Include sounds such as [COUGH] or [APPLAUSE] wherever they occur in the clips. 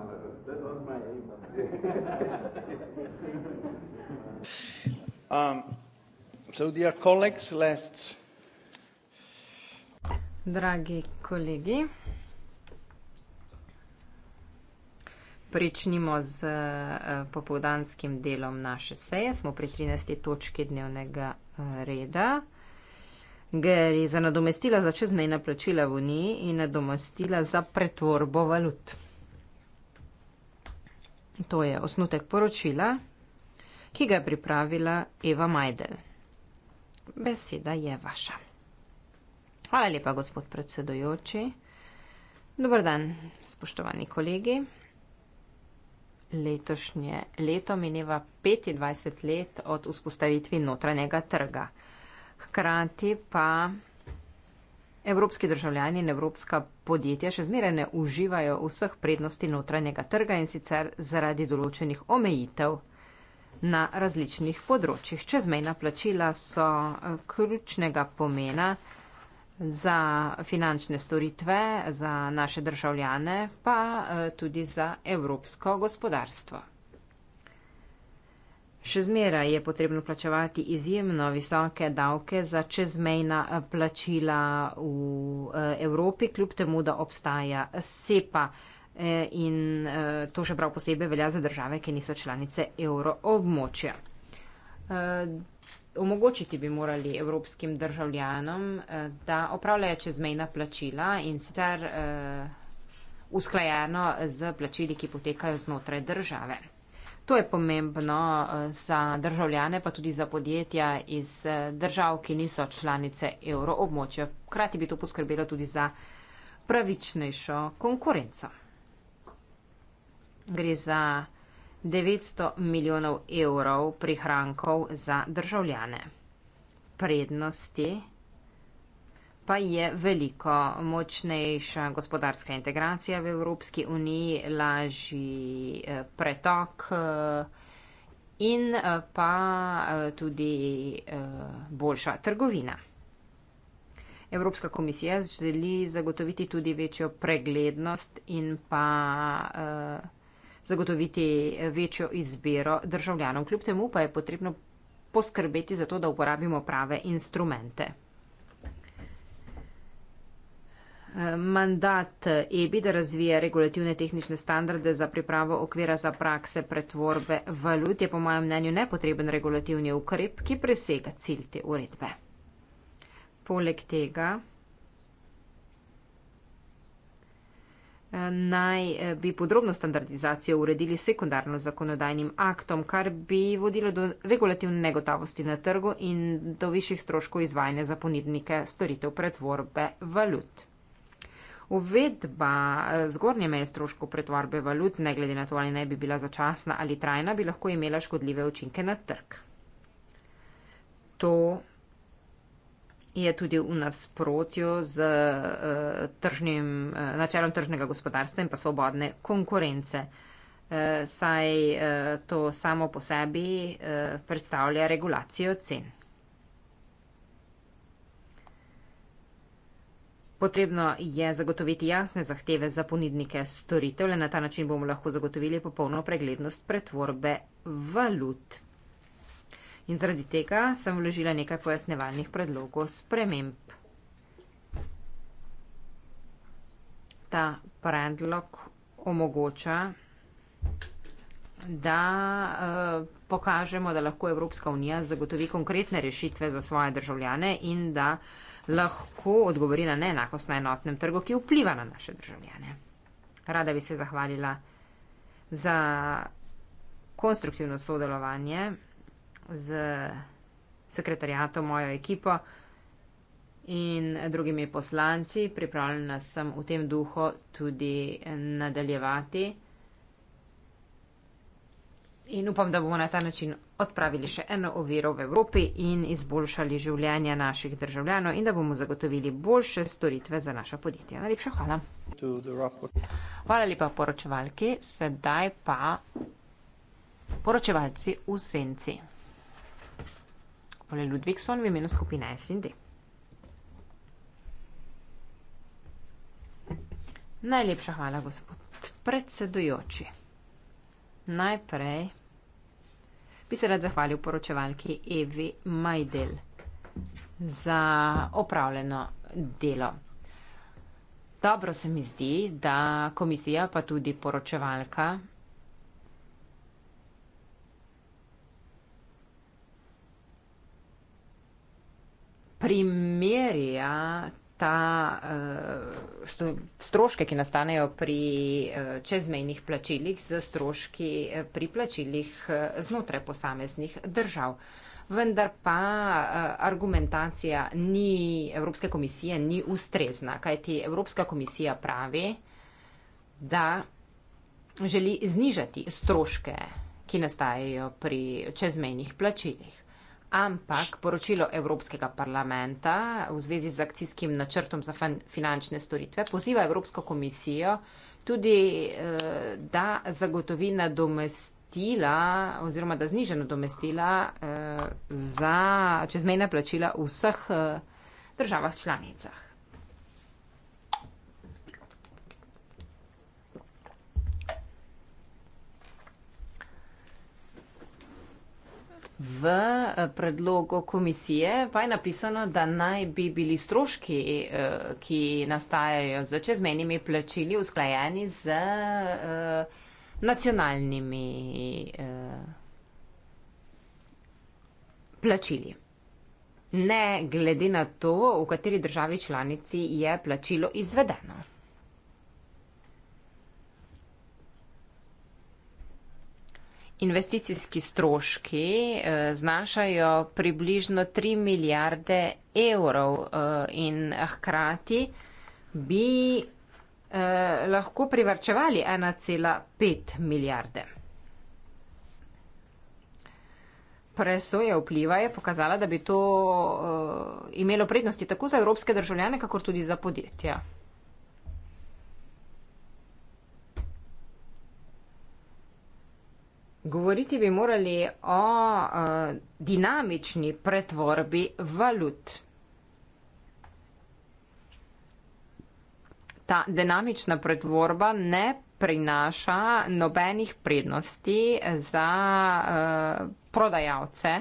[LAUGHS] Um, so dear colleagues, let's... Dragi kolegi, pričnimo z eh, popoldanskim delom naše seje. Smo pri 13. točki dnevnega eh, reda. Gre za nadomestila za čezmejna plačila v Uniji in nadomestila za pretvorbo valut. To je osnutek poročila, ki ga je pripravila Eva Majdel. Beseda je vaša. Hvala lepa, gospod predsedujoči. Dobar dan, spoštovani kolegi. Letošnje leto mineva 25 let od vzpostavitvi notranjega trga. Hkrati pa. Evropski državljani in evropska podjetja še zmeraj ne uživajo vseh prednosti notranjega trga in sicer zaradi določenih omejitev na različnih področjih. Čezmejna plačila so eh, ključnega pomena za finančne storitve, za naše državljane, pa eh, tudi za evropsko gospodarstvo. Še zmeraj je potrebno plačevati izjemno visoke davke za čezmejna eh, plačila v eh, Evropi, kljub temu, da obstaja SEPA eh, in to še prav posebej velja za države, ki niso članice evroobmočja. Omogočiti bi morali evropskim državljanom, da opravljajo čezmejna plačila in sicer usklajeno z plačili, ki potekajo znotraj države. To je pomembno eh, za državljane, pa tudi za podjetja iz eh, držav, ki niso članice evroobmočja. Hkrati bi to poskrbelo tudi za pravičnejšo konkurenco. Gre za 900 milijonov evrov prihrankov za državljane. Prednosti pa je veliko močnejša gospodarska integracija v Evropski uniji, lažji eh, pretok eh, in eh, pa tudi boljša trgovina. Evropska komisija želi zagotoviti tudi večjo preglednost in pa zagotoviti večjo izbiro državljanov. Kljub temu pa je potrebno poskrbeti za to, da uporabimo prave instrumente mandat EBI, da razvije regulativne tehnične standarde za pripravo okvira za prakse pretvorbe valut, je po mojem mnenju nepotreben regulativni ukrep, ki presega cilj te uredbe. Poleg tega naj eh, bi podrobno standardizacijo uredili sekundarno zakonodajnim aktom, kar bi vodilo do regulativne negotavosti na trgu in do višjih stroškov izvajanja za ponidnike storitev pretvorbe valut. Uvedba eh, zgornje meje stroškov pretvarbe valut, ne glede na to, ali naj bi bila začasna ali trajna, bi lahko imela škodljive učinke na trg. To je tudi v nasprotju z eh, tržnim, eh, načelom tržnega gospodarstva in pa svobodne konkurence, saj to samo po sebi predstavlja regulacijo cen. Potrebno je zagotoviti jasne zahteve za ponudnike storitev, le na ta način bomo lahko zagotovili popolno preglednost pretvorbe valut. In zaradi tega sem vložila nekaj pojasnevalnih predlogov sprememb. Ta predlog omogoča, da uh, pokažemo, da lahko Evropska unija zagotovi konkretne rešitve za svoje državljane in da uh, lahko odgovori na neenakost na enotnem trgu, ki vpliva na naše državljane. Rada bi se zahvalila za konstruktivno sodelovanje z sekretarjato, mojo ekipo in drugimi poslanci. Pripravljena sem v tem duhu tudi nadaljevati. In upam, da bomo na ta način odpravili še eno oviro v Evropi in izboljšali življenje naših državljanov in da bomo zagotovili boljše storitve za naša podjetja. Najlepša hvala. Hvala lepa poročevalki, sedaj pa poročevalci v senci. Pole Ludvigson v imenu skupine SND. Najlepša hvala, gospod predsedujoči. Najprej bi se rad zahvalil poročevalki Evi Majdel za opravljeno delo. Dobro se mi zdi, da komisija pa tudi poročevalka primerja ta uh, stroške, ki nastanejo pri eh, čezmejnih plačilih z stroški eh, pri plačilih eh, znotraj posameznih držav. Vendar pa argumentacija ni, Evropske komisije ni ustrezna, kajti Evropska komisija pravi, da želi znižati stroške, ki nastajajo pri čezmejnih plačilih. Ampak poročilo Evropskega parlamenta v zvezi z akcijskim načrtom za finančne storitve poziva Evropsko komisijo tudi, eh, da zagotovi nadomestila oziroma da zniža nadomestila eh, za čezmejna plačila v vseh eh, državah članicah. V predlogu komisije pa je napisano, da naj bi bili stroški, eh, ki nastajajo z čezmenimi plačili, usklajeni z eh, nacionalnimi eh, plačili. Ne glede na to, v kateri državi članici je plačilo izvedeno. Investicijski stroški eh, znašajo približno 3 milijarde evrov eh, in hkrati bi eh, lahko privrčevali 1,5 milijarde. Presoja vpliva je pokazala, da bi to imelo prednosti tako za evropske državljane, kakor tudi za podjetja. Govoriti bi morali o uh, dinamični pretvorbi valut. Ta dinamična pretvorba ne prinaša nobenih prednosti za uh, prodajalce,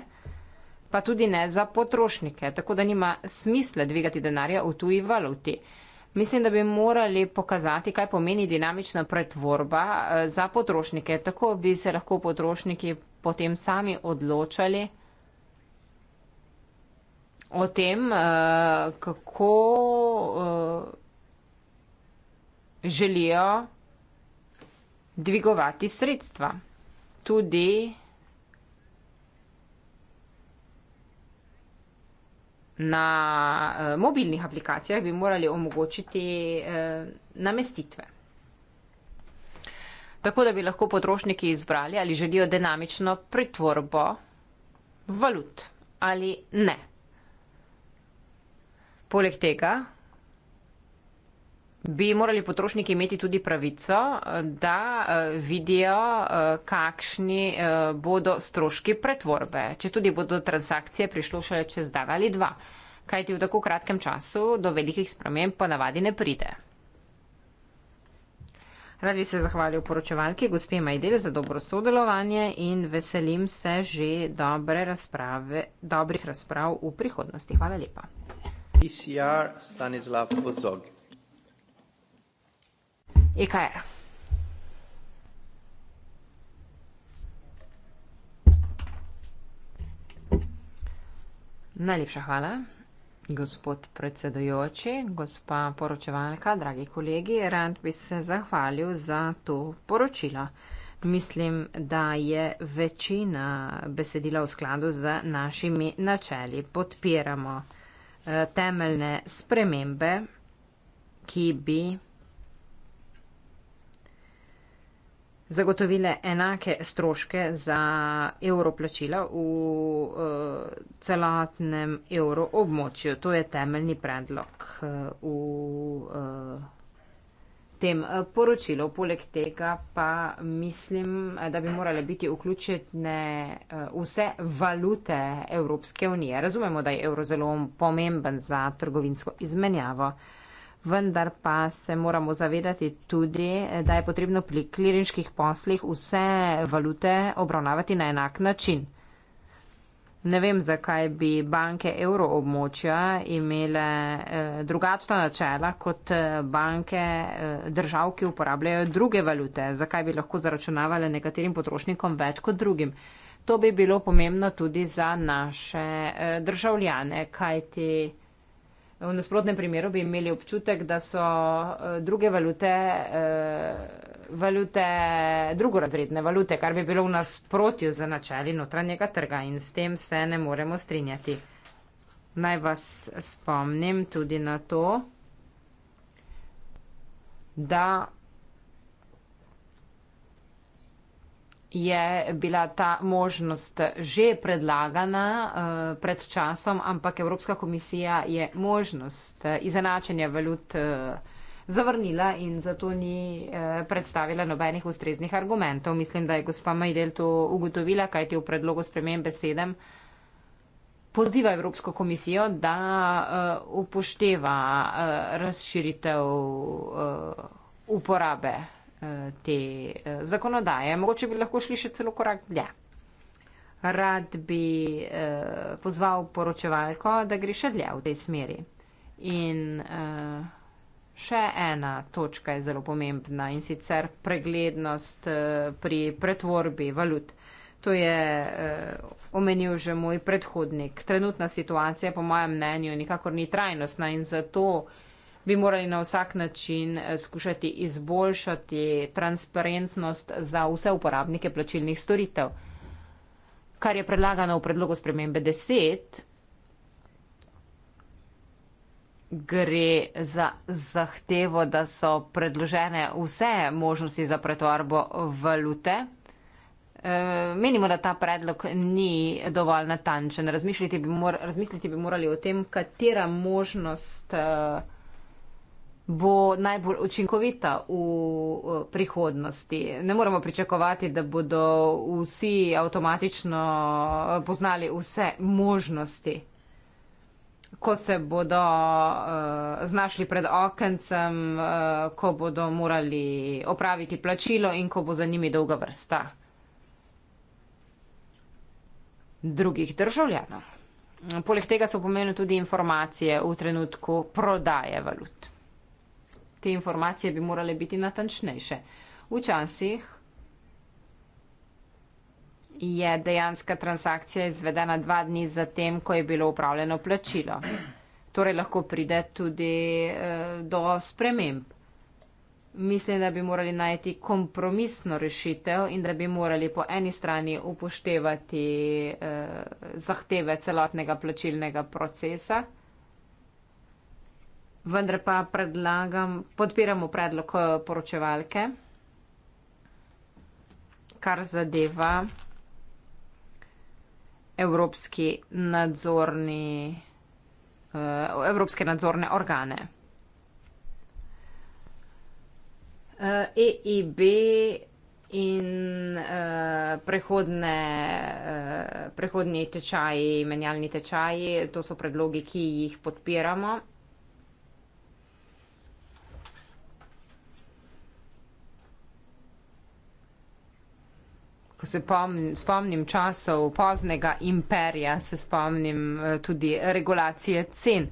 pa tudi ne za potrošnike, tako da nima smisla dvigati denarja v tuji valuti. Uh, Mislim, da bi morali pokazati, kaj pomeni dinamična pretvorba eh, za potrošnike. Tako bi se lahko potrošniki potem sami odločali o tem, eh, kako eh, želijo dvigovati sredstva. Tudi na uh, mobilnih aplikacijah bi morali omogočiti uh, namestitve. Tako da bi lahko potrošniki izbrali ali želijo dinamično pretvorbo valut ali ne. Poleg tega bi morali potrošniki imeti tudi pravico, eh, da uh, vidijo, uh, kakšni uh, bodo stroški pretvorbe, če tudi bodo transakcije prišlo šele čez dan ali dva kajti v tako kratkem času do velikih sprememb ponavadi ne pride. Rad bi se zahvalil poročevalki gospe Majdel za dobro sodelovanje in veselim se že dobre razprave, dobrih razprav v prihodnosti. Hvala lepa. PCR e Stanislav Kozog. EKR. Najlepša hvala. Gospod predsedujoči, gospa poročevalka, dragi kolegi, rad bi se zahvalil za to poročilo. Mislim, da je večina besedila v skladu z našimi načeli. Podpiramo eh, temeljne spremembe, ki bi zagotovile enake stroške za evroplačila v uh, celotnem evro območju. To je temeljni predlog uh, v uh, tem poročilu. Poleg tega pa mislim, da bi morale biti vključene uh, vse valute Evropske unije. Razumemo, da je evro zelo pomemben za trgovinsko izmenjavo. Uh, vendar pa se moramo zavedati tudi, da je potrebno pri klirinških poslih vse valute obravnavati na enak način. Ne vem, zakaj bi banke evroobmočja imele eh, drugačna načela kot eh, banke eh, držav, ki uporabljajo druge valute. Zakaj bi lahko zaračunavale nekaterim potrošnikom več kot drugim. To bi bilo pomembno tudi za naše državljane, kajti. V nasprotnem primeru bi imeli občutek, da so eh, druge valute, eh, valute drugorazredne valute, kar bi bilo v nasprotju z načeli notranjega trga in s tem se ne moremo strinjati. Naj vas spomnim tudi na to, da je bila ta možnost že predlagana eh, pred časom, ampak Evropska komisija je možnost eh, izenačenja valut eh, zavrnila in zato ni predstavila nobenih ustreznih argumentov. Mislim, da je gospa Majdel to ugotovila, kajti v predlogu spremembe 7 poziva Evropsko komisijo, da upošteva razširitev uporabe te eh, zakonodaje. Mogoče bi lahko šli še celo korak dlje. Rad bi eh, pozval poročevalko, da gre še dlje v tej smeri. In eh, še ena točka je zelo pomembna in sicer preglednost pri pretvorbi valut. To je eh, omenil že moj predhodnik. Trenutna situacija, po mojem mnenju, nikakor ni trajnostna in zato eh, bi morali na vsak način eh, skušati izboljšati transparentnost za vse uporabnike plačilnih storitev. Kar je predlagano v predlogu spremembe 10, gre za zahtevo, da so predložene vse možnosti za pretvarbo valute. Eh, menimo, da ta predlog ni dovolj natančen. Razmisliti bi, mor razmisliti bi morali o tem, katera možnost uh, bo najbolj učinkovita v prihodnosti. Ne moremo pričakovati, da bodo vsi avtomatično poznali vse možnosti, ko se bodo uh, znašli pred okencem, uh, ko bodo morali opraviti plačilo in ko bo za njimi dolga vrsta drugih državljanov. Poleg tega so pomenili tudi informacije v trenutku prodaje valut te informacije bi morale biti natančnejše. Včasih je dejanska transakcija izvedena dva dni zatem, ko je bilo upravljeno plačilo. Torej lahko pride tudi eh, do sprememb. Mislim, da bi morali najti kompromisno rešitev in da bi morali po eni strani upoštevati eh, zahteve celotnega plačilnega procesa vendar pa predlagam, podpiramo predlog eh, poročevalke, kar zadeva evropski nadzorni, eh, evropske nadzorne organe. EIB eh, e in prehodne, prehodni tečaji, menjalni tečaji, to so predlogi, ki jih podpiramo. ko se pomn, spomnim časov poznega imperija, se spomnim eh, tudi regulacije cen.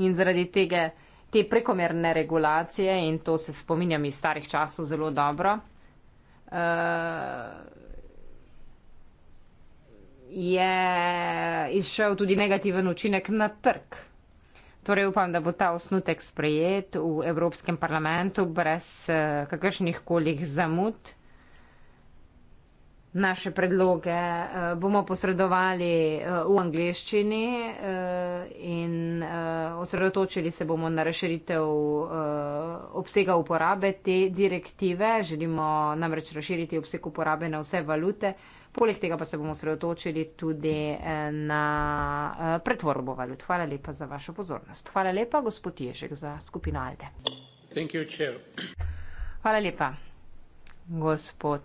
In zaradi tega, te prekomerne regulacije, in to se spominjam iz starih časov zelo dobro, eh, je izšel tudi negativen učinek na trg. Torej upam, da bo ta osnutek sprejet v Evropskem parlamentu brez eh, kakršnih kolih zamud naše predloge eh, bomo posredovali eh, v angleščini eh, in osredotočili se bomo na razširitev obsega uporabe te direktive. Želimo namreč razširiti obseg uporabe na vse valute. Poleg tega pa se bomo osredotočili tudi na pretvorbo valut. Hvala lepa za vašo pozornost. Hvala lepa, gospod Ježek, za skupino Alde. Hvala lepa, gospod.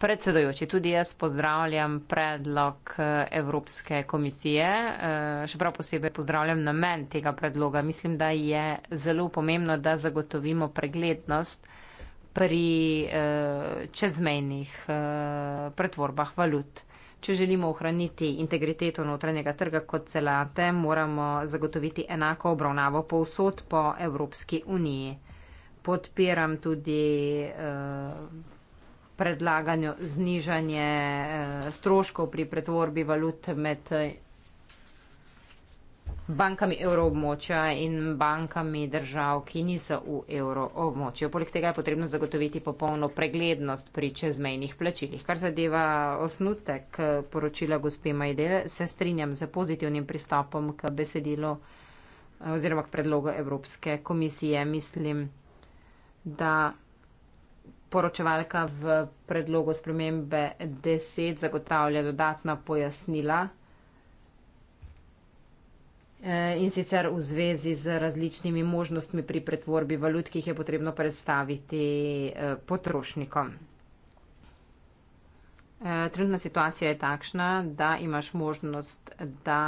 Predsedujoči, tudi jaz pozdravljam predlog eh, Evropske komisije, eh, še prav posebej pozdravljam namen tega predloga. Mislim, da je zelo pomembno, da zagotovimo preglednost pri eh, čezmejnih pretvorbah valut. Če želimo ohraniti integriteto notranjega trga kot celate, moramo zagotoviti enako obravnavo povsod po Evropski uniji. Podpiram tudi. Uh, predlagano znižanje eh, stroškov pri pretvorbi valut med eh, bankami evroobmočja in bankami držav, ki niso v evroobmočju. Poleg tega je potrebno zagotoviti popolno preglednost pri čezmejnih plačilih. Kar zadeva osnutek eh, poročila gospe Majdele, se strinjam z pozitivnim pristopom k besedilu oziroma k predlogu Evropske komisije. Mislim, da poročevalka v predlogu spremembe 10 zagotavlja dodatna pojasnila. E, in sicer v zvezi z različnimi možnostmi pri pretvorbi valut, ki jih je potrebno predstaviti e, potrošnikom. E, trenutna situacija je takšna, da imaš možnost, da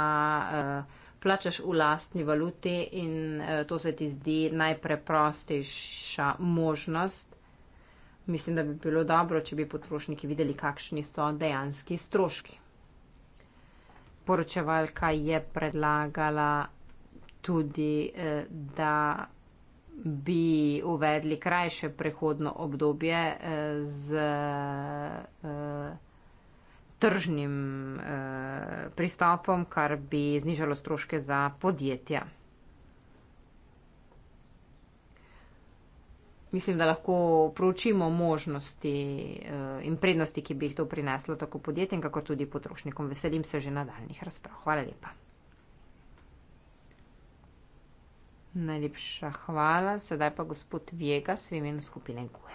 plačaš v lastni valuti in to se ti zdi najpreprostejša možnost. Mislim, da bi bilo dobro, če bi potrošniki videli, kakšni so dejanski stroški. Poročevalka je predlagala tudi, eh, da bi uvedli krajše prehodno obdobje eh, z eh, tržnim pristopom, kar bi znižalo stroške za podjetja. mislim, da lahko proučimo možnosti eh, in prednosti, ki bi jih to prineslo tako podjetjem, kako tudi potrošnikom. Veselim se že nadaljnih razprav. Hvala lepa. Najlepša hvala. Sedaj pa gospod Vega s imenu skupine Gue.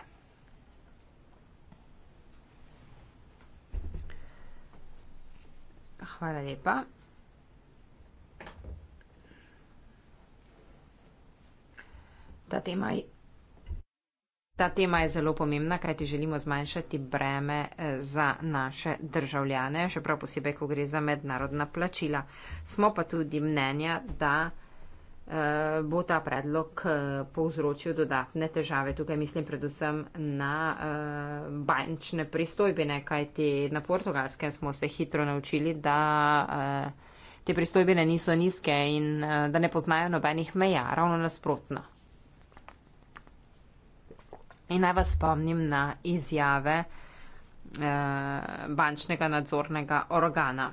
Hvala lepa. Ta tema je. Ta tema je zelo pomembna, kajti želimo zmanjšati breme eh, za naše državljane, še prav posebej, ko gre za mednarodna plačila. Smo pa tudi mnenja, da eh, bo ta predlog eh, povzročil dodatne težave. Tukaj mislim predvsem na bančne pristojbine, kajti na portugalskem smo se hitro naučili, da te pristojbine niso nizke in da ne poznajo nobenih meja, ravno nasprotno. In naj vas spomnim na izjave eh, bančnega nadzornega organa.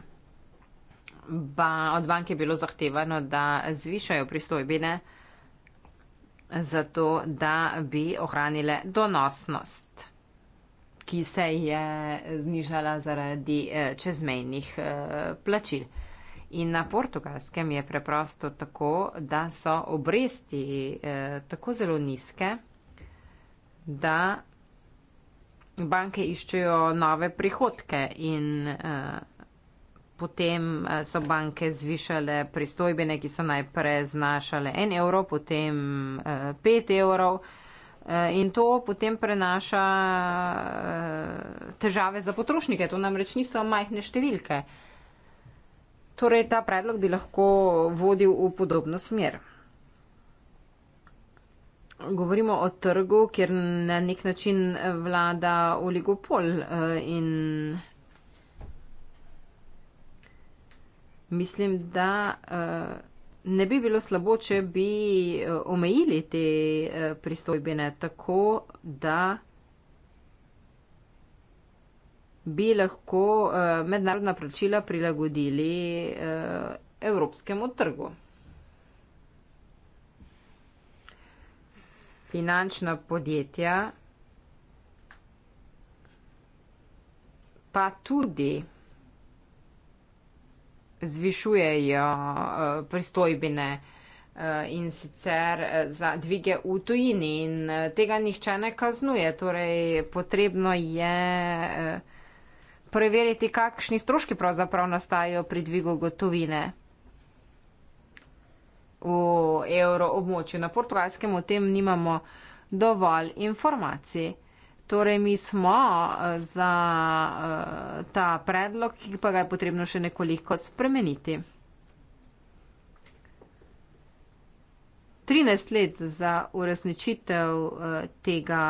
Ba, od bank je bilo zahtevano, da zvišajo pristojbine, zato da bi ohranile donosnost, ki se je znižala zaradi eh, čezmejnih eh, plačil. In na portugalskem je preprosto tako, da so obresti eh, tako zelo nizke, da banke iščejo nove prihodke in eh, potem eh, so banke zvišale pristojbine, ki so najprej znašale en evro, potem eh, pet evrov. In to potem prenaša težave za potrošnike, to namreč niso majhne številke. Torej, ta predlog bi lahko vodil v podobno smer govorimo o trgu, kjer na nek način vlada oligopol eh, in mislim, da eh, ne bi bilo slabo, če bi eh, omejili te pristojbine tako, da bi lahko mednarodna pravčila prilagodili evropskemu trgu. finančna podjetja, pa tudi zvišujejo eh, pristojbine eh, in sicer eh, za dvige v tujini in tega nihče ne kaznuje. Torej, potrebno je preveriti, kakšni stroški pravzaprav nastajajo pri dvigu gotovine v evroobmočju. Na portugalskem o tem nimamo dovolj informacij. Torej, mi smo eh, za eh, ta predlog, ki pa ga je potrebno še nekoliko spremeniti. 13 let za uresničitev eh, tega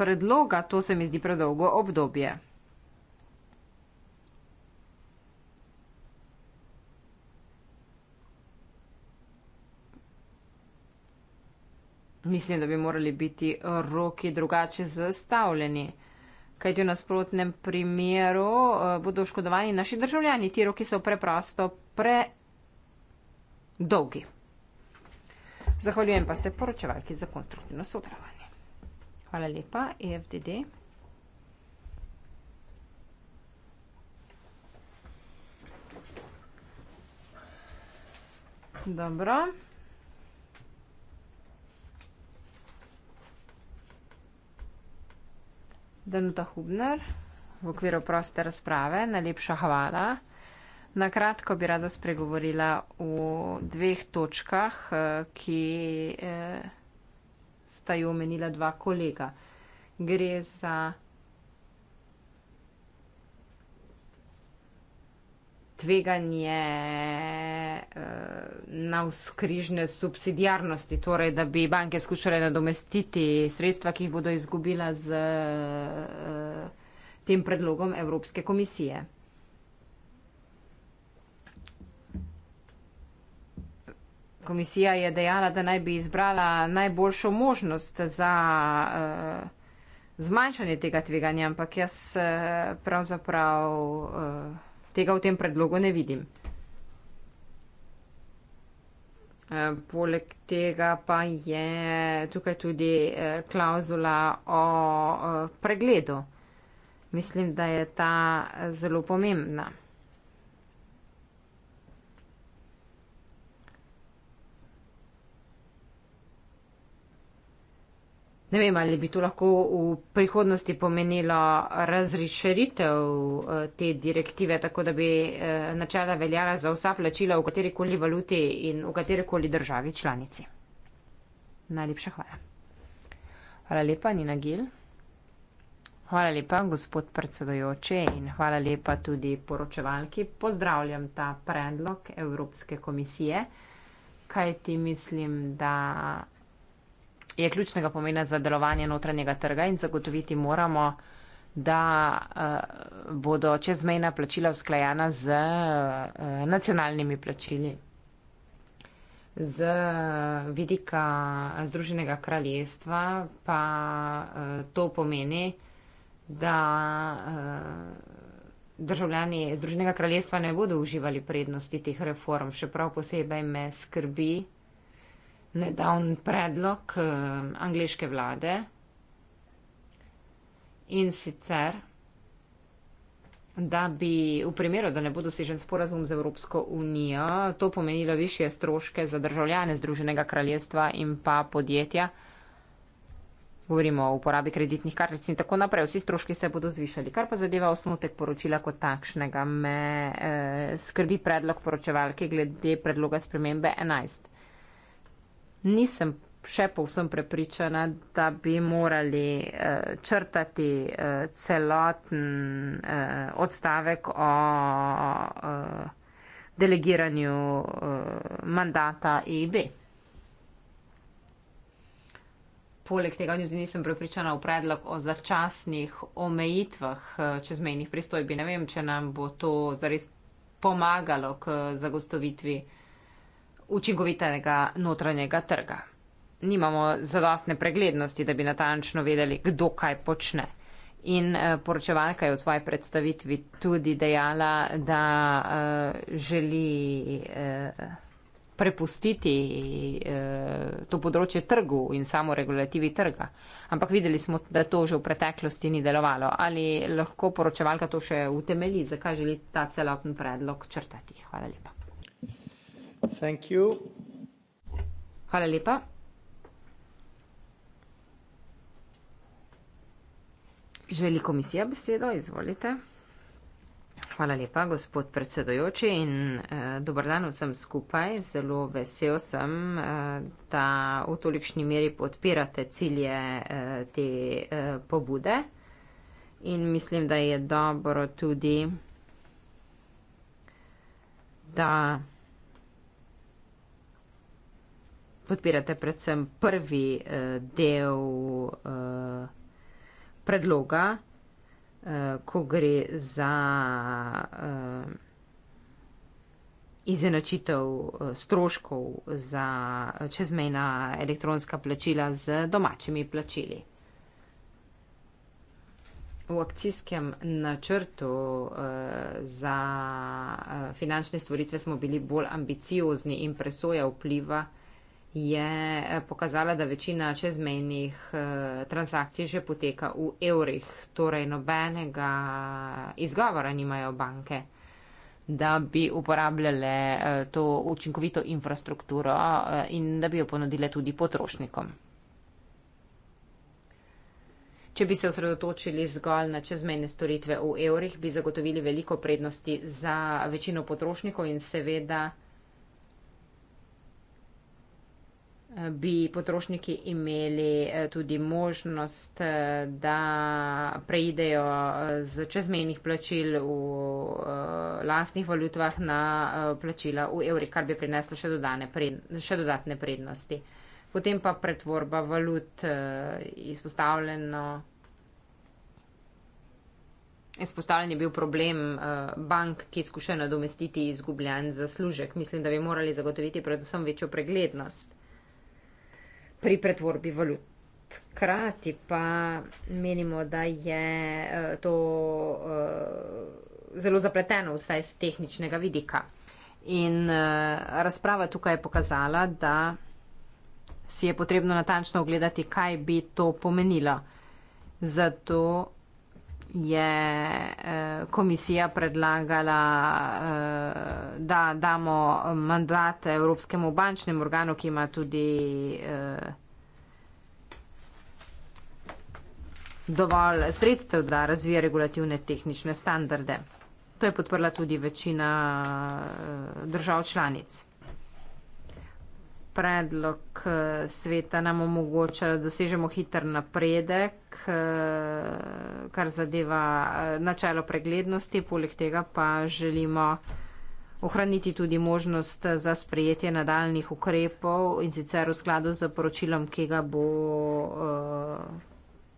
predloga, to se mi zdi predolgo obdobje. Mislim, da bi morali biti eh, roki drugače zastavljeni. Kaj ti v nasprotnem primeru eh, bodo oškodovani naši državljani? Ti roki so preprosto pre dolgi. Zahvaljujem pa se poročevalki za konstruktivno sodelovanje. Hvala lepa, EFDD. Dobro. Danuta Hubner v okviru proste razprave. Najlepša hvala. Na kratko bi rada spregovorila o dveh točkah, ki eh, sta jo omenila dva kolega. Gre za tveganje uh, eh, navskrižne subsidijarnosti, torej da bi banke skušale nadomestiti sredstva, ki jih bodo izgubila z uh, tem predlogom Evropske komisije. Komisija je dejala, da naj bi izbrala najboljšo možnost za uh, zmanjšanje tega tveganja, ampak jaz uh, pravzaprav uh, tega v tem predlogu ne vidim. Eh, poleg tega pa je tukaj tudi eh, klauzula o eh, pregledu. Mislim, da je ta zelo pomembna. Ne vem, ali bi to lahko v prihodnosti pomenilo razrešitev eh, te direktive, tako da bi eh, načela veljala za vsa plačila v katerikoli valuti in v katerikoli državi članici. Najlepša hvala. Hvala lepa, Nina Gil. Hvala lepa, gospod predsedojoče in hvala lepa tudi poročevalki. Pozdravljam ta predlog Evropske komisije, kaj ti mislim, da je ključnega pomena za delovanje notranjega trga in zagotoviti moramo, da eh, bodo čezmejna plačila usklajena z eh, nacionalnimi plačili. Z eh, vidika Združenega kraljestva pa to pomeni, da državljani Združenega kraljestva ne bodo uživali prednosti teh reform, še prav posebej me skrbi, nedavn predlog eh, angliške vlade in sicer, da bi v primeru, da ne bo dosežen sporazum z Evropsko unijo, to pomenilo više stroške za državljane Združenega kraljestva in pa podjetja. Govorimo o uporabi kreditnih kartic in tako naprej. Vsi stroški se bodo zvišali. Kar pa zadeva osnutek poročila kot takšnega, me eh, skrbi predlog poročevalke glede predloga spremembe 11 nisem še povsem prepričana, da bi morali uh, črtati uh, celoten uh, odstavek o uh, delegiranju uh, mandata EIB. Poleg tega tudi nisem prepričana v predlog o začasnih omejitvah čezmejnih pristojbi. Ne vem, če nam bo to zares pomagalo k zagostovitvi uh, učinkovitega notranjega trga. Nimamo zadostne preglednosti, da bi natančno vedeli, kdo kaj počne. In eh, poročevalka je v svoji predstavitvi tudi dejala, da uh, želi uh, prepustiti uh, to področje trgu in samo regulativi trga. Ampak videli smo, da to že v preteklosti ni delovalo. Ali lahko poročevalka to še utemeli, zakaj želi ta celoten predlog črtati? Hvala lepa. Thank you. Hvala lepa. Želi komisija besedo? Izvolite. Hvala lepa, gospod predsedojoči in eh, dober dan vsem skupaj. Zelo vesel sem, eh, da v tolikšni meri podpirate cilje eh, te eh, pobude in mislim, da je dobro tudi, da. podpirate predvsem prvi eh, del eh, predloga, eh, ko gre za eh, izenačitev eh, stroškov za čezmejna elektronska plačila z domačimi plačili. V akcijskem načrtu eh, za eh, finančne stvoritve smo bili bolj ambiciozni in presoja vpliva eh, je eh, pokazala, da večina čezmejnih eh, transakcij že poteka v evrih, torej nobenega izgovora nimajo banke, da bi uporabljale eh, to učinkovito infrastrukturo in da bi jo ponudile tudi potrošnikom. Če bi se osredotočili zgolj na čezmejne storitve v evrih, bi zagotovili veliko prednosti za večino potrošnikov in seveda bi potrošniki imeli eh, tudi možnost, eh, da preidejo eh, z čezmejnih plačil v lastnih valutvah na plačila v evrih, kar bi prineslo še, dodane, še dodatne prednosti. Potem pa pretvorba valut izpostavljeno. Izpostavljen je bil problem bank, ki skušajo nadomestiti izgubljen zaslužek. Mislim, da bi morali zagotoviti predvsem večjo preglednost pri pretvorbi valut. Hkrati pa menimo, da je eh, to eh, zelo zapleteno, vsaj z tehničnega vidika. In eh, razprava tukaj je pokazala, da si je potrebno natančno ogledati, kaj bi to pomenilo. Zato je eh, komisija predlagala, eh, da damo mandat Evropskemu bančnemu organu, ki ima tudi eh, dovolj sredstev, da razvije regulativne tehnične standarde. To je podprla tudi večina držav članic predlog eh, sveta nam omogoča, da dosežemo hiter napredek, eh, kar zadeva eh, načelo preglednosti, poleg tega pa želimo ohraniti tudi možnost za sprejetje nadaljnih ukrepov in sicer v skladu z poročilom, ki ga bo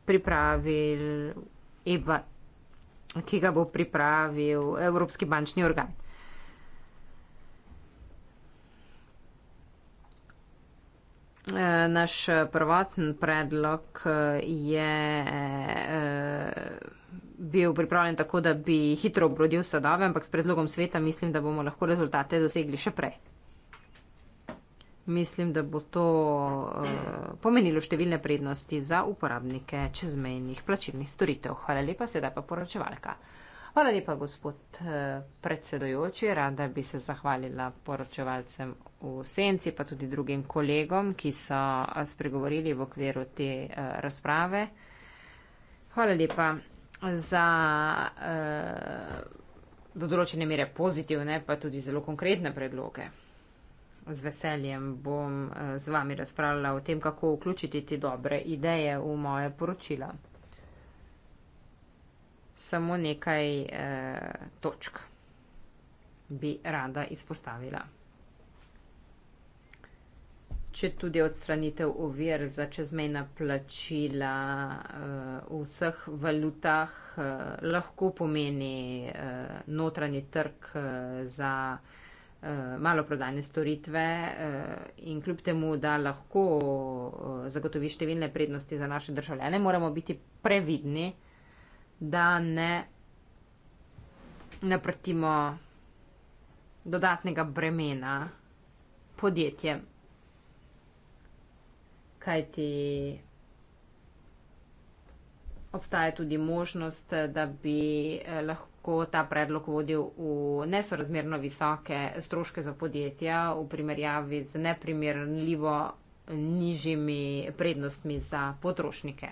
pripravil, EBA, ga bo pripravil Evropski bančni organ. naš prvotni predlog eh, je eh, bil pripravljen tako, da bi hitro obrodil sadove, ampak s predlogom sveta mislim, da bomo lahko rezultate dosegli še prej. Mislim, da bo to eh, pomenilo številne prednosti za uporabnike čezmejnih plačilnih storitev. Hvala lepa, sedaj pa poročevalka. Hvala lepa, gospod eh, predsedojoči. Rada bi se zahvalila poročevalcem v senci, pa tudi drugim kolegom, ki so eh, spregovorili v okviru te eh, razprave. Hvala lepa za do določene mere pozitivne, pa tudi zelo konkretne predloge. Z veseljem bom z vami razpravljala o tem, kako vključiti te dobre ideje v moje poročila samo nekaj eh, točk bi rada izpostavila. Če tudi odstranitev ovir za čezmejna plačila eh, v vseh valutah eh, lahko pomeni eh, notranji trg za maloprodajne storitve in kljub temu, da lahko zagotovi številne prednosti za naše državljane, moramo biti previdni, da ne naprtimo dodatnega bremena podjetjem. Kajti obstaja tudi možnost, da bi eh, lahko ta predlog vodil v nesorazmerno visoke stroške za podjetja v primerjavi z neprimerljivo nižjimi prednostmi za potrošnike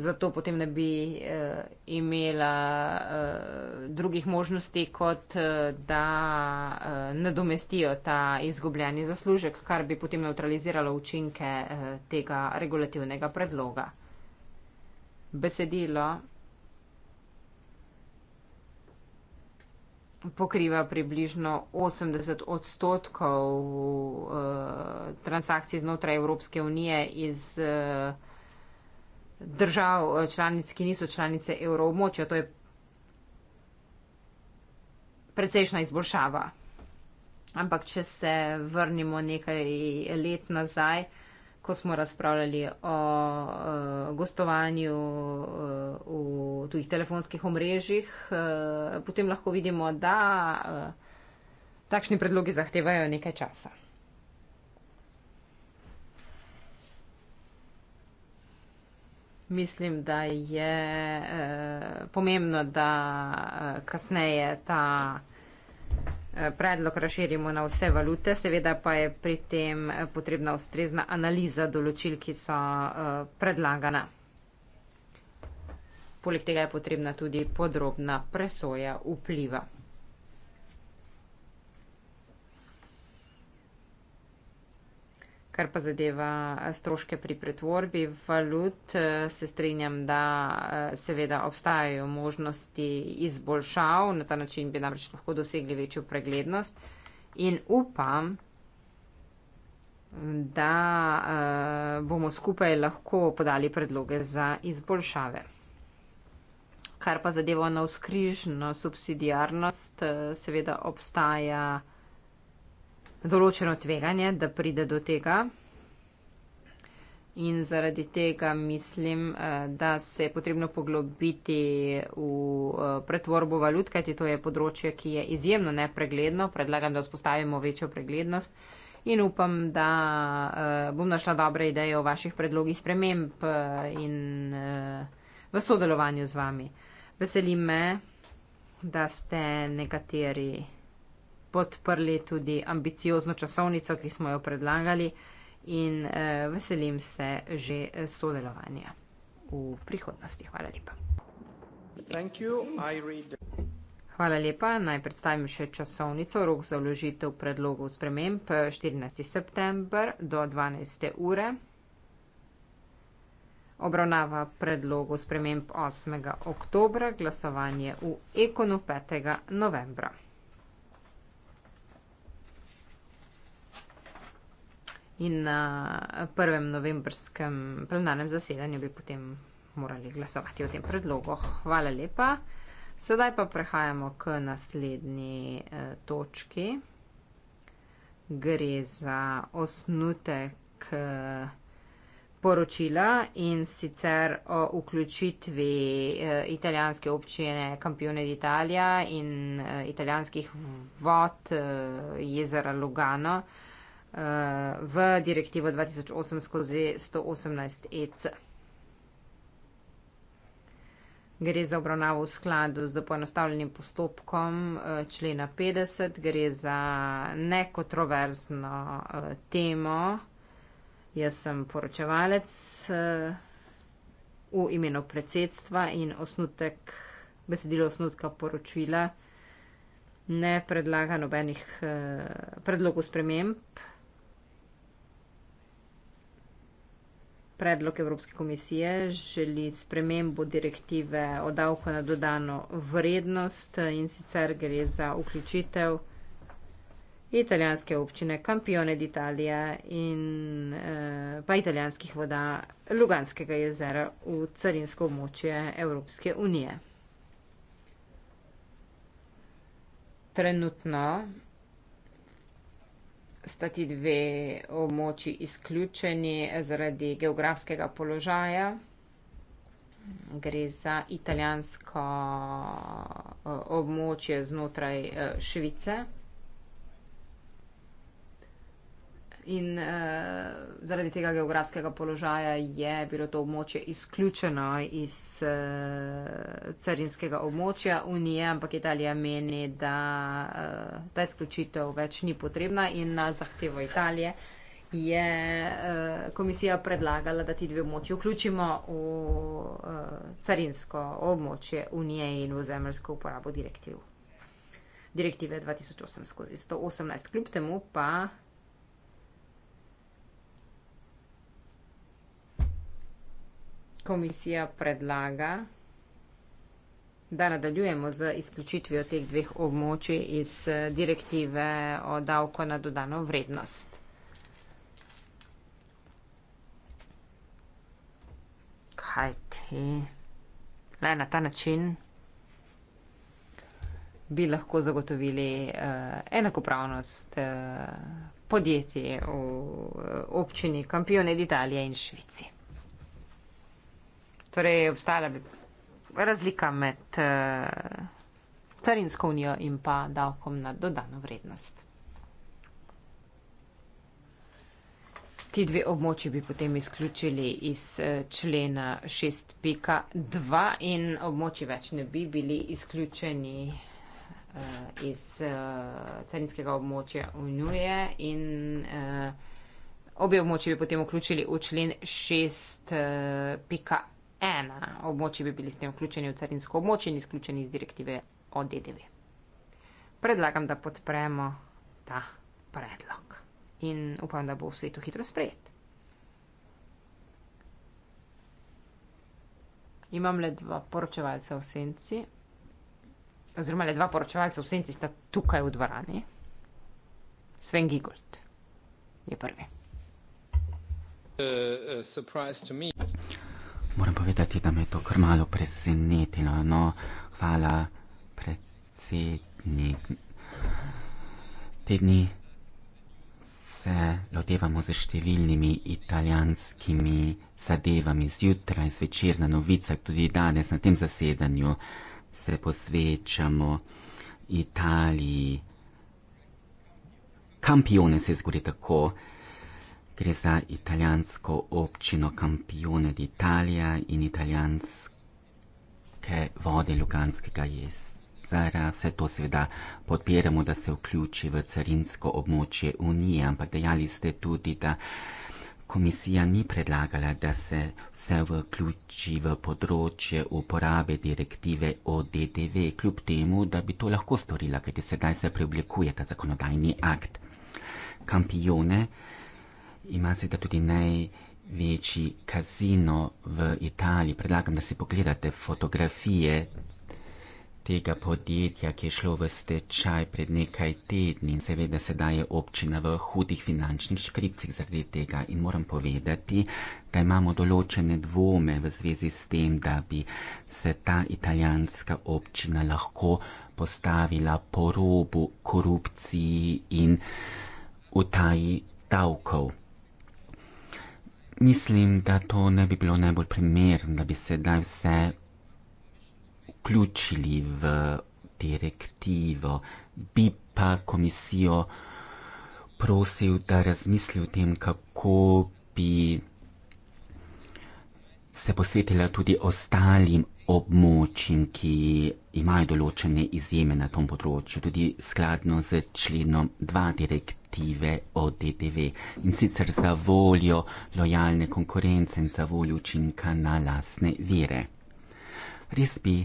zato potem ne bi uh, imela uh, drugih možnosti, kot uh, da uh, nadomestijo ta izgubljeni zaslužek, kar bi potem neutraliziralo učinke uh, tega regulativnega predloga. Besedilo pokriva približno 80 odstotkov uh, transakcij znotraj Evropske unije iz uh, držav eh, članic, ki niso članice evroobmočja. To je precejšna izboljšava. Ampak, če se vrnimo nekaj let nazaj, ko smo razpravljali o uh, gostovanju uh, v tujih telefonskih omrežjih, uh, potem lahko vidimo, da uh, takšni predlogi zahtevajo nekaj časa. mislim, da je eh, pomembno, da eh, kasneje ta eh, predlog razširimo na vse valute. Seveda pa je pri tem potrebna ustrezna analiza določil, ki so predlagana. Poleg tega je potrebna tudi podrobna presoja vpliva. kar pa zadeva eh, stroške pri pretvorbi valut, eh, se strinjam, da eh, seveda obstajajo možnosti izboljšav, na ta način bi namreč lahko dosegli večjo preglednost in upam, da bomo skupaj lahko podali predloge za izboljšave. Kar pa zadeva na vzkrižno subsidijarnost, seveda obstaja določeno tveganje, da pride do tega. In zaradi tega mislim, eh, da se je potrebno poglobiti v eh, pretvorbo valut, kajti to je področje, ki je izjemno nepregledno. Predlagam, da vzpostavimo večjo preglednost in upam, da eh, bom našla dobre ideje o vaših predlogih sprememb in v sodelovanju z vami. Veselim me, da ste nekateri podprli tudi ambiciozno časovnico, ki smo jo predlagali in eh, veselim se že sodelovanja v prihodnosti. Hvala lepa. Hvala lepa. Naj predstavim še časovnico. Rok za vložitev predlogov sprememb 14. september do 12. ure. Obravnava predlogov sprememb 8. oktobra, glasovanje v Ekonu 5. novembra. In na prvem novembrskem plenarnem zasedanju bi potem morali glasovati o tem predlogu. Hvala lepa. Sedaj pa prehajamo k naslednji eh, točki. Gre za osnutek eh, poročila in sicer o vključitvi eh, italijanske občine Campione d'Italia in eh, italijanskih vod jezera Lugano v direktivo 2008 skozi 118 EC. Gre za obravnavo v skladu z poenostavljenim postopkom eh, člena 50, gre za nekontroverzno eh, temo. Jaz sem poročevalec eh, v imenu predsedstva in osnutek, besedilo osnutka poročila ne predlaga nobenih predlogov sprememb. predlog Evropske komisije želi spremembo direktive o davku na dodano vrednost in sicer gre za vključitev italijanske občine Campione d'Italia in eh, pa italijanskih voda Luganskega jezera v carinsko območje Evropske unije. Trenutno sta ti dve območji izključeni zaradi geografskega položaja. Gre za italijansko eh, območje znotraj eh, Švice. In uh, zaradi tega geografskega položaja je bilo to območje izključeno iz uh, carinskega območja Unije, ampak Italija meni, da uh, ta izključitev več ni potrebna in na zahtevo Italije je uh, komisija predlagala, da ti dve območji vključimo v uh, carinsko območje Unije in v zemljsko uporabo direktiv. Direktive 2008 skozi 118, kljub temu pa. komisija predlaga, da nadaljujemo z izključitvijo teh dveh območij iz eh, direktive o davko na dodano vrednost. Kaj ti? Le na ta način bi lahko zagotovili uh, enakopravnost uh, podjetij v uh, občini Kampione d'Italia in Švici. Torej, obstajala bi razlika med uh, carinsko unijo in pa davkom na dodano vrednost. Ti dve območji bi potem izključili iz eh, člena 6.2 in območji več ne bi bili izključeni uh, iz uh, carinskega območja unije in uh, obe območji bi potem vključili v člen 6.1. Uh, ena območje bi bili s tem vključeni v carinsko območje in izključeni iz direktive o DDV. Predlagam, da podpremo ta predlog in upam, da bo v svetu hitro sprejet. Imam le dva poročevalca v senci, oziroma le dva poročevalca v senci sta tukaj v dvorani. Sven Gigold je prvi. Uh, uh, Moram povedati, da me je to kar malo presenetilo. No, hvala, predsednik. Te dni se lotevamo z številnimi italijanskimi zadevami, zjutraj, zvečer na novicah, tudi danes na tem zasedanju se posvečamo Italiji. Kampione se zgodi tako. Gre za italijansko občino Campione d'Italia in italijanske vode Luganskega jezera. Vse to seveda podpiramo, da se vključi v carinsko območje Unije, ampak dejali ste tudi, da komisija ni predlagala, da se vse vključi v področje uporabe direktive o DDV, kljub temu, da bi to lahko storila, kajti sedaj se preoblikuje ta zakonodajni akt. Campione d'Italia ima seveda tudi največji kazino v Italiji. Predlagam, da si pogledate fotografije tega podjetja, ki je šlo v stečaj pred nekaj tedni in seveda sedaj je občina v hudih finančnih škripcih zaradi tega. In moram povedati, da imamo določene dvome v zvezi s tem, da bi se ta italijanska občina lahko postavila po robu korupciji in utaji davkov mislim, da to ne bi bilo najbolj primerno, da bi sedaj vse vključili v direktivo. Bi pa komisijo prosil, da razmisli o tem, kako bi se posvetila tudi ostalim območjem, ki imajo določene izjeme na tom področju, tudi skladno z členom 2 direktive o DDV in sicer za voljo lojalne konkurence in za voljo učinka na lasne vire. Res bi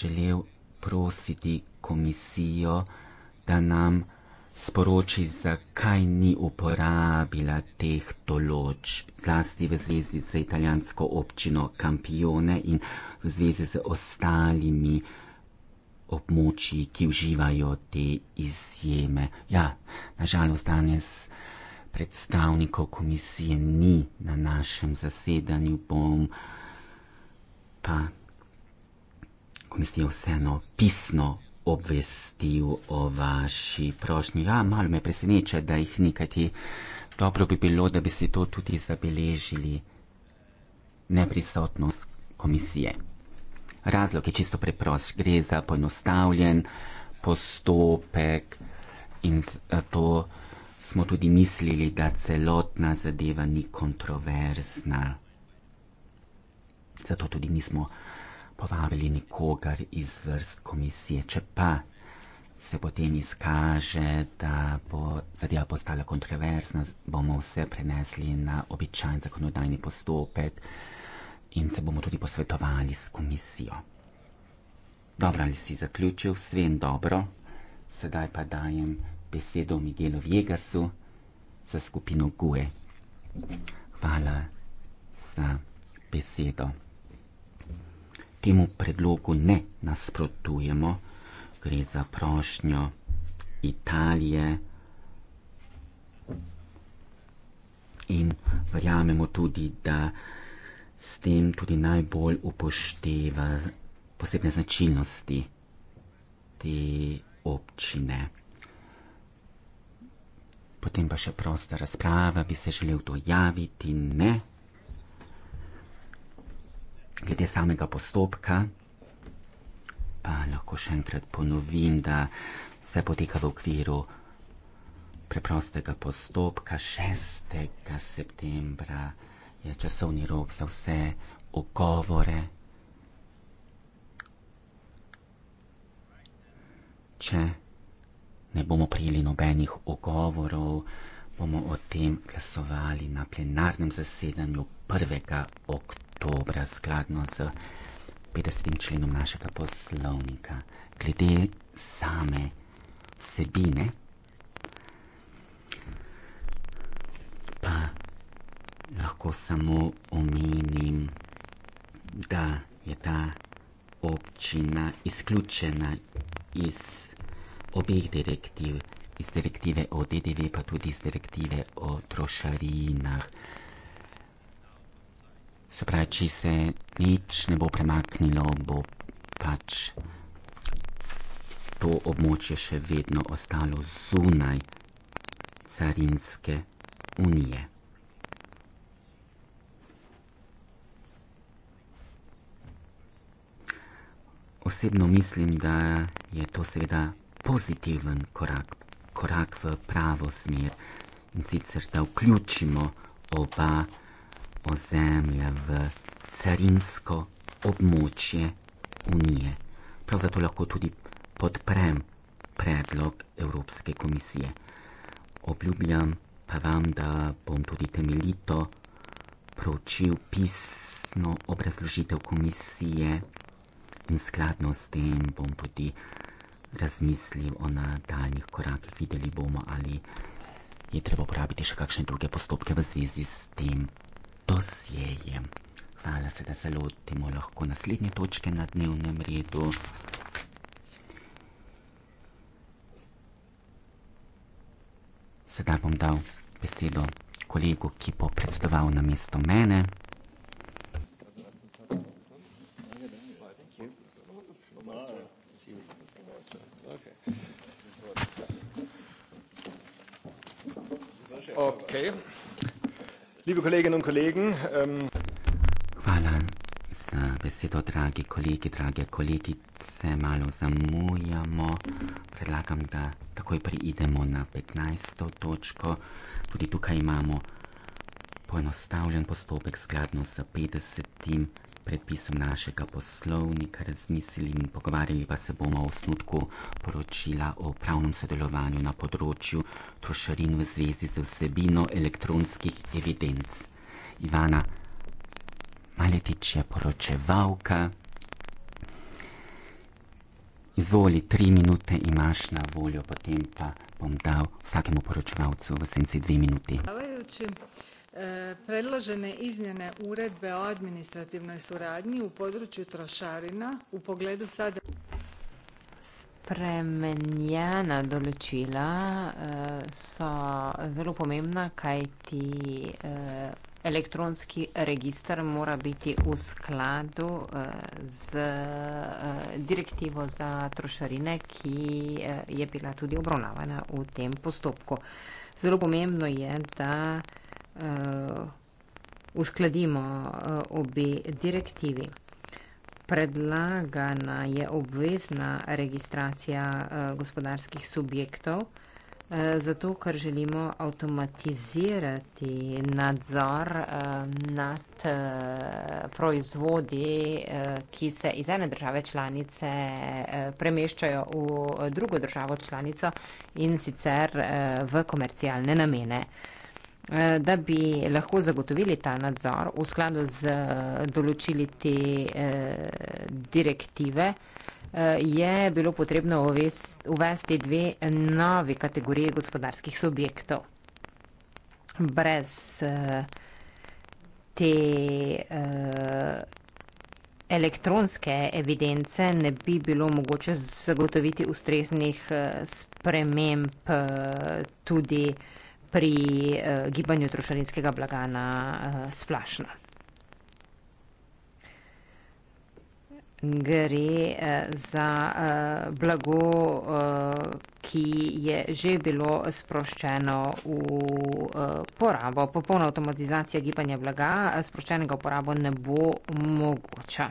želel prositi komisijo, da nam sporoči, zakaj ni uporabila teh določb, zlasti v zvezi z italijansko občino Kampione in v zvezi z ostalimi območji, ki uživajo te izjeme. Ja, nažalost danes predstavnikov komisije ni na našem zasedanju, bom pa komisijo vseeno pisno obvestil o vaši prošnji. Ja, malo me preseneča, da jih nekaj ti dobro bi bilo, da bi si to tudi zabeležili neprisotnost komisije. Razlog je čisto preprost, gre za poenostavljen postopek in to smo tudi mislili, da celotna zadeva ni kontroverzna. Zato tudi nismo povabili nikogar iz vrst komisije. Če pa se potem izkaže, da bo zadeva postala kontroverzna, bomo vse prenesli na običajen zakonodajni postopek in se bomo tudi posvetovali s komisijo. Dobro, ali si zaključil? Svem dobro. Sedaj pa dajem besedo Miguelu Viegasu za skupino GUE. Hvala za besedo temu predlogu ne nasprotujemo, gre za prošnjo Italije in verjamemo tudi, da s tem tudi najbolj upošteva posebne značilnosti te občine. Potem pa še prosta razprava, bi se želel dojaviti, ne glede samega postopka, pa lahko še enkrat ponovim, da vse poteka v okviru preprostega postopka. 6. septembra je časovni rok za vse ugovore. Če ne bomo prijeli nobenih ugovorov, bomo o tem glasovali na plenarnem zasedanju 1. oktobra oktobra, skladno z 50. členom našega poslovnika. Glede same vsebine, pa lahko samo omenim, da je ta občina izključena iz obeh direktiv, iz direktive o DDV, pa tudi iz direktive o trošarinah. Se pravi, če se nič ne bo premaknilo, bo pač to območje še vedno ostalo zunaj carinske unije. Osebno mislim, da je to seveda pozitiven korak, korak v pravo smer, in sicer da vključimo oba ozemlje v carinsko območje Unije. Prav zato lahko tudi podprem predlog Evropske komisije. Obljubljam pa vam, da bom tudi temeljito proučil pisno obrazložitev komisije in skladno s tem bom tudi razmislil o nadaljnih korakih. Videli bomo, ali je treba uporabiti še kakšne druge postopke v zvezi s tem dosjeje. Hvala se, da se lotimo lahko naslednje točke na dnevnem redu. Sedaj bom dal besedo kolegu, ki bo predsedoval namesto mene. liebe Kolleginnen und Kollegen. Ähm Hvala za besedo, dragi kolegi, drage kolegice. Malo zamujamo. Predlagam, da takoj preidemo na 15. točko. Tudi tukaj imamo poenostavljen postopek skladno s 50 predpisom našega poslovnika razmislili in pogovarjali pa se bomo o osnutku poročila o pravnem sodelovanju na področju trošarin v zvezi z vsebino elektronskih evidenc. Ivana Maletič je poročevalka. Izvoli, tri minute imaš na voljo, potem pa bom dal vsakemu poročevalcu v senci dve minuti. Hvala, E, predložene izmjene Uredbe o administrativnoj suradnji u području trošarina u pogledu sada... Spremenjena določila e, so zelo pomembna, kaj ti e, elektronski registr mora biti v skladu z direktivo za trošarine, ki je bila tudi obravnavana v tem postopku. Zelo pomembno je, da uh, uskladimo uh, eh, obi direktivi. Predlagana je obvezna registracija uh, gospodarskih subjektov, uh, zato ker želimo avtomatizirati nadzor uh, nad uh, proizvodi, uh, ki se iz ene države članice uh, premeščajo v drugo državo članico in sicer uh, v komercialne namene. Uh, Eh, da bi lahko zagotovili ta nadzor v skladu z eh, določili te eh, direktive, je bilo potrebno uvesti dve nove kategorije gospodarskih subjektov. Brez te elektronske evidence ne bi bilo mogoče zagotoviti ustreznih sprememb tudi pri eh, gibanju trošarinskega blaga na eh, splašno. Gre eh, za blago, ki je že bilo sproščeno v porabo. Popolna avtomatizacija gibanja blaga sproščenega v porabo ne bo mogoča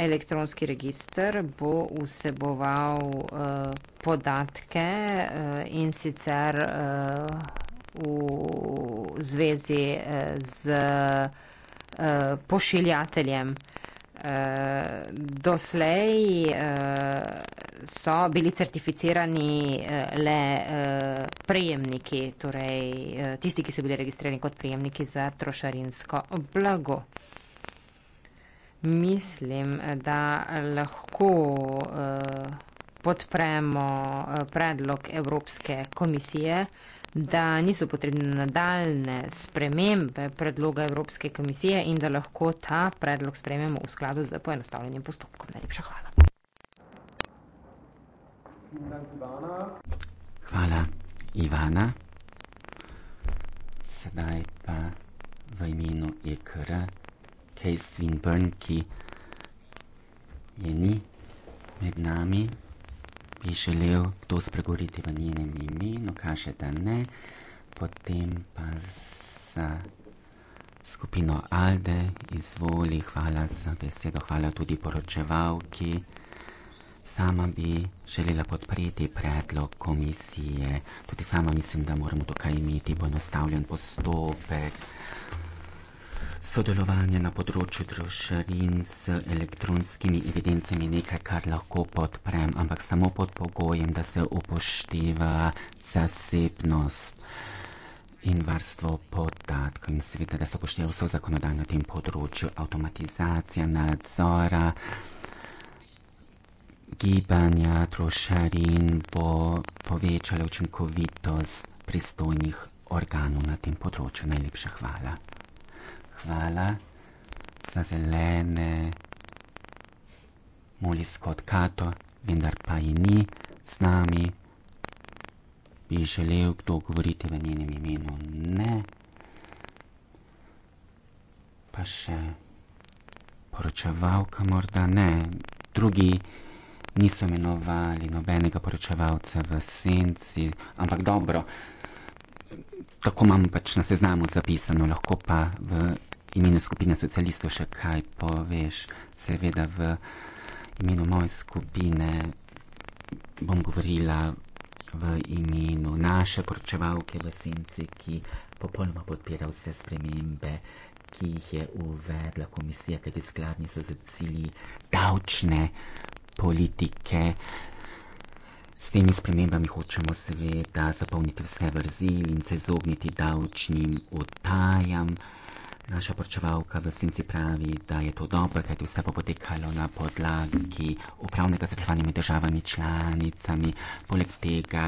elektronski registr bo vseboval eh, podatke eh, in sicer eh, v zvezi z pošiljateljem. Doslej so bili certificirani le prejemniki, torej tisti, ki so bili registrirani kot prejemniki za trošarinsko blago mislim, da lahko eh, podpremo eh, predlog Evropske komisije, da niso potrebne nadaljne spremembe predloga Evropske komisije in da lahko ta predlog sprememo v skladu z poenostavljenim postopkom. Najlepša hvala. Hvala, Ivana. Sedaj pa v imenu IKR. E Kate Swinburne, ki je ni med nami, bi želel to spregovoriti v njenem imenu, no, kaže, da ne. Potem pa za skupino Alde, izvoli, hvala za besedo, hvala tudi poročevalki. Sama bi želela podpreti predlog komisije, tudi sama mislim, da moramo tukaj imeti poenostavljen postopek sodelovanje na področju trošarin z elektronskimi evidencami nekaj, kar lahko podprem, ampak samo pod pogojem, da se upošteva zasebnost in varstvo podatkov in seveda, da se upošteva vso zakonodajo na tem področju, avtomatizacija nadzora, gibanja trošarin bo povečala učinkovitost pristojnih organov na tem področju. Najlepša hvala. Hvala za zelene muljsko odkato, vendar pa ji ni z nami. Bi želel kdo govoriti v njenem imenu? Ne. Pa še poročevalka morda? Ne. Drugi niso imenovali nobenega poročevalca v senci, ampak dobro tako imamo pač na seznamu zapisano, lahko pa v imenu skupine socialistov še kaj poveš. Seveda v imenu moje skupine bom govorila v imenu naše poročevalke v senci, ki popolnoma podpira vse spremembe, ki jih je uvedla komisija, ki je skladni so za cilji davčne politike. S temi spremembami hočemo seveda zapolniti vse vrzeli in se izogniti davčnim utajam. Naša poročevalka v senci pravi, da je to dobro, kajti vse bo potekalo na podlagi upravnega zaključovanja med državami članicami. Poleg tega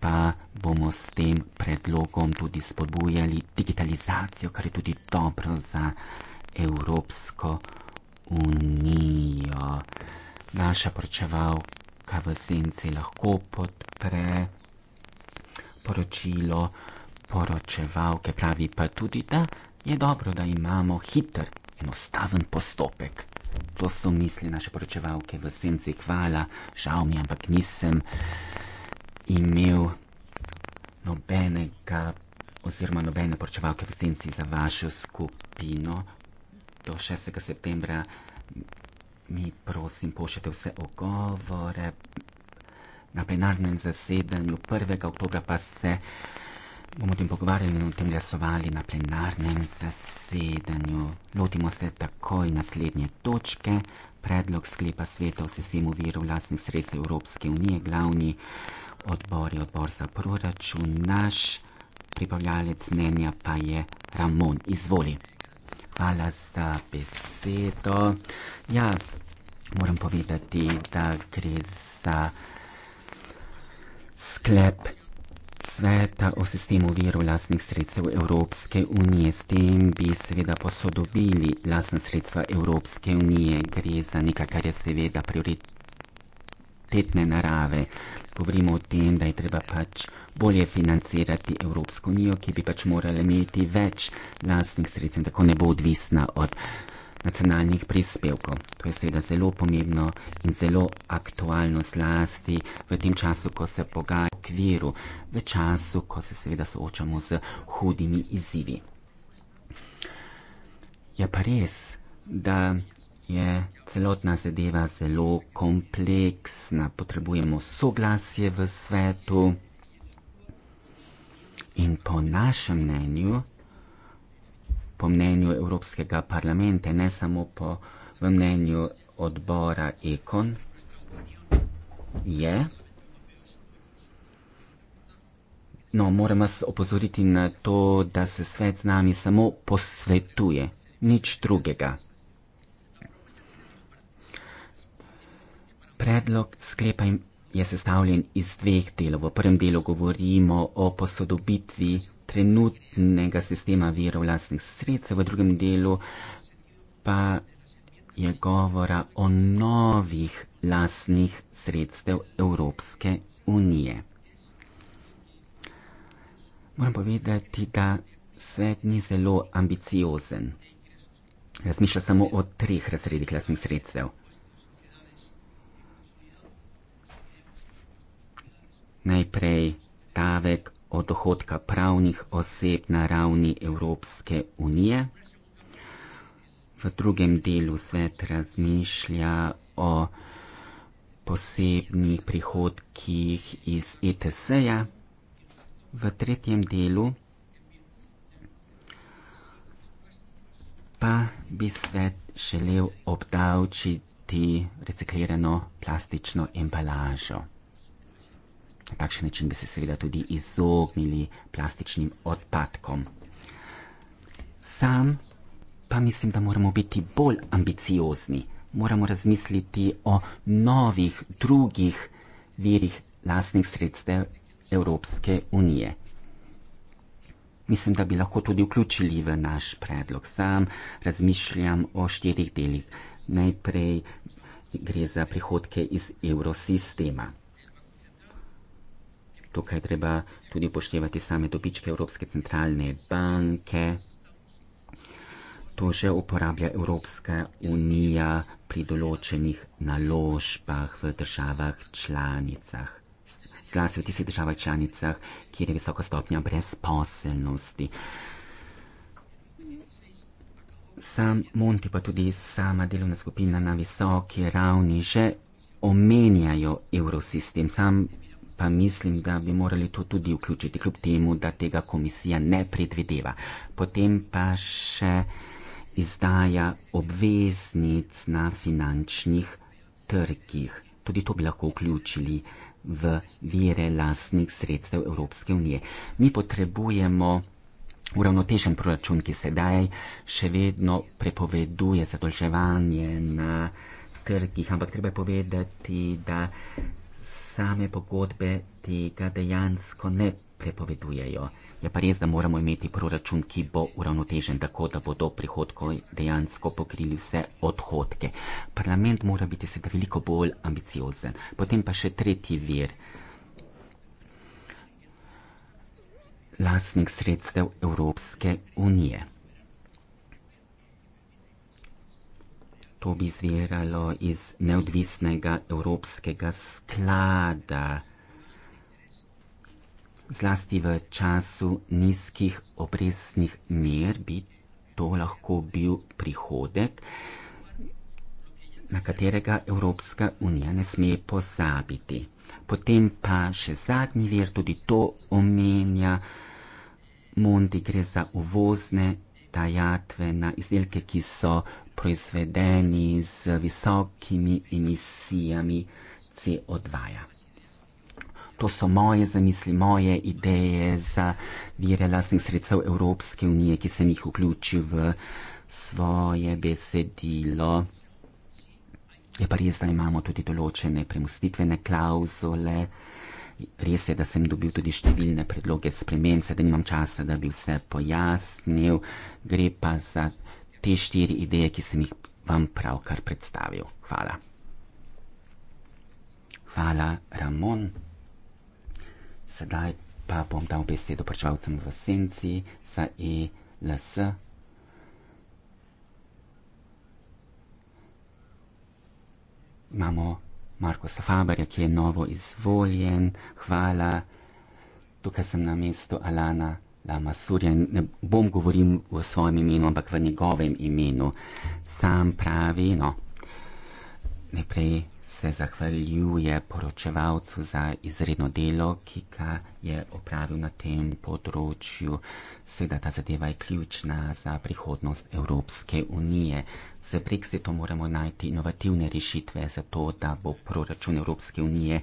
pa bomo s tem predlogom tudi spodbujali digitalizacijo, kar je tudi dobro za Evropsko unijo. Naša poročevalka kaj v senci lahko podpre poročilo poročevalke. Pravi pa tudi, da je dobro, da imamo hiter, enostaven postopek. To so misli naše poročevalke v senci. Hvala, žal mi, ampak nisem imel nobenega oziroma nobene poročevalke v senci za vašo skupino. Do 6. septembra mi prosim pošljete vse ogovore na plenarnem zasedanju 1. oktobra pa se bomo o tem pogovarjali in o tem glasovali na plenarnem zasedanju. Lotimo se takoj naslednje točke. Predlog sklepa sveta o sistemu virov vlastnih sredstev Evropske unije, glavni odbor je odbor za proračun, naš pripravljalec mnenja pa je Ramon. Izvoli hvala za besedo. Ja, moram povedati, da gre za sklep Sveta o sistemu virov lastnih sredstev Evropske unije. S tem bi seveda posodobili lastna sredstva Evropske unije. Gre za nekaj, kar je seveda prioritetne narave. Govorimo o tem, da je treba pač bolje financirati Evropsko unijo, ki bi pač morala imeti več lastnih sredstev in tako ne bo odvisna od nacionalnih prispevkov. To je seveda zelo pomembno in zelo aktualno zlasti v tem času, ko se pogaja v kviru, v času, ko se seveda soočamo z hudimi izzivi. Je pa res, da je celotna zadeva zelo kompleksna. Potrebujemo soglasje v svetu. In po našem mnenju, po mnenju Evropskega parlamenta, ne samo po mnenju odbora Ekon, je, no, moram vas opozoriti na to, da se svet z nami samo posvetuje, nič drugega. Predlog sklepa je sestavljen iz dveh delov. V prvem delu govorimo o posodobitvi trenutnega sistema virov vlastnih sredstev, v drugem delu pa je govora o novih lastnih sredstev Evropske unije. Moram povedati, da svet ni zelo ambiciozen. Razmišlja samo o treh razredih lastnih sredstev. najprej davek od dohodka pravnih oseb na ravni Evropske unije. V drugem delu svet razmišlja o posebnih prihodkih iz ETS-ja. V tretjem delu pa bi svet želel obdavčiti reciklirano plastično embalažo. Na takšen način bi se seveda tudi izognili plastičnim odpadkom. Sam pa mislim, da moramo biti bolj ambiciozni, moramo razmisliti o novih, drugih virih lastnih sredstev Evropske unije. Mislim, da bi lahko tudi vključili v naš predlog. Sam razmišljam o štirih delih. Najprej gre za prihodke iz evrosistema. Tukaj treba tudi upoštevati same dobičke Evropske centralne banke. To že uporablja Evropska unija pri določenih naložbah v državah članicah. Zlasti v tistih državah članicah, kjer je visoka stopnja brezposelnosti. Sam Monti pa tudi sama delovna skupina na visoki ravni že omenjajo evrosistem. Sam pa mislim, da bi morali to tudi vključiti, kljub temu, da tega komisija ne predvideva. Potem pa še izdaja obveznic na finančnih trgih. Tudi to bi lahko vključili v vire lastnih sredstev Evropske unije. Mi potrebujemo uravnotežen proračun, ki sedaj še vedno prepoveduje zadolževanje na trgih, ampak treba je povedati, da same pogodbe tega dejansko ne prepovedujejo. Je pa res, da moramo imeti proračun, ki bo uravnotežen tako, da bodo prihodki dejansko pokrili vse odhodke. Parlament mora biti sedaj veliko bolj ambiciozen. Potem pa še tretji vir. Lastnik sredstev Evropske unije. to bi izviralo iz neodvisnega evropskega sklada. Zlasti v času nizkih obrestnih mer bi to lahko bil prihodek, na katerega Evropska unija ne sme pozabiti. Potem pa še zadnji vir, tudi to omenja, Mondi gre za uvozne dajatve na izdelke, ki so proizvedeni z visokimi emisijami CO2. To so moje zamisli, moje ideje za vire lasnih sredstev Evropske unije, ki sem jih vključil v svoje besedilo. Je pa res, da imamo tudi določene premustitvene klauzule. Res je, da sem dobil tudi številne predloge spremem, sedaj nimam časa, da bi vse pojasnil. Gre pa za te štiri ideje, ki sem jih vam pravkar predstavil. Hvala. Hvala, Ramon. Sedaj pa bom dal besedo prečevalcem v senci za ELS. Imamo Marko Safabarja, ki je novo izvoljen. Hvala. Tukaj sem na mestu Alana. Lama Surja, ne bom govoril v svojem imenu, ampak v njegovem imenu, sam pravi, no, najprej se zahvaljuje poročevalcu za izredno delo, ki ga je opravil na tem področju. Seveda ta zadeva je ključna za prihodnost Evropske unije. Z Brexitom moramo najti inovativne rešitve za to, da bo proračun Evropske unije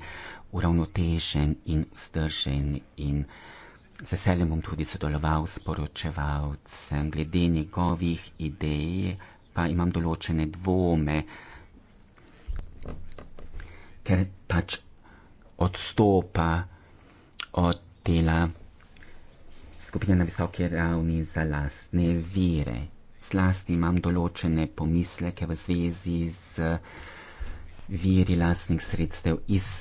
uravnotežen in vzdržen in vzdržen z veseljem bom tudi sodeloval s poročevalcem. Glede njegovih idej pa imam določene dvome, ker pač odstopa od dela skupine na visoki ravni za lastne vire. Zlasti imam določene pomisleke v zvezi z viri lastnih sredstev iz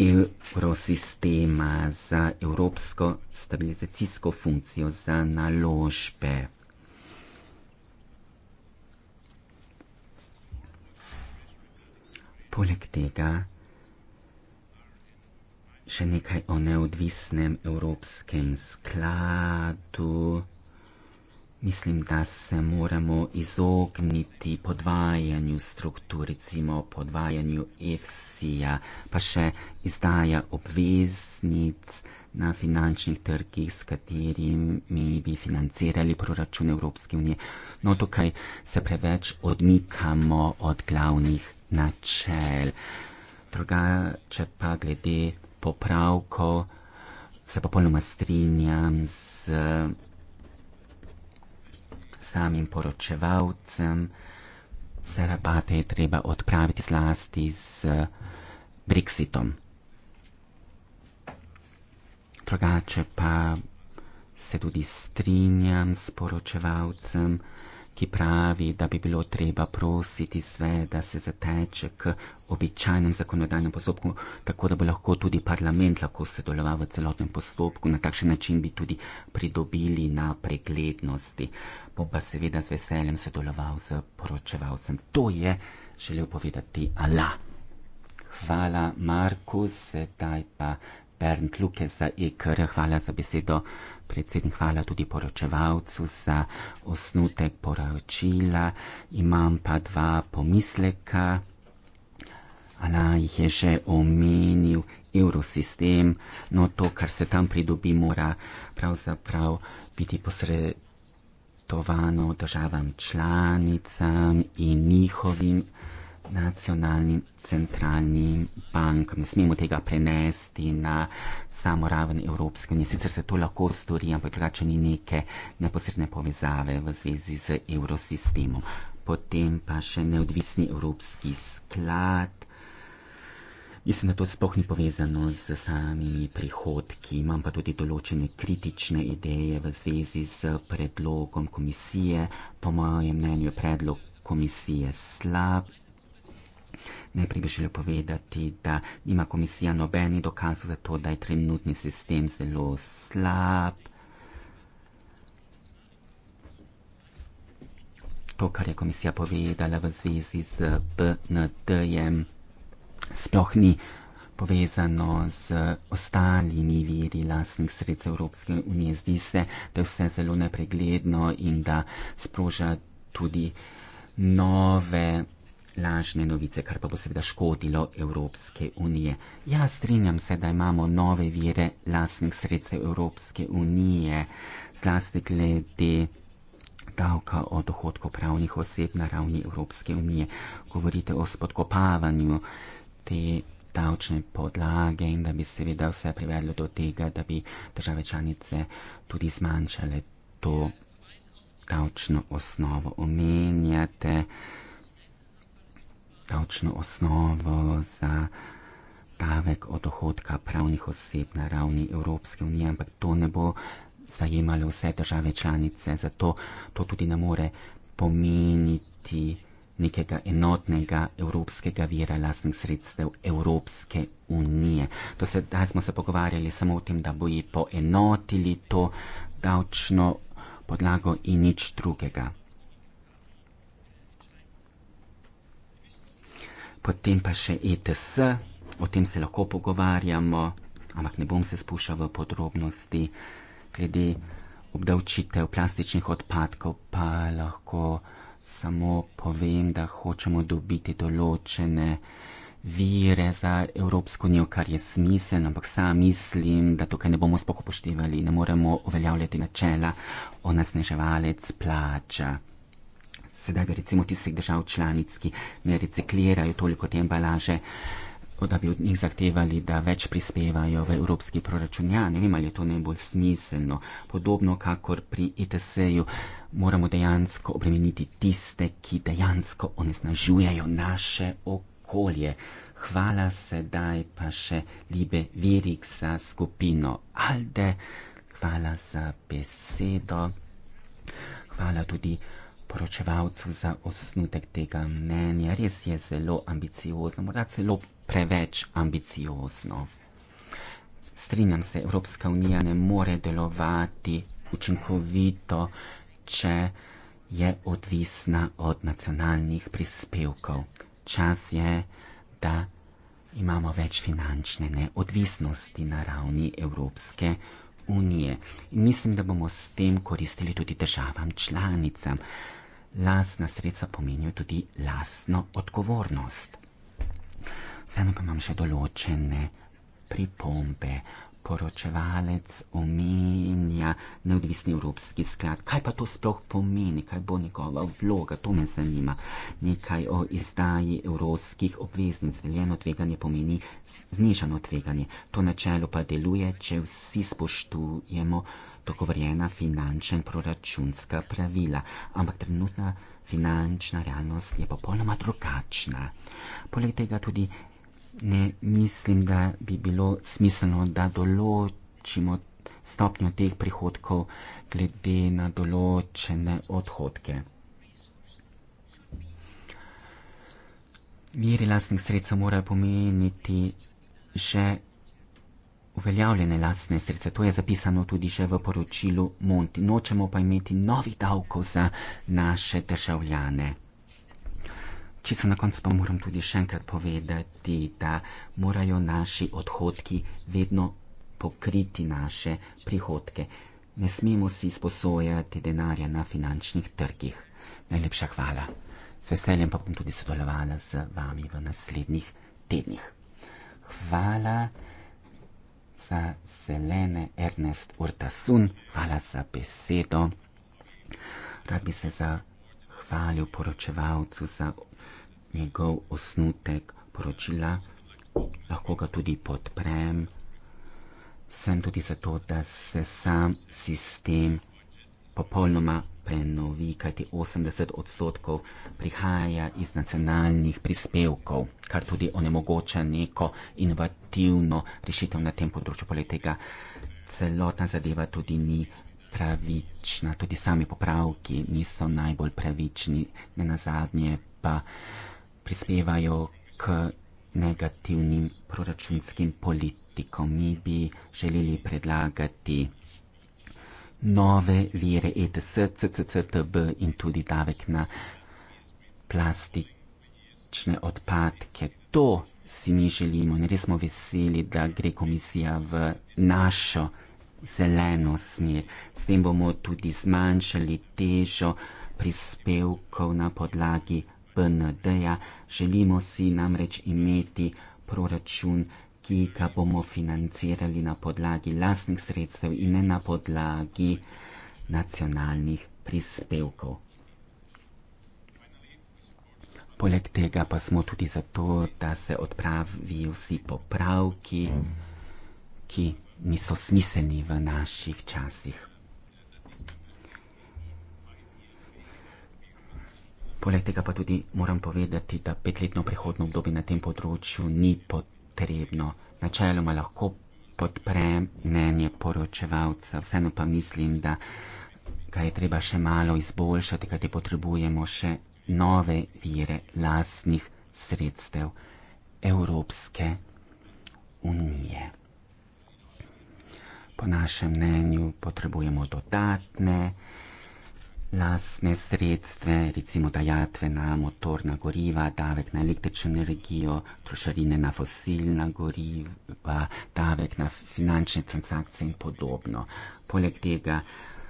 evrosistema, za evropsko stabilizacijsko funkcijo, za naložbe. Poleg tega še nekaj o neodvisnem evropskem skladu. Mislim, da se moramo izogniti podvajanju struktur, recimo podvajanju EFSI-ja, pa še izdaja obveznic na finančnih trgih, s katerimi bi financirali proračun Evropske unije. No, tukaj se preveč odmikamo od glavnih načel. Drugače pa glede popravkov, se popolnoma strinjam z samim poročevalcem, se rabate je treba odpraviti zlasti z eh, Brexitom. Drugače pa se tudi strinjam s poročevalcem, ki pravi, da bi bilo treba prositi sve, da se zateče k običajnem zakonodajnem postopku, tako da bo lahko tudi parlament lahko sodeloval v celotnem postopku. Na takšen način bi tudi pridobili na preglednosti. Bo pa seveda z veseljem sodeloval z poročevalcem. To je želel povedati Allah. Hvala, Markus, sedaj pa. Bernd Luke za IKR, e hvala za besedo. Predsednik, hvala tudi poročevalcu za osnutek poročila. Imam pa dva pomisleka. Ala jih je že omenil evrosistem. No, to, kar se tam pridobi, mora pravzaprav biti posredovano državam članicam in njihovim nacionalnim centralnim bankam. Ne smemo tega prenesti na samo raven Evropske unije. Sicer se to lahko stori, ampak drugače ni neke neposredne povezave v zvezi z evrosistemom. Potem pa še neodvisni evropski sklad. Mislim, da to sploh ni povezano z samimi prihodki. Imam pa tudi določene kritične ideje v zvezi z predlogom komisije. Po mojem mnenju je predlog komisije slab Najprej bi želel povedati, da ima komisija nobeni dokaz za to, da je trenutni sistem zelo slab. To, kar je komisija povedala v zvezi z BND-jem, sploh ni povezano z ostalimi viri lastnih sredstev Evropske unije. Zdi se, da je vse zelo nepregledno in da sproža tudi nove lažne novice, kar pa bo seveda škodilo Evropske unije. Ja, strinjam se, da imamo nove vire lasnih sredstev Evropske unije, zlasti glede davka o dohodku pravnih oseb na ravni Evropske unije. Govorite o spodkopavanju te davčne podlage in da bi seveda vse privedlo do tega, da bi države članice tudi zmanjšale to davčno osnovo. Omenjate, davčno osnovo za davek od dohodka pravnih oseb na ravni Evropske unije, ampak to ne bo zajemalo vse države članice, zato to tudi ne more pomeniti nekega enotnega evropskega vira lastnih sredstev Evropske unije. To se, da smo se pogovarjali samo o tem, da bo ji poenotili to davčno podlago in nič drugega. potem pa še ETS, o tem se lahko pogovarjamo, ampak ne bom se spuščal v podrobnosti. Glede obdavčitev plastičnih odpadkov pa lahko samo povem, da hočemo dobiti določene vire za Evropsko unijo, kar je smiselno, ampak sam mislim, da tukaj ne bomo spokopoštevali, ne moremo uveljavljati načela onesneževalec plača sedaj v recimo tistih držav članic, ki ne reciklirajo toliko te embalaže, da bi od njih zahtevali, da več prispevajo v evropski proračun. Ja, ne vem, ali je to najbolj smiselno. Podobno kakor pri ITS-ju e moramo dejansko obremeniti tiste, ki dejansko onesnažujejo naše okolje. Hvala sedaj pa še Libe Virik za skupino Alde. Hvala za besedo. Hvala tudi poročevalcu za osnutek tega mnenja. Res je zelo ambiciozno, morda celo preveč ambiciozno. Strinjam se, Evropska unija ne more delovati učinkovito, če je odvisna od nacionalnih prispevkov. Čas je, da imamo več finančne neodvisnosti na ravni Evropske unije. In mislim, da bomo s tem koristili tudi državam članicam lasna sredstva pomenijo tudi lasno odgovornost. Vseeno pa imam še določene pripombe. Poročevalec omenja neodvisni evropski sklad. Kaj pa to sploh pomeni, kaj bo njegova vloga, to me zanima. Nekaj o izdaji evropskih obveznic. Deljeno tveganje pomeni znižano tveganje. To načelo pa deluje, če vsi spoštujemo dogovorjena finančna in proračunska pravila, ampak trenutna finančna realnost je popolnoma drugačna. Poleg tega tudi ne mislim, da bi bilo smiselno, da določimo stopnjo teh prihodkov glede na določene odhodke. Viri lastnih sredstev morajo pomeniti že uveljavljene lastne srce. To je zapisano tudi že v poročilu Monti. Nočemo pa imeti novih davkov za naše državljane. Čisto na koncu pa moram tudi še enkrat povedati, da morajo naši odhodki vedno pokriti naše prihodke. Ne smemo si sposojati denarja na finančnih trgih. Najlepša hvala. Z veseljem pa bom tudi sodelovala z vami v naslednjih tednih. Hvala za Selene Ernest Urtasun. Hvala za besedo. Rad bi se zahvalil poročevalcu za njegov osnutek poročila. Lahko ga tudi podprem. Sem tudi zato, da se sam sistem popolnoma prenovi, kajti 80 odstotkov prihaja iz nacionalnih prispevkov, kar tudi onemogoča neko inovativno rešitev na tem področju. Poleg tega celotna zadeva tudi ni pravična, tudi sami popravki niso najbolj pravični, ne na zadnje pa prispevajo k negativnim proračunskim politikom. Mi bi želeli predlagati nove vire ETS, CCCTB in tudi davek na plastične odpadke. To si mi želimo in res smo veseli, da gre komisija v našo zeleno smer. S tem bomo tudi zmanjšali težo prispevkov na podlagi BND-ja. Želimo si namreč imeti proračun ki ga bomo financirali na podlagi lastnih sredstev in ne na podlagi nacionalnih prispevkov. Poleg tega pa smo tudi zato, da se odpravijo vsi popravki, ki niso smiselni v naših časih. Poleg tega pa tudi moram povedati, da petletno prehodno obdobje na tem področju ni potrebno potrebno. Načeloma lahko podprem mnenje poročevalca, vseeno pa mislim, da ga je treba še malo izboljšati, kajti potrebujemo še nove vire lastnih sredstev Evropske unije. Po našem mnenju potrebujemo dodatne lastne sredstve, recimo dajatve na motorna goriva, davek na električno energijo, trošarine na fosilna goriva, davek na finančne transakcije in podobno. Poleg tega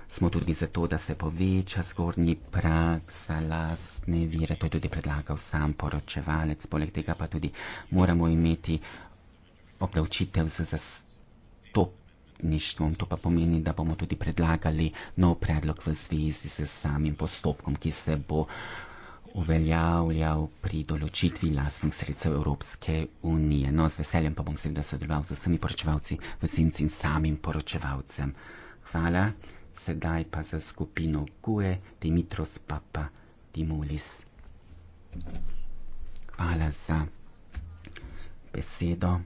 smo tudi zato, da se poveča zgornji prag za lastne vire, to je tudi predlagal sam poročevalec, poleg tega pa tudi moramo imeti obdavčitev za zastop odvetništvom. To pa pomeni, da bomo tudi predlagali nov predlog v zvezi z samim postopkom, ki se bo uveljavljal pri določitvi lastnih sredstev Evropske unije. No, z veseljem pa bom seveda sodeloval z vsemi poročevalci v senci in samim poročevalcem. Hvala. Sedaj pa za skupino Gue, Dimitros Papa Dimulis. Hvala za besedo.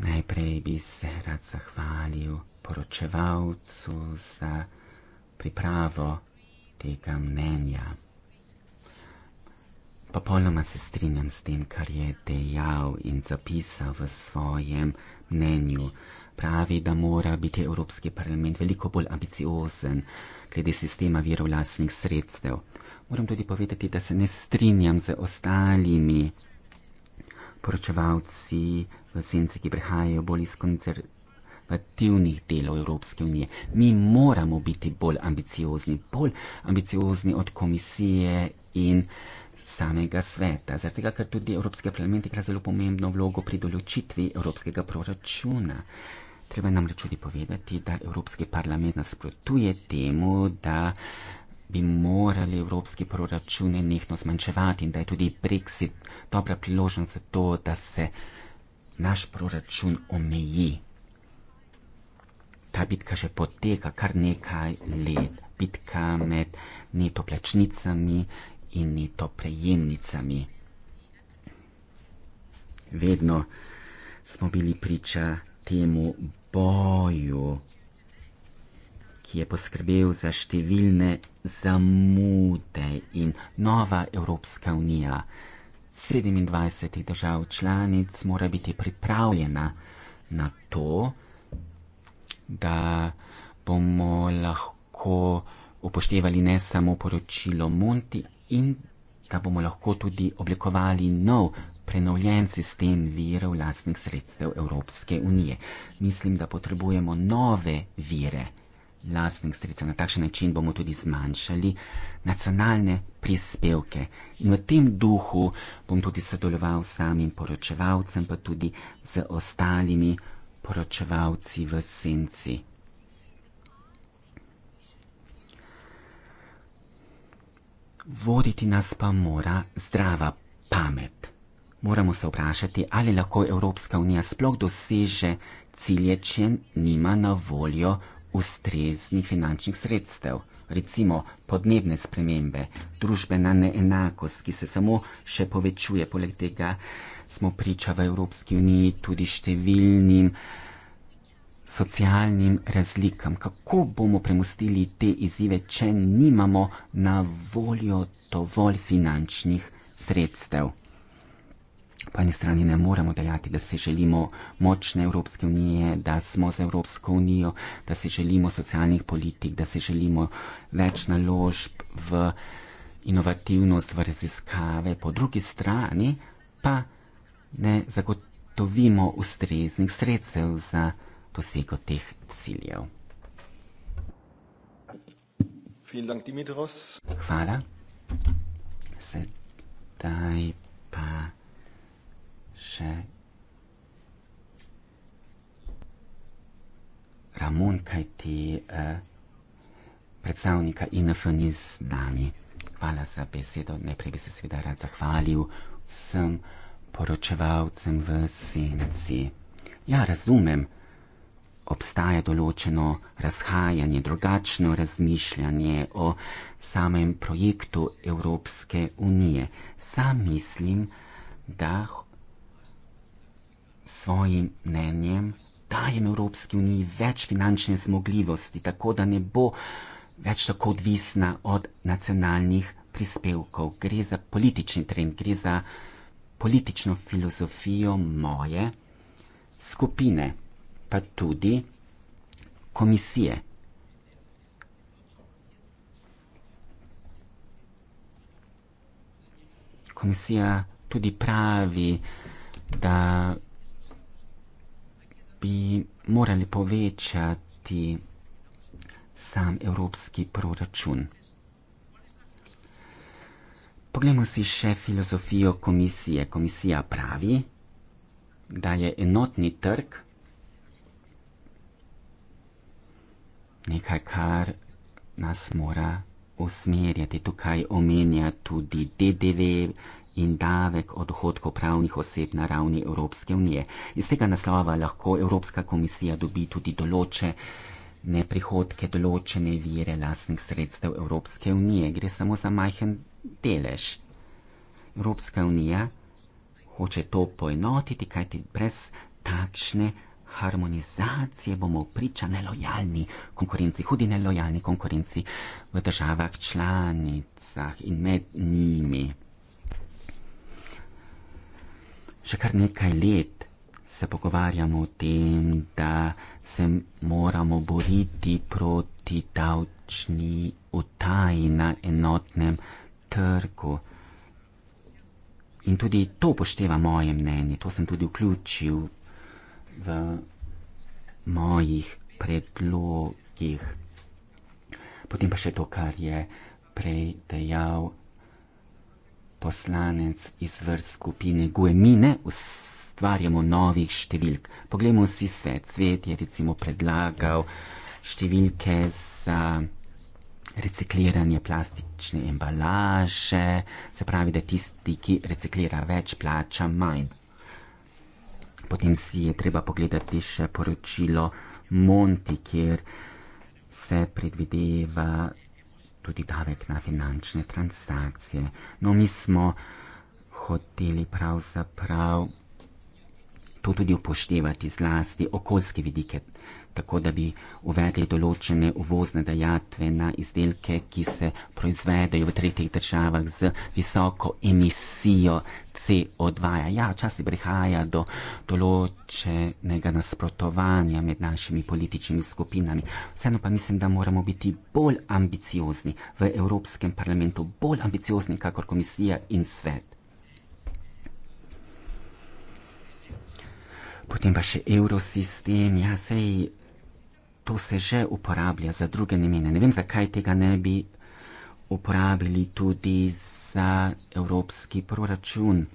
Najprej bi se rad zahvalil poročevalcu za pripravo tega mnenja. Popolnoma se strinjam s tem, kar je dejal in zapisal v svojem mnenju. Pravi, da mora biti Evropski parlament veliko bolj ambiciozen glede sistema virov lasnih sredstev. Moram tudi povedati, da se ne strinjam z ostalimi poročevalci v sence, ki prihajajo bolj iz konzervativnih delov Evropske unije. Mi moramo biti bolj ambiciozni, bolj ambiciozni od komisije in samega sveta. Zato, ker tudi Evropski parlament igra zelo pomembno vlogo pri določitvi evropskega proračuna. Treba nam reči tudi povedati, da Evropski parlament nasprotuje temu, da bi morali evropski proračune nekno zmanjševati in da je tudi Brexit dobra priložnost za to, da se naš proračun omeji. Ta bitka že poteka kar nekaj let. Bitka med neto plačnicami in neto prejemnicami. Vedno smo bili priča temu boju ki je poskrbel za številne zamude in nova Evropska unija 27 držav članic mora biti pripravljena na to, da bomo lahko upoštevali ne samo poročilo Monti in da bomo lahko tudi oblikovali nov prenovljen sistem virov lastnih sredstev Evropske unije. Mislim, da potrebujemo nove vire lastnih sredstev. Na takšen način bomo tudi zmanjšali nacionalne prispevke. In v tem duhu bom tudi sodeloval s samim poročevalcem, pa tudi z ostalimi poročevalci v senci. Voditi nas pa mora zdrava pamet. Moramo se vprašati, ali lahko Evropska unija sploh doseže cilje, če nima na voljo ustreznih finančnih sredstev. Recimo podnebne spremembe, družbena neenakost, ki se samo še povečuje, poleg tega smo priča v Evropski uniji tudi številnim socialnim razlikam. Kako bomo premustili te izzive, če nimamo na voljo dovolj finančnih sredstev? po eni strani ne moremo dejati, da se želimo močne Evropske unije, da smo z Evropsko unijo, da se želimo socialnih politik, da se želimo več naložb v inovativnost, v raziskave, po drugi strani pa ne zagotovimo ustreznih sredstev za dosego teh ciljev. Hvala. Sedaj pa. Še. Ramon, kaj ti eh, predstavnika INF ni z nami. Hvala za besedo. Najprej bi se seveda rad zahvalil vsem poročevalcem v senci. Ja, razumem, obstaja določeno razhajanje, drugačno razmišljanje o samem projektu Evropske unije. Sam mislim, da svojim mnenjem dajem Evropski uniji več finančne zmogljivosti, tako da ne bo več tako odvisna od nacionalnih prispevkov. Gre za politični trend, gre za politično filozofijo moje skupine, pa tudi komisije. Komisija tudi pravi, da bi morali povečati sam evropski proračun. Poglejmo si še filozofijo komisije. Komisija pravi, da je enotni trg nekaj, kar nas mora usmerjati. Tukaj omenja tudi DDV, in davek od dohodkov pravnih oseb na ravni Evropske unije. Iz tega naslova lahko Evropska komisija dobi tudi določe ne prihodke, določene vire lastnih sredstev Evropske unije. Gre samo za majhen delež. Evropska unija hoče to poenotiti, kajti brez takšne harmonizacije bomo priča nelojalni konkurenci, hudi nelojalni konkurenci v državah članicah in med njimi. Že kar nekaj let se pogovarjamo o tem, da se moramo boriti proti davčni utaji na enotnem trgu. In tudi to pošteva moje mnenje, to sem tudi vključil v mojih predlogih. Potem pa še to, kar je prej dejal poslanec iz vrst skupine Gue, mi ne ustvarjamo novih številk. Poglejmo si svet. Svet je recimo predlagal številke za recikliranje plastične embalaže, se pravi, da tisti, ki reciklira več, plača manj. Potem si je treba pogledati še poročilo Monti, kjer se predvideva tudi davek na finančne transakcije. No, mi smo hoteli pravzaprav to tudi upoštevati zlasti okoljske vidike tako da bi uvedli določene uvozne dajatve na izdelke, ki se proizvedejo v tretjih državah z visoko emisijo CO2. -ja. ja, včasih prihaja do določenega nasprotovanja med našimi političnimi skupinami. Vseeno pa mislim, da moramo biti bolj ambiciozni v Evropskem parlamentu, bolj ambiciozni kakor komisija in svet. Potem pa še evrosistem. Ja, sej, to se že uporablja za druge namene. Ne vem, zakaj tega ne bi uporabili tudi za evropski proračun.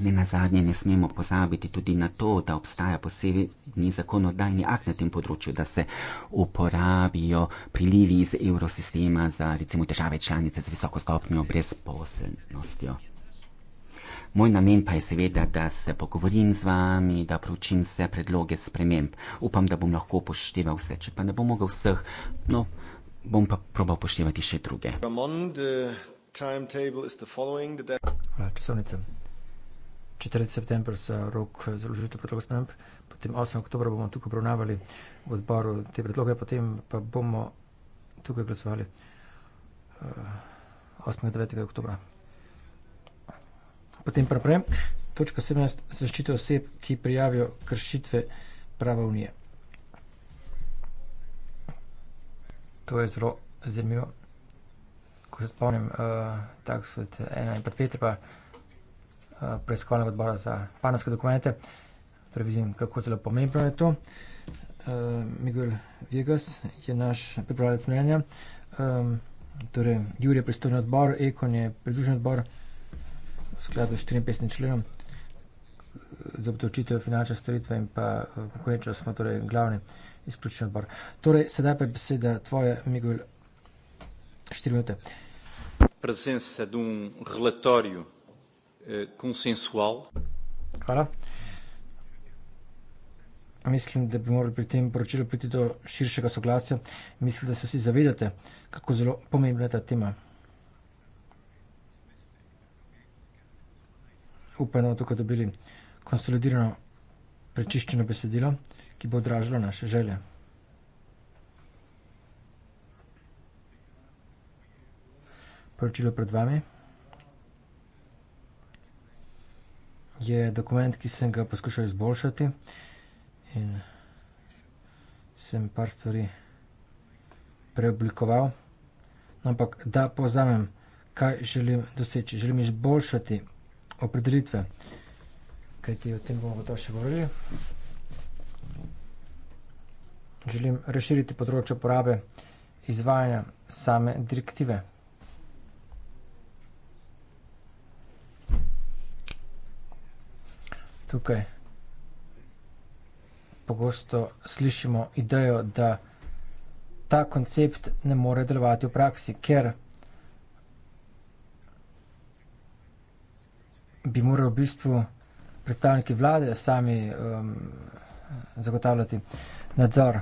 Ne na zadnje, ne smemo pozabiti tudi na to, da obstaja posebni zakonodajni akt na tem področju, da se uporabijo prilivi iz evrosistema za recimo države članice z visoko stopnjo brezposelnostjo. Moj namen pa je seveda, da se pogovorim z vami, da pročim vse predloge sprememb. Upam, da bom lahko pošteval vse, če pa ne bom mogel vseh, no, bom pa probal poštevati še druge. Ramon, Hvala, časovnica. 4. september se rok za vložitev predlogov sprememb, potem 8. oktober bomo tukaj obravnavali v odboru te predloge, potem pa bomo tukaj glasovali 8. in 9. oktobra. Potem preprej, točka 17, zaščite oseb, ki prijavijo kršitve prava unije. To je zelo zanimivo. Ko se spomnim, uh, tako so ena in pa dve treba uh, preiskovalnega odbora za panoske dokumente, torej vidim, kako zelo pomembno je to. Uh, Miguel Vegas je naš pripravljalec mnenja, um, torej Jurij je pristojni odbor, Ekon je pridružen odbor, v skladu s 54 členom za obdavčitev finančne storitve in pa eh, konkurenčnost smo torej glavni izključni odbor. Torej, sedaj pa je beseda tvoja, Miguel, štiri minute. Presenca de un um relatório eh, consensual. Hvala. Mislim, da bi morali pri tem poročilu priti do širšega soglasja. Mislim, da se vsi zavedate, kako zelo pomembna je ta tema. upajmo, da bomo dobili konsolidirano, prečiščeno besedilo, ki bo odražalo naše želje. Poročilo pred vami je dokument, ki sem ga poskušal izboljšati in sem par stvari preoblikoval, no, ampak da poznam, kaj želim doseči. Želim izboljšati opredelitve, kajti o tem bomo to še govorili. Želim razširiti področje porabe izvajanja same direktive. Tukaj pogosto slišimo idejo, da ta koncept ne more delovati v praksi, ker bi moral v bistvu predstavniki vlade sami um, zagotavljati nadzor.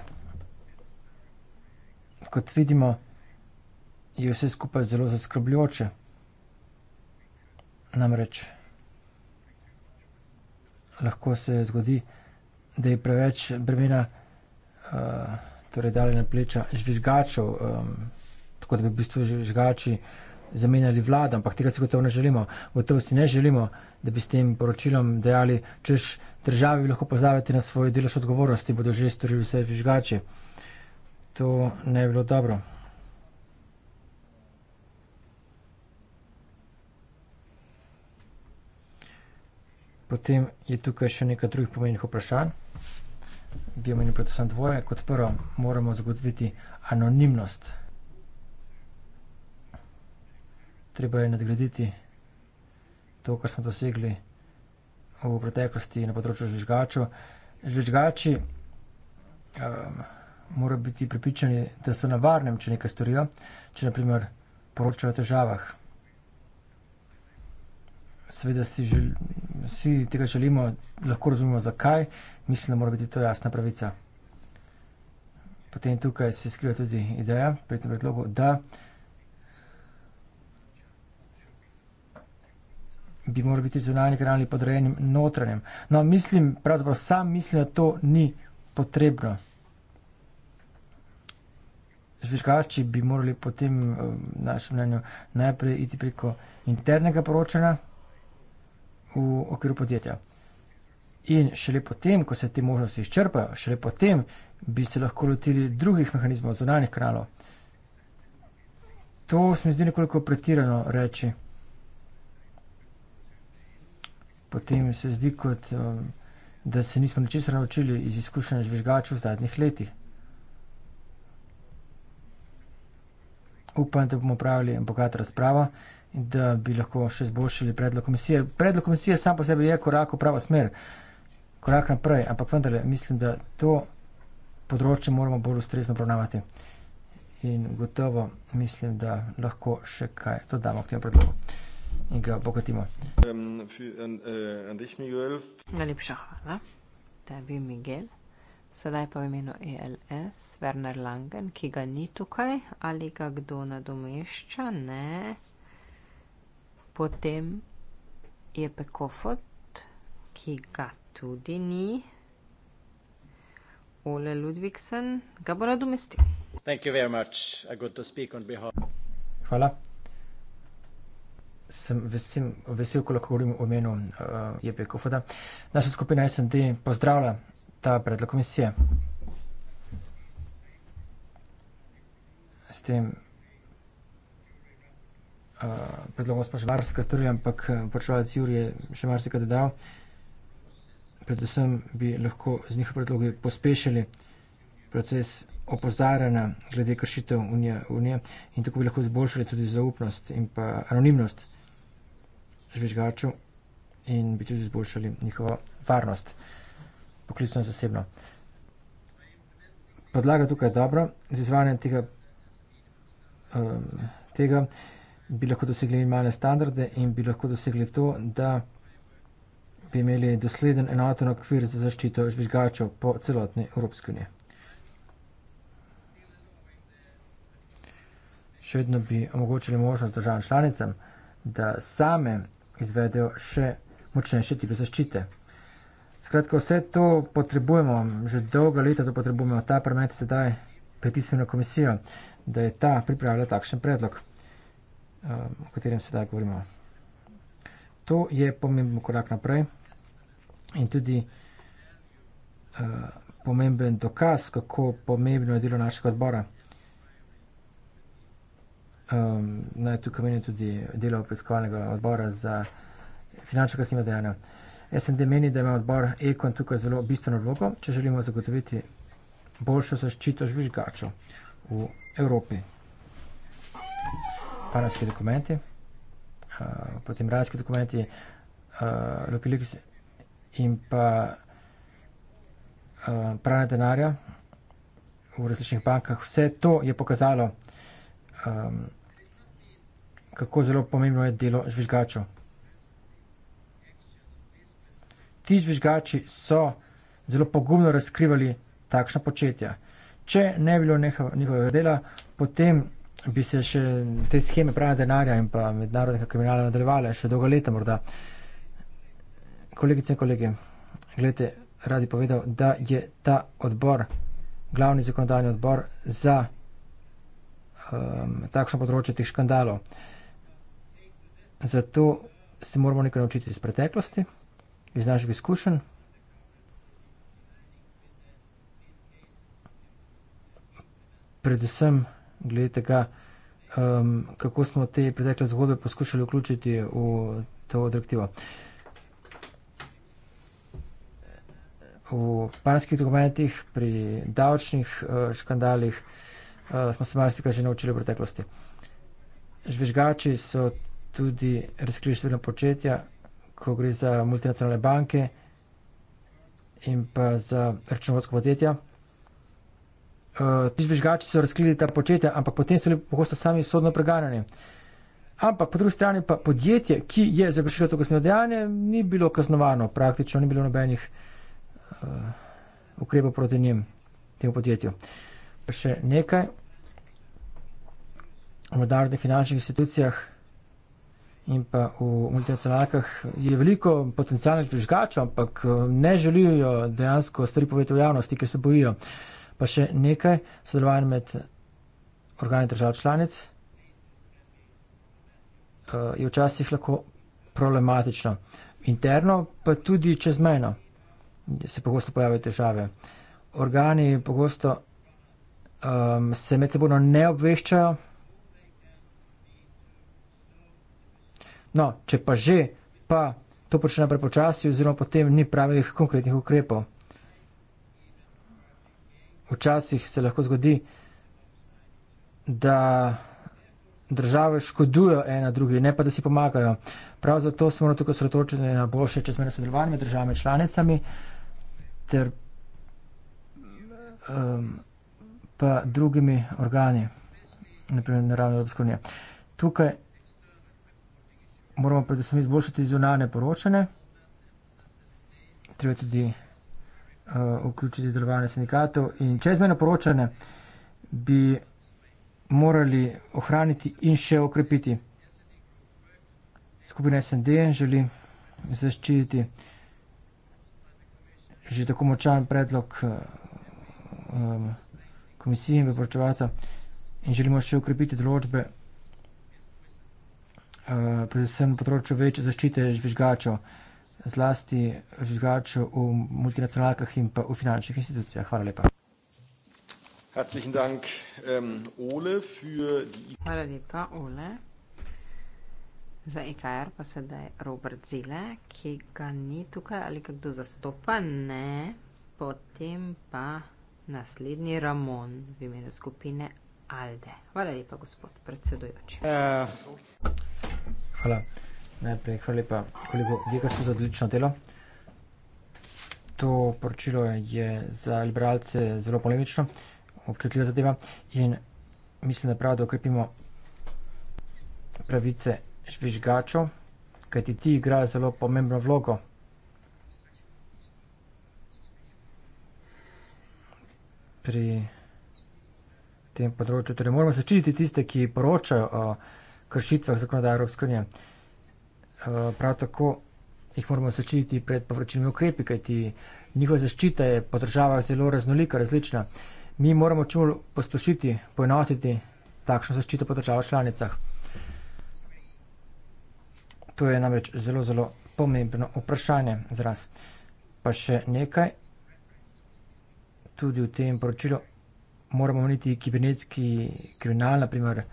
Kot vidimo, je vse skupaj zelo zaskrbljujoče. Namreč lahko se zgodi, da je preveč bremena, uh, torej dalje na pleča žvižgačev, um, tako da bi v bistvu žvižgači uh, zamenjali vlado, ampak tega se gotovo ne želimo. Gotovo si ne želimo, da bi s tem poročilom dejali, češ državi lahko pozavete na svoje delo še odgovornosti, bodo že storili vse žvižgače. To ne bi bilo dobro. Potem je tukaj še nekaj drugih pomenjenih vprašanj. Bi omenil predvsem dvoje. Kot prvo moramo zagotoviti anonimnost vlado. treba je nadgraditi to, kar smo dosegli v preteklosti na področju žvižgačev. Žvižgači um, morajo biti pripričani, da so na varnem, če nekaj storijo, če naprimer poročajo o težavah. Seveda si žel, vsi tega želimo, lahko razumemo, zakaj, mislim, da mora biti to jasna pravica. Potem tukaj se skriva tudi ideja pri tem predlogu, da bi morali biti zunanji kanali podrejeni notranjem. No, mislim, pravzaprav sam mislim, da to ni potrebno. Žvižgači bi morali potem, v eh, našem mnenju, najprej iti preko internega poročanja v okviru podjetja. In šele potem, ko se te možnosti izčrpajo, šele potem bi se lahko lotili drugih mehanizmov zunanjih kanalov. To se mi zdi nekoliko pretirano reči potem se zdi, kot, um, da se nismo ničesar naučili iz izkušenj žvižgačev v zadnjih letih. Upam, da bomo pravili bogata razprava in da bi lahko še zboljšili predlog komisije. Predlog komisije sam po sebi je korak v pravo smer, korak naprej, ampak vendarle mislim, da to področje moramo bolj ustrezno obravnavati. In gotovo mislim, da lahko še kaj dodamo k temu predlogu in ga bogatimo. E, Najlepša hvala. Tebi, Miguel. Sedaj pa v imenu ELS, Werner Langen, ki ga ni tukaj ali ga kdo nadomešča, ne. Potem je Pekofot, ki ga tudi ni. Ole Ludvigsen ga bo nadomestil. Hvala sem vesim, vesel, ko lahko govorim o imenu uh, Jepe Kofoda. Naša skupina SND pozdravlja ta predlog komisije. S tem uh, predlogom smo že marsikaj storili, ampak eh, počevalec Jur je še marsikaj dodal. Predvsem bi lahko z njihovimi predlogi pospešili proces opozarjanja glede kršitev unije, unije in tako bi lahko izboljšali tudi zaupnost in pa anonimnost žvižgačev in bi tudi izboljšali njihovo varnost, poklicno in zasebno. Podlaga tukaj je dobra, z izvanjem tega, um, tega bi lahko dosegli minimalne standarde in bi lahko dosegli to, da bi imeli dosleden enoten okvir za zaščito žvižgačev po celotni Evropski uniji. Še vedno bi omogočili možnost državam članicam, da same izvedejo še močnejše tipe zaščite. Skratka, vse to potrebujemo, že dolga leta to potrebujemo, ta parlament sedaj pritiskuje na komisijo, da je ta pripravila takšen predlog, um, o katerem sedaj govorimo. To je pomemben korak naprej in tudi uh, pomemben dokaz, kako pomembno je delo našega odbora um, naj tukaj meni tudi delo preiskovalnega odbora za finančno kasnivo dejanje. SND meni, da ima odbor Ekon tukaj zelo bistveno vlogo, če želimo zagotoviti boljšo zaščito žvižgačev v Evropi. Panamski dokumenti, uh, potem rajski dokumenti, uh, eh, Lokaliks in pa uh, pranje denarja v različnih bankah. Vse to je pokazalo. Um, kako zelo pomembno je delo žvižgačev. Ti žvižgači so zelo pogumno razkrivali takšna početja. Če ne bilo njihovega dela, potem bi se še te scheme pranja denarja in pa mednarodnega kriminala nadaljevale še dolgo leta morda. Kolegice in kolege, gledajte, radi povedal, da je ta odbor, glavni zakonodajni odbor za um, takšno področje teh škandalov. Zato se moramo nekaj naučiti iz preteklosti, iz naših izkušenj. Predvsem glede tega, um, kako smo te pretekle zgodbe poskušali vključiti v to direktivo. V panskih dokumentih, pri davčnih uh, škandalih uh, smo se marsikaj že naučili v preteklosti. Žvižgači so tudi razkrili številna početja, ko gre za multinacionalne banke in pa za računovodsko podjetja. Eh, ti žvižgači so razkrili ta početja, ampak potem so bili pogosto sami sodno preganjani. Ampak po drugi strani pa podjetje, ki je zagrešilo to kaznivo dejanje, ni bilo kaznovano praktično, ni bilo nobenih uh, ukrepov proti njim, temu podjetju. Pa še nekaj. V mednarodnih finančnih institucijah in pa v multinacionalkah je veliko potencijalnih prižgačev, ampak eh, ne želijo dejansko stvari povedati v javnosti, ker se bojijo. Pa še nekaj sodelovanja med organi držav članic eh, je včasih lahko problematično. Interno, pa tudi čezmejno se pogosto pojavljajo težave. Organi pogosto um, se medsebojno ne obveščajo, No, če pa že, pa to počne prepočasi oziroma potem ni pravih konkretnih ukrepov. Včasih se lahko zgodi, da države škodujo ena drugi, ne pa da si pomagajo. Prav zato smo na tukaj sretočeni na boljše čezmene sodelovanje med državami članicami ter um, pa drugimi organi, naprimer naravne Evropske unije. Tukaj moramo predvsem izboljšati zunanje poročanje, treba tudi eh, vključiti delovanje sindikatov in čezmeno poročanje bi morali ohraniti in še okrepiti. Skupina SND želi zaščititi že tako močan predlog eh, eh, komisije in preporočevalca in želimo še okrepiti določbe vsega, predvsem na področju več zaščite žvižgačev, zlasti žvižgačev v multinacionalkah in pa v finančnih institucijah. Hvala lepa. Ähm, Hvala lepa, Ole. Za IKR e pa sedaj Robert Zile, ki ga ni tukaj ali ga kdo zastopa. Ne. Potem pa naslednji Ramon v imenu skupine Alde. Hvala lepa, gospod predsedujoči. Uh. Hvala. Najprej hvala pa kolego Vegasu za odlično delo. To poročilo je za liberalce zelo polemično, občutljiva zadeva in mislim, da prav, da okrepimo pravice žvižgačov, kajti ti igrajo zelo pomembno vlogo. pri tem področju. Torej moramo se čititi tiste, ki poročajo o uh, kršitvah zakonodaje Evropske unije. Eh, prav tako jih moramo zaščititi pred povračilnimi ukrepi, kajti njihova zaščita je po državah zelo raznolika, različna. Mi moramo čim bolj posplošiti, poenotiti takšno zaščito po državah članicah. To je namreč zelo, zelo pomembno vprašanje za nas. Pa še nekaj, tudi v tem poročilu moramo omeniti kibernetski kriminal, naprimer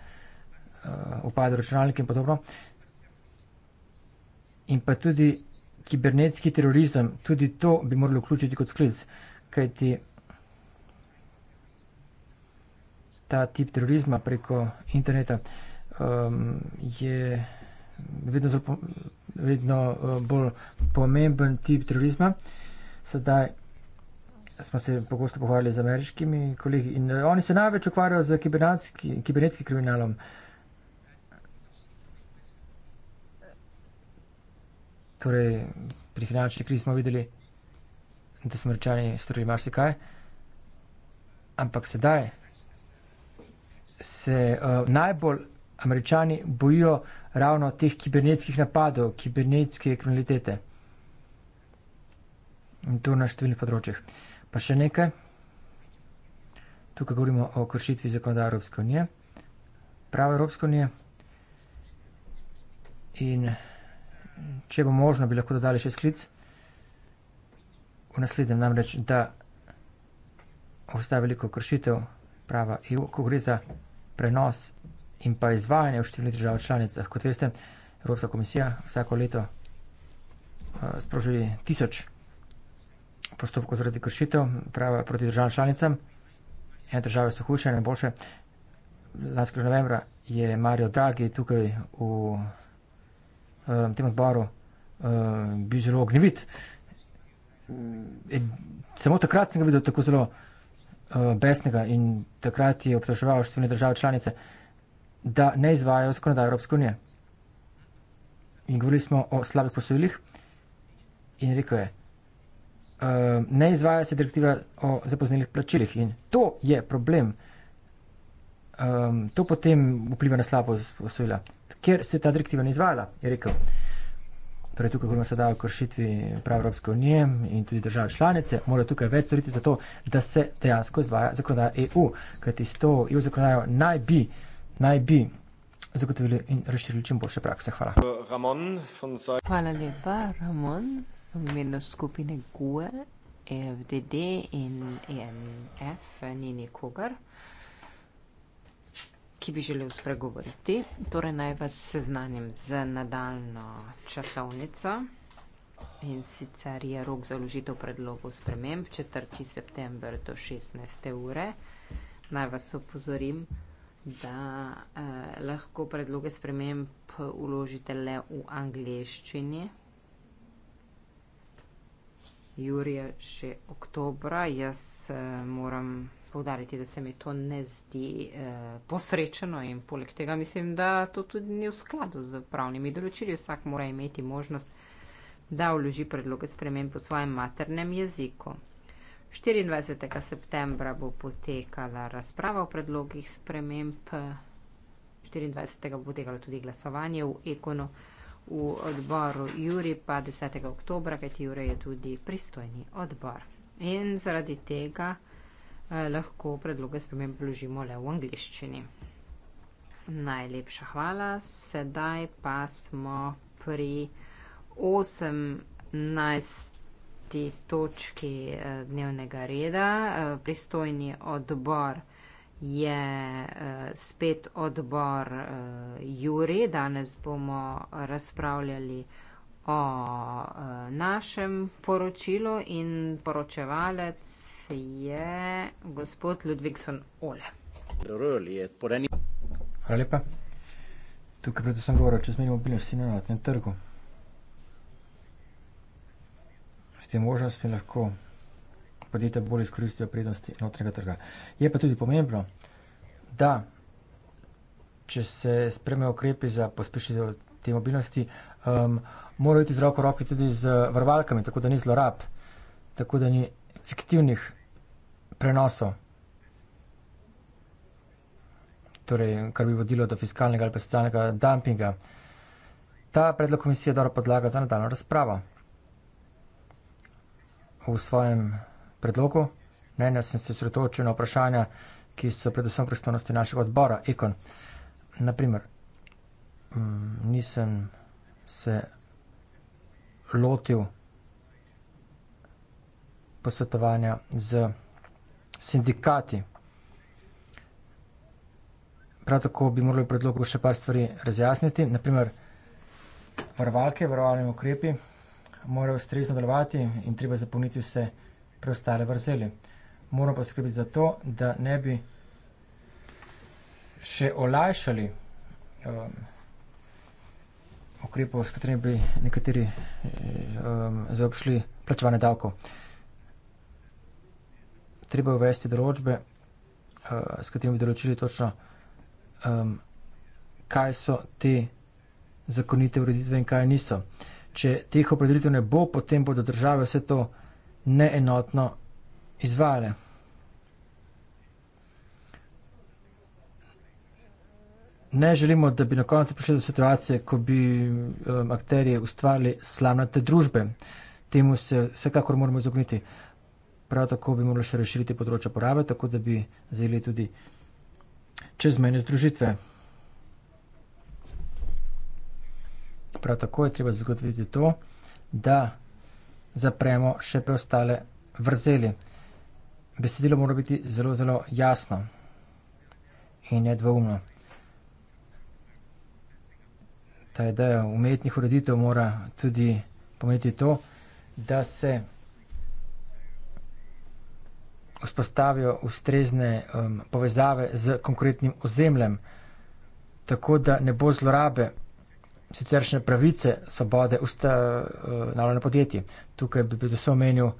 upade eh, računalnik in podobno. In pa tudi kibernetski terorizem, tudi to bi morali vključiti kot sklic, kajti ta tip terorizma preko interneta um, je vedno, zelo, vedno eh, bolj pomemben tip terorizma. Sedaj smo se pogosto pogovarjali z ameriškimi kolegi in eh, oni se največ ukvarjajo z kibernetskim kriminalom. Uh, Torej, pri finančni krizi smo videli, da smo rečali, da smo rekli marsikaj, ampak sedaj se uh, najbolj američani bojijo ravno teh kibernetskih napadov, kibernetske kriminalitete. In to na številnih področjih. Pa še nekaj. Tukaj govorimo o kršitvi zakonodaje Evropske unije, prava Evropske unije. In če bo možno, bi lahko dodali še sklic. V naslednjem namreč, da obstaja veliko kršitev prava EU, ko gre za prenos in pa izvajanje v številnih državah članicah. Kot veste, Evropska komisija vsako leto eh, sproži tisoč postopkov zaradi kršitev prava proti državam članicam. Ene države so hujše, ene boljše. Lanskega novembra je Mario Draghi tukaj v na eh, tem odboru eh, bi zelo ognjevit. E, samo takrat sem ga videl tako zelo eh, besnega in takrat je obtoževal številne države članice, da ne izvajajo zakonodaj Evropske unije. In govorili smo o slabih posojilih in rekel je, ne izvaja se direktiva o zapoznelih plačilih in to je problem. To potem vpliva na slabo posojila ker se ta direktiva ni izvajala. Je rekel, torej tukaj govorimo sedaj o kršitvi prav Evropske unije in tudi države članice, mora tukaj več storiti za to, da se dejansko izvaja zakonodaja EU, kajti s to EU zakonodajo naj bi, naj bi zagotovili in razširili čim boljše prakse. Hvala. Ramon, Hvala lepa, Ramon, v imenu skupine GUE, FDD in ENF, ni nikogar ki bi želel spregovoriti. Torej naj vas seznanim z nadaljno časovnico. In sicer je rok za vložitev predlogov sprememb 4. september do 16. ure. Naj vas opozorim, da eh, lahko predloge sprememb uložite le v angleščini. Jurija še oktobra, jaz eh, moram povdariti, da se mi to ne zdi eh, posrečeno in poleg tega mislim, da to tudi ni v skladu z pravnimi določili. Vsak mora imeti možnost, da vloži predloge sprememb po svojem maternem jeziku. 24. septembra bo potekala razprava o predlogih sprememb, 24. bo potekalo tudi glasovanje v Ekonu v odboru Juri, pa 10. oktobra, kajti Jure je tudi pristojni odbor. In zaradi tega. Eh, lahko predloge spremem priložimo le v angliščini. Najlepša hvala. Sedaj pa smo pri 18. točki eh, dnevnega reda. Eh, pristojni odbor je spet odbor Juri. Danes bomo razpravljali o o uh, našem poročilu in poročevalec je gospod Ludvigson Ole. Hvala lepa. Tukaj predvsem govorim o čezmejni mobilnosti na notnem trgu. S tem možnostmi lahko podjetja bolj izkoristijo prednosti notnega trga. Je pa tudi pomembno, da če se spremejo ukrepi za pospešitev te mobilnosti, um, morajo iti z roko roki tudi z varovalkami, tako da ni zlorab, tako da ni fiktivnih prenosov. Torej, kar bi vodilo do fiskalnega ali pa socialnega dumpinga. Ta predlog komisije je dobra podlaga za nadaljno razpravo. V svojem predlogu mnenja sem se sredotočil na vprašanja, ki so predvsem v pristojnosti našega odbora, ekon. Naprimer, Mm, nisem se lotil posvetovanja z sindikati. Prav tako bi morali v predlogu še par stvari razjasniti, naprimer varovalke, varovalni ukrepi morajo ustrezno delovati in treba zapolniti vse preostale vrzeli. Moramo pa skrbiti za to, da ne bi še olajšali um, ukrepov, s katerimi bi nekateri um, eh, zaopšli plačevanje davkov. Treba je uvesti določbe, uh, s katerimi bi določili točno, um, kaj so te zakonite ureditve in kaj niso. Če teh opredelitev ne bo, potem bodo države vse to neenotno izvajale. ne želimo, da bi na koncu prišli do situacije, ko bi um, akterije ustvarili slavnate družbe. Temu se vsekakor moramo izogniti. Prav tako bi morali še razširiti področje porabe, tako da bi zeli tudi čezmejne združitve. Prav tako je treba zagotoviti to, da zapremo še preostale vrzeli. Besedilo mora biti zelo, zelo jasno in nedvoumno ta ideja umetnih ureditev mora tudi pomeniti to, da se vzpostavijo ustrezne um, povezave z konkretnim ozemljem, tako da ne bo zlorabe siceršne pravice svobode ustanovljene uh, podjetje. Tukaj bi predvsem omenil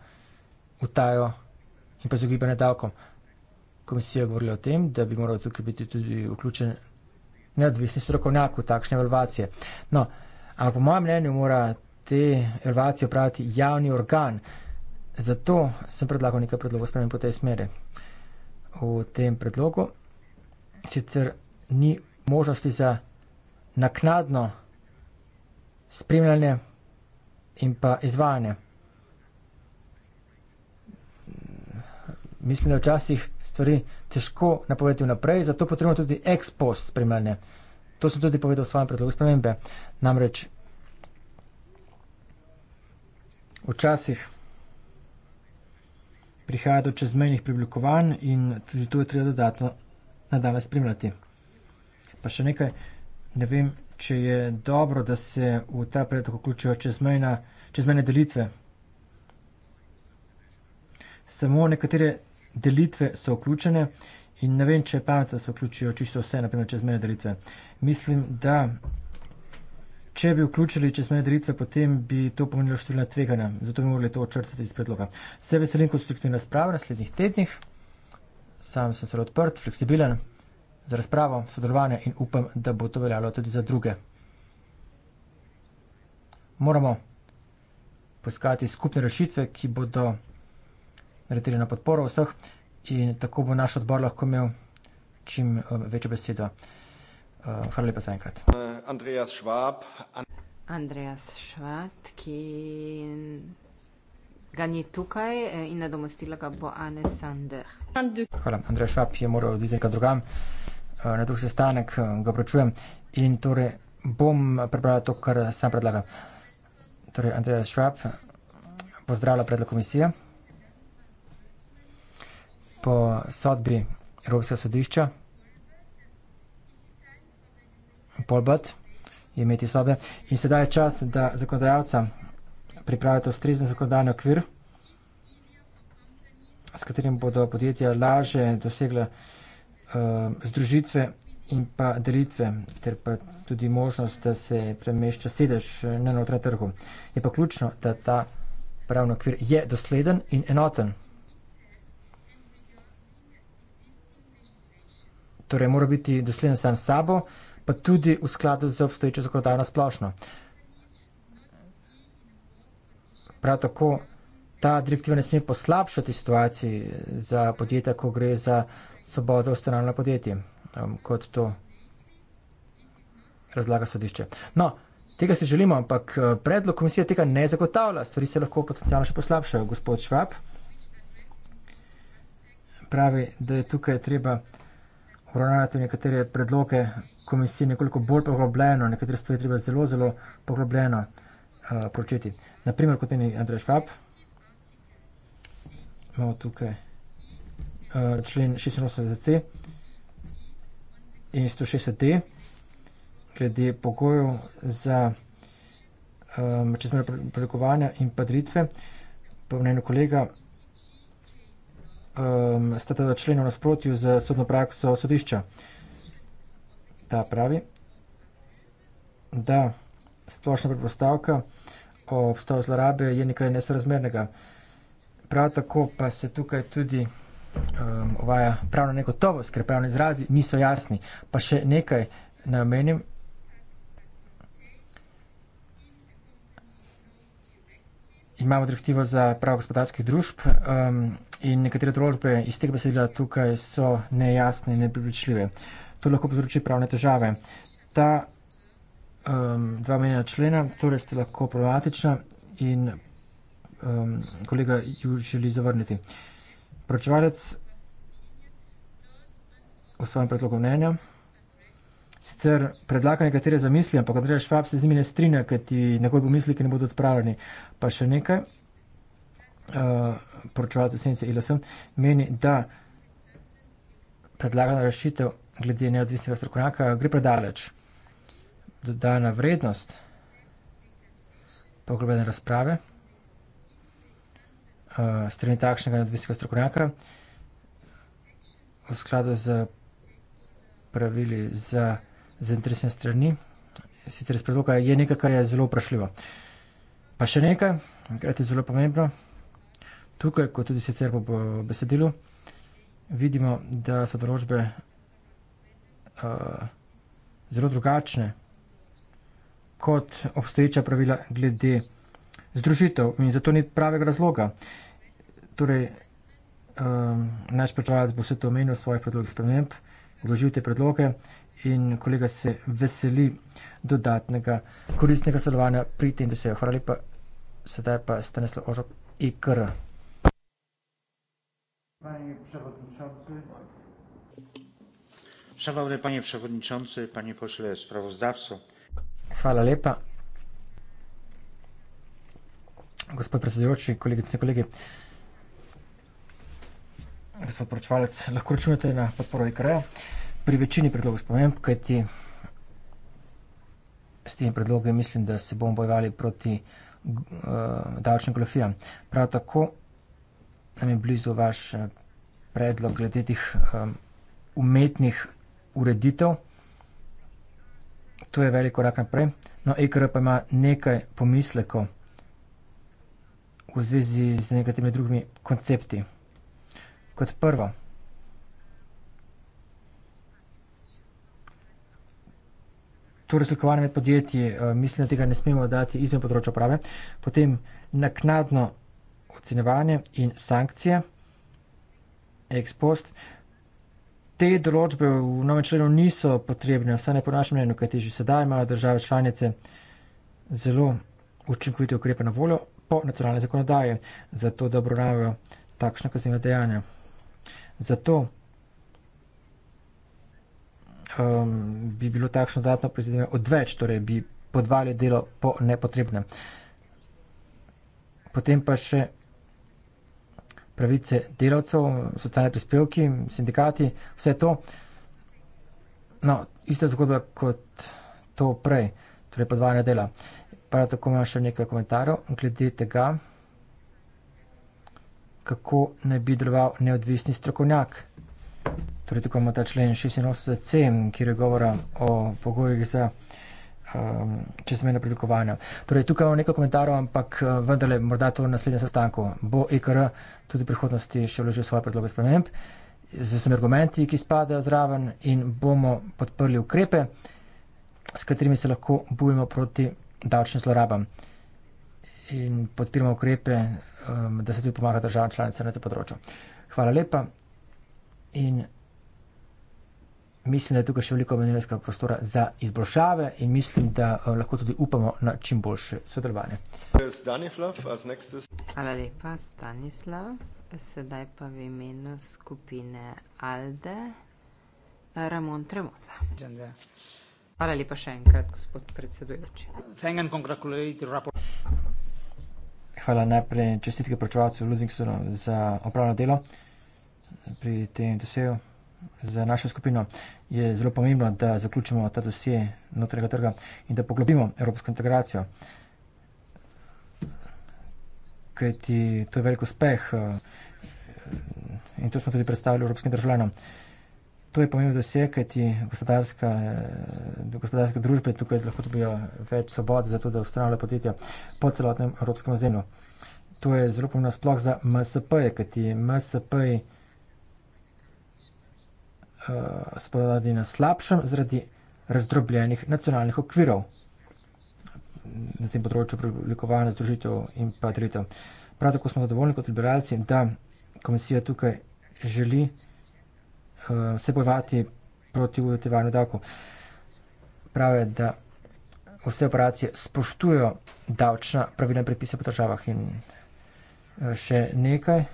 utajo in pa zagibanje davkom. Komisija je govorila o tem, da bi moral tukaj biti tudi vključen neodvisni strokovnjak v takšne evalvacije. No, ampak po mojem mnenju mora te evalvacije upraviti javni organ. Zato sem predlagal nekaj predlogov spremem po tej smeri. V tem predlogu sicer ni možnosti za naknadno spremljanje in pa izvajanje. Mislim, da včasih stvari težko napovedati vnaprej, zato potrebujemo tudi ex post spremljanje. To sem tudi povedal v svojem predlogu spremembe. Namreč včasih prihaja do čezmejnih preblikovanj in tudi to je treba dodatno nadalje spremljati. Pa še nekaj, ne vem, če je dobro, da se v ta predlog vključijo čezmejne delitve. Samo nekatere delitve so vključene in ne vem, če pametno se vključijo čisto vse, naprimer čezmene delitve. Mislim, da če bi vključili čezmene delitve, potem bi to pomenilo številna tveganja. Zato bi morali to očrtati iz predloga. Se veselim konstruktivne razprave v naslednjih tednih. Sam sem zelo odprt, fleksibilen za razpravo, sodelovanje in upam, da bo to veljalo tudi za druge. Moramo poiskati skupne rešitve, ki bodo naredili na podporo vseh in tako bo naš odbor lahko imel čim eh, večjo besedo. Eh, hvala lepa za enkrat. Eh, Andreas Schwab. Andreas Schwab, ki ga ni tukaj in nadomestila ga bo Anne Sander. Hvala, Andreas Schwab je moral oditi nekaj drugam, na drug sestanek ga pročujem in torej bom prebrala to, kar sam predlagam. Torej, Andreas Schwab pozdravlja predlog komisije po sodbi Evropskega sodišča, polbat je imeti sodbe. In sedaj je čas, da zakonodajalca pripravite ustrezen zakonodajni okvir, s katerim bodo podjetja laže dosegla uh, eh, združitve in pa delitve, ter pa tudi možnost, da se premešča sedež eh, na notranjem trgu. Je pa ključno, da ta pravno okvir je dosleden in enoten. torej mora biti dosleden sam s sabo, pa tudi v skladu z obstoječo zakonodajno splošno. Prav tako ta direktiva ne sme poslabšati situaciji za podjetja, ko gre za svobodo ustanovljena podjetja, um, kot to razlaga sodišče. No, tega si želimo, ampak uh, predlog komisije tega ne zagotavlja. Stvari se lahko potencialno še poslabšajo, gospod Švab. Pravi, da je tukaj treba obravnavati nekatere predloge komisije nekoliko bolj poglobljeno, nekatere stvari treba zelo, zelo poglobljeno uh, eh, pročiti. Naprimer, kot meni Andrej Švab, imamo tukaj uh, člen 86c in 160d, glede pogojev za um, eh, čezmerno prelikovanje in podritve, po mnenju kolega, um, sta ta člena v nasprotju z sodno prakso sodišča. Ta pravi, da splošna predpostavka o obstoju zlorabe je nekaj nesorazmernega. Prav tako pa se tukaj tudi um, uvaja pravna negotovost, ker pravni izrazi niso jasni. Pa še nekaj namenim, imamo direktivo za prav gospodarskih družb um, in nekatere določbe iz tega besedila tukaj so nejasne in nepripričljive. To lahko povzroči pravne težave. Ta um, dva menjena člena, torej ste lahko problematična in um, kolega ju želi zavrniti. Pročevalec v svojem predlogu mnenja sicer predlaga nekatere zamisli, ampak Andrej Švab se z njimi ne strinja, ker ti nekoj pomisli, ki ne bodo odpravljeni. Pa še nekaj, uh, eh, poročevalce Senice Ilasem, meni, da predlagana rešitev glede neodvisnega strokovnjaka gre predaleč. Dodana vrednost poglobljene razprave uh, strani takšnega neodvisnega strokovnjaka v skladu z pravili za zainteresne strani. Sicer iz predloga je nekaj, kar je zelo vprašljivo. Pa še nekaj, kar je zelo pomembno. Tukaj, kot tudi sicer po besedilu, vidimo, da so določbe uh, zelo drugačne kot obstoječa pravila glede združitev in zato ni pravega razloga. Torej, um, naš predlagatelj bo vse to omenil v svojih predlogih sprememb, vložil te predloge in kolega se veseli dodatnega koristnega sodelovanja pri tem, da se je. Hvala lepa, sedaj pa Stanislav Ožok, IKR. Šalovne panie przewodniczący, panie pośle sprawozdawco. Hvala lepa. Gospod predsedujoči, kolegice in kolegi. Gospod poročevalec, lahko računate na podporo IKR-ja pri večini predlogov spomenem, kajti s temi predlogi mislim, da se bomo bojevali proti uh, davčnim glofijam. Prav tako nam je blizu vaš eh, predlog glede tih um, eh, umetnih ureditev. To je velik korak naprej. No, EKR pa ima nekaj pomislekov v zvezi z nekaterimi drugimi koncepti. Kot prvo, to razlikovanje med podjetji, eh, mislim, da tega ne smemo dati izven področja prave, potem naknadno ocenevanje in sankcije, ex post. Te določbe v novem členu niso potrebne, vsaj ne po našem mnenju, kajti že sedaj imajo države članice zelo učinkovite ukrepe na voljo po nacionalne zakonodaje, zato da obravnavajo takšne kaznive dejanja. Zato um, bi bilo takšno dodatno prizadevanje odveč, torej bi podvali delo po nepotrebnem. Potem pa še pravice delavcev, socialne prispevki, sindikati, vse to. No, ista zgodba kot to prej, torej podvajanje dela. Prav tako imam še nekaj komentarjev glede tega, kako naj bi deloval neodvisni strokovnjak. Torej, tako ima ta člen 86c, kjer je govora o pogojih za um, čezmejno predlikovanje. Torej, tukaj imamo nekaj komentarjev, ampak eh, vendarle, morda to na naslednjem sestanku. Bo IKR e tudi v prihodnosti še vložil svoje predloge sprememb z vsemi argumenti, ki spadajo zraven in bomo podprli ukrepe, s katerimi se lahko bojimo proti davčnim zlorabam. In podpiramo ukrepe, um, da se tudi pomaga državam članicam na tem področju. Hvala lepa in mislim, da je tukaj še veliko manevrskega prostora za izboljšave in mislim, da eh, lahko tudi upamo na čim boljše sodelovanje. Hvala lepa, Stanislav. Sedaj pa v imenu skupine Alde, Ramon Tremosa. Hvala lepa še enkrat, gospod predsedujoči. Hvala najprej čestitke pročevalcev Ludvigsona za opravljeno delo pri tem dosegu za našo skupino, je zelo pomembno, da zaključimo ta dosje notrega trga in da poglobimo evropsko integracijo. Kajti to je velik uspeh eh, in to smo tudi predstavili evropskim državljanom. To je pomembno dosje, kajti eh, gospodarske družbe tukaj lahko dobijo več svobod za to, da ustanavljajo podjetja po celotnem evropskem ozemlju. To je zelo pomembno sploh za MSP, kajti MSP je Eh, spodaj na slabšem zaradi razdrobljenih nacionalnih okvirov na tem področju oblikovanja združitev in pa delitev. Prav tako smo zadovoljni kot liberalci, da komisija tukaj želi uh, se bojevati proti ujetevanju davku. Prav je, da vse operacije spoštujejo davčna pravila in predpise po državah in uh, še nekaj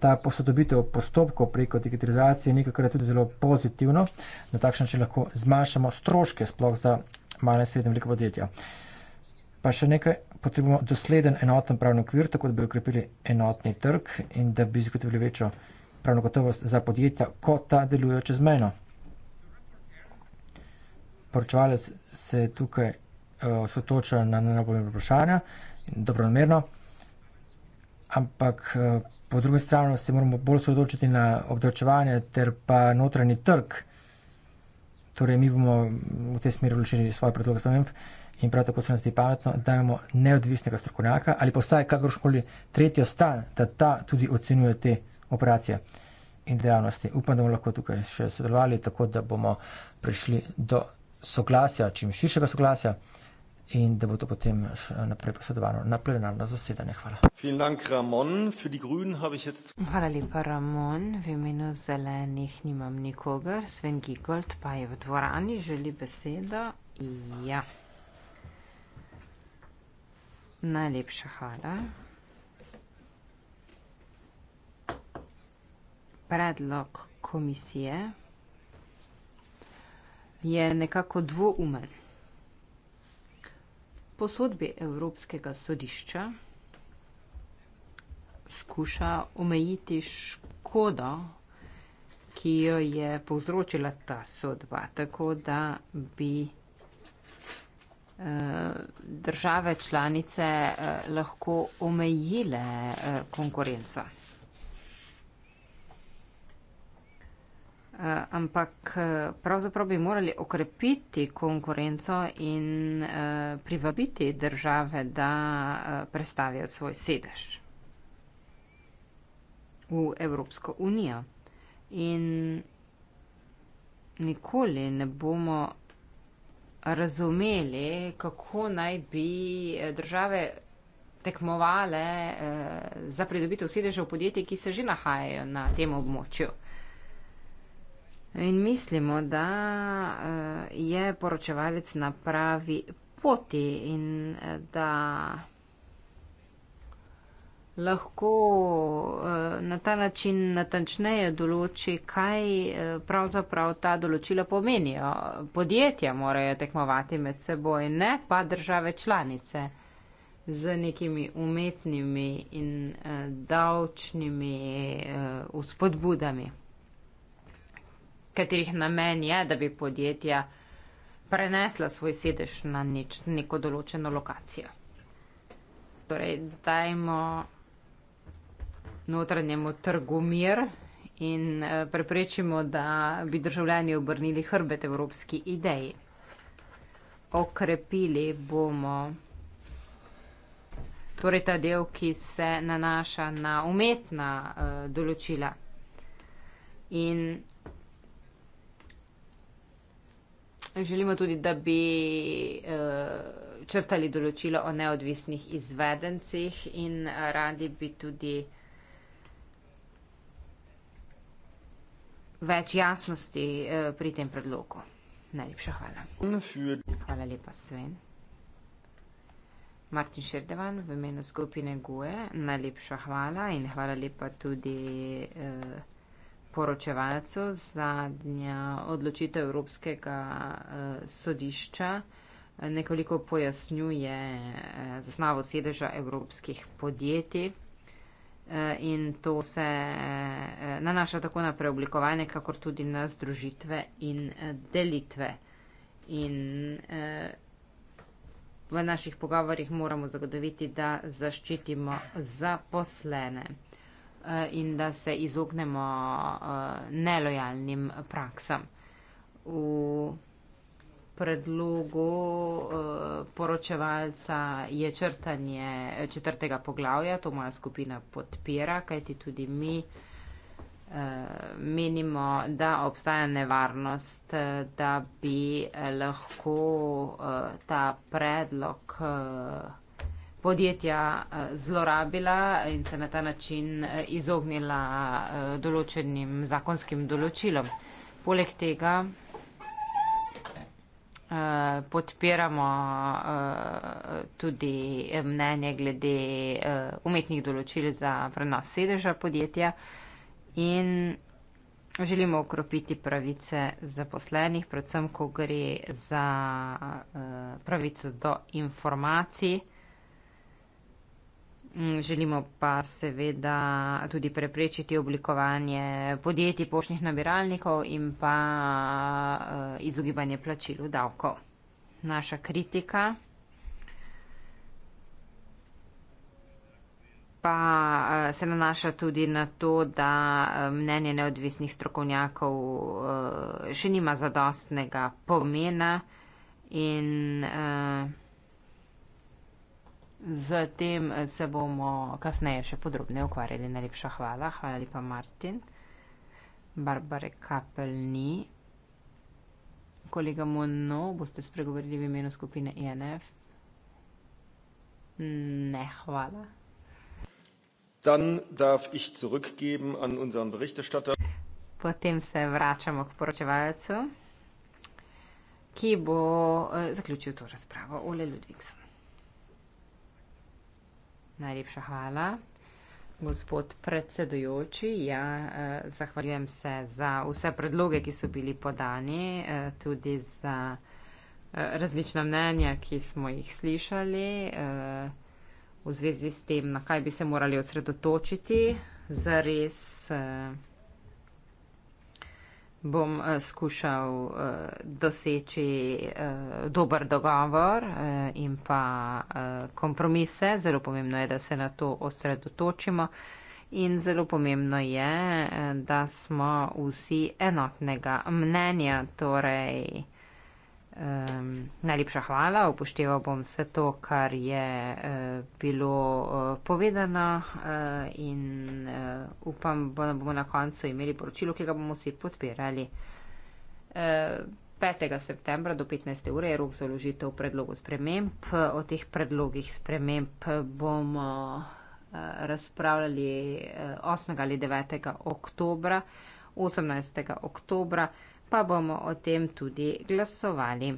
ta posodobitev postopkov preko digitalizacije nekakrat tudi zelo pozitivno, na takšen način lahko zmanjšamo stroške sploh za male in srednje velike podjetja. Pa še nekaj, potrebujemo dosleden enoten pravni okvir, tako da bi ukrepili enotni trg in da bi zagotovili večjo pravno gotovost za podjetja, ko ta delujejo čez mejno. Poročevalec se tukaj eh, osotoča na najbolj vprašanja, dobronamerno ampak eh, po drugi strani se moramo bolj sodočiti na obdavčevanje ter pa notranji trg. Torej, mi bomo v tej smeri vložili svoje predloge sprememb in prav tako se nam zdi pametno, da imamo neodvisnega strokovnjaka ali pa vsaj kakorkoli tretjo stran, da ta tudi ocenjuje te operacije in dejavnosti. Upam, da bomo lahko tukaj še sodelovali, tako da bomo prišli do soglasja, čim širšega soglasja in da bo to potem še naprej posredovano na plenarno zasedanje. Hvala. Dank, Ramon. Für die Grünen habe ich jetzt... Hvala lepa, Ramon. V imenu zelenih nimam nikogar. Sven Gigold pa je v dvorani, želi besedo. Ja. Najlepša hvala. Predlog komisije je nekako dvoumen po sodbi Evropskega sodišča skuša omejiti škodo, ki jo je povzročila ta sodba, tako da bi eh, države članice eh, lahko omejile eh, konkurenco. Eh, ampak eh, pravzaprav bi morali okrepiti konkurenco in eh, privabiti države, da predstavijo svoj sedež v Evropsko unijo. In nikoli ne bomo razumeli, kako naj bi države tekmovale za pridobitev sedežev podjetij, ki se že nahajajo na tem območju. In mislimo, da eh, je poročevalec na pravi poti in eh, da lahko eh, na ta način natančneje določi, kaj pravzaprav ta določila pomenijo. Podjetja morajo tekmovati med seboj, ne pa države članice z nekimi umetnimi in davčnimi uspodbudami katerih namen je, da bi podjetja prenesla svoj sedež na nič, neko določeno lokacijo. Torej, dajmo notranjemu trgu mir in eh, preprečimo, da bi državljani obrnili hrbet evropski ideji. Okrepili bomo torej ta del, ki se nanaša na umetna uh, določila. In Želimo tudi, da bi eh, črtali določilo o neodvisnih izvedencih in eh, radi bi tudi več jasnosti eh, pri tem predlogu. Najlepša hvala. Hvala lepa, Sven. Martin Šerdevan v imenu skupine GUE. Najlepša hvala in hvala lepa tudi. Uh, poročevalcu zadnja odločitev Evropskega eh, sodišča nekoliko pojasnjuje eh, zasnavo sedeža evropskih podjetij eh, in to se nanaša tako na preoblikovanje, kakor tudi na združitve in delitve. In v naših pogovorjih moramo zagotoviti, da zaščitimo zaposlene. Eh, in da se izognemo eh, nelojalnim praksam. V predlogu eh, poročevalca je črtanje četrtega poglavja, to moja skupina podpira, kajti tudi mi menimo, da obstaja nevarnost, da bi lahko ta predlog podjetja eh, zlorabila in se na ta način eh, izognila eh, določenim zakonskim določilom. Poleg tega podpiramo tudi mnenje glede umetnih določil za prenos sedeža podjetja in želimo okropiti pravice zaposlenih, predvsem ko gre za pravico do informacij. Mm, želimo pa seveda tudi preprečiti oblikovanje podjetij poštnih nabiralnikov in pa eh, izogibanje plačilu davkov. Naša kritika pa eh, se nanaša tudi na to, da eh, mnenje neodvisnih strokovnjakov še nima zadostnega pomena in Z tem eh, se bomo kasneje še podrobneje ukvarjali. Najlepša hvala. Hvala lepa, Martin. Barbare Kapel ni. Kolega Mono, boste spregovorili v imenu skupine INF? E ne, hvala. Dan darf ich zurückgeben an unseren Berichterstatter. Potem se vračamo k poročevalcu, ki bo eh, zaključil to razpravo. Ole Ludvigsen. Najlepša hvala. Gospod predsedujoči, ja, eh, zahvaljujem se za vse predloge, ki so bili podani, eh, tudi za eh, različna mnenja, ki smo jih slišali v zvezi s tem, na kaj bi se morali osredotočiti. Zares bom eh, skušal eh, doseči eh, dober dogovor in pa kompromise. Zelo pomembno je, da se na to osredotočimo in zelo pomembno je, da smo vsi enotnega mnenja. Torej, Um, najlepša hvala, upošteval bom vse to, kar je uh, bilo uh, povedano uh, in uh, upam, bo, da bomo na koncu imeli poročilo, ki ga bomo vsi podpirali. Uh, 5. septembra do 15. ure je rok za ložitev predlogov sprememb. O teh predlogih sprememb bomo uh, razpravljali uh, 8. ali 9. oktobra, 18. oktobra pa bomo o tem tudi glasovali.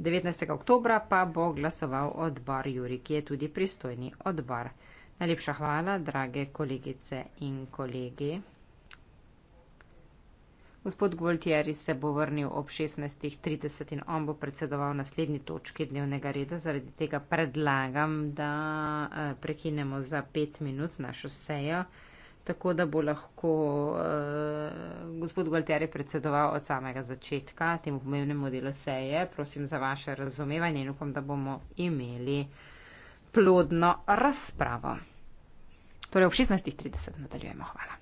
19. oktobra pa bo glasoval odbor Juri, ki je tudi pristojni odbor. Najlepša hvala, drage kolegice in kolegi. Gospod Gualtieri se bo vrnil ob 16.30 in on bo predsedoval naslednji točki dnevnega reda. Zaradi tega predlagam, da eh, prekinemo za pet minut našo sejo tako da bo lahko uh, gospod Gualteri predsedoval od samega začetka temu pomembnemu delu seje. Prosim za vaše razumevanje in upam, da bomo imeli plodno razpravo. Torej ob 16.30 nadaljujemo. Hvala.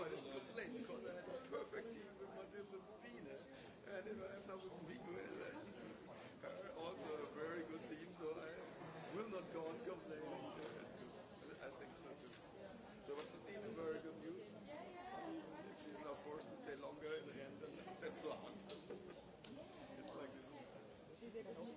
quite a complaint because I had a perfect team with my different speeders. And if I have now with Miguel, also a very good team, so I will not go on complaining. It's good. I think so too. So, but the team is very good news. She's now forced to stay longer in the end than planned. it's like this. She's a good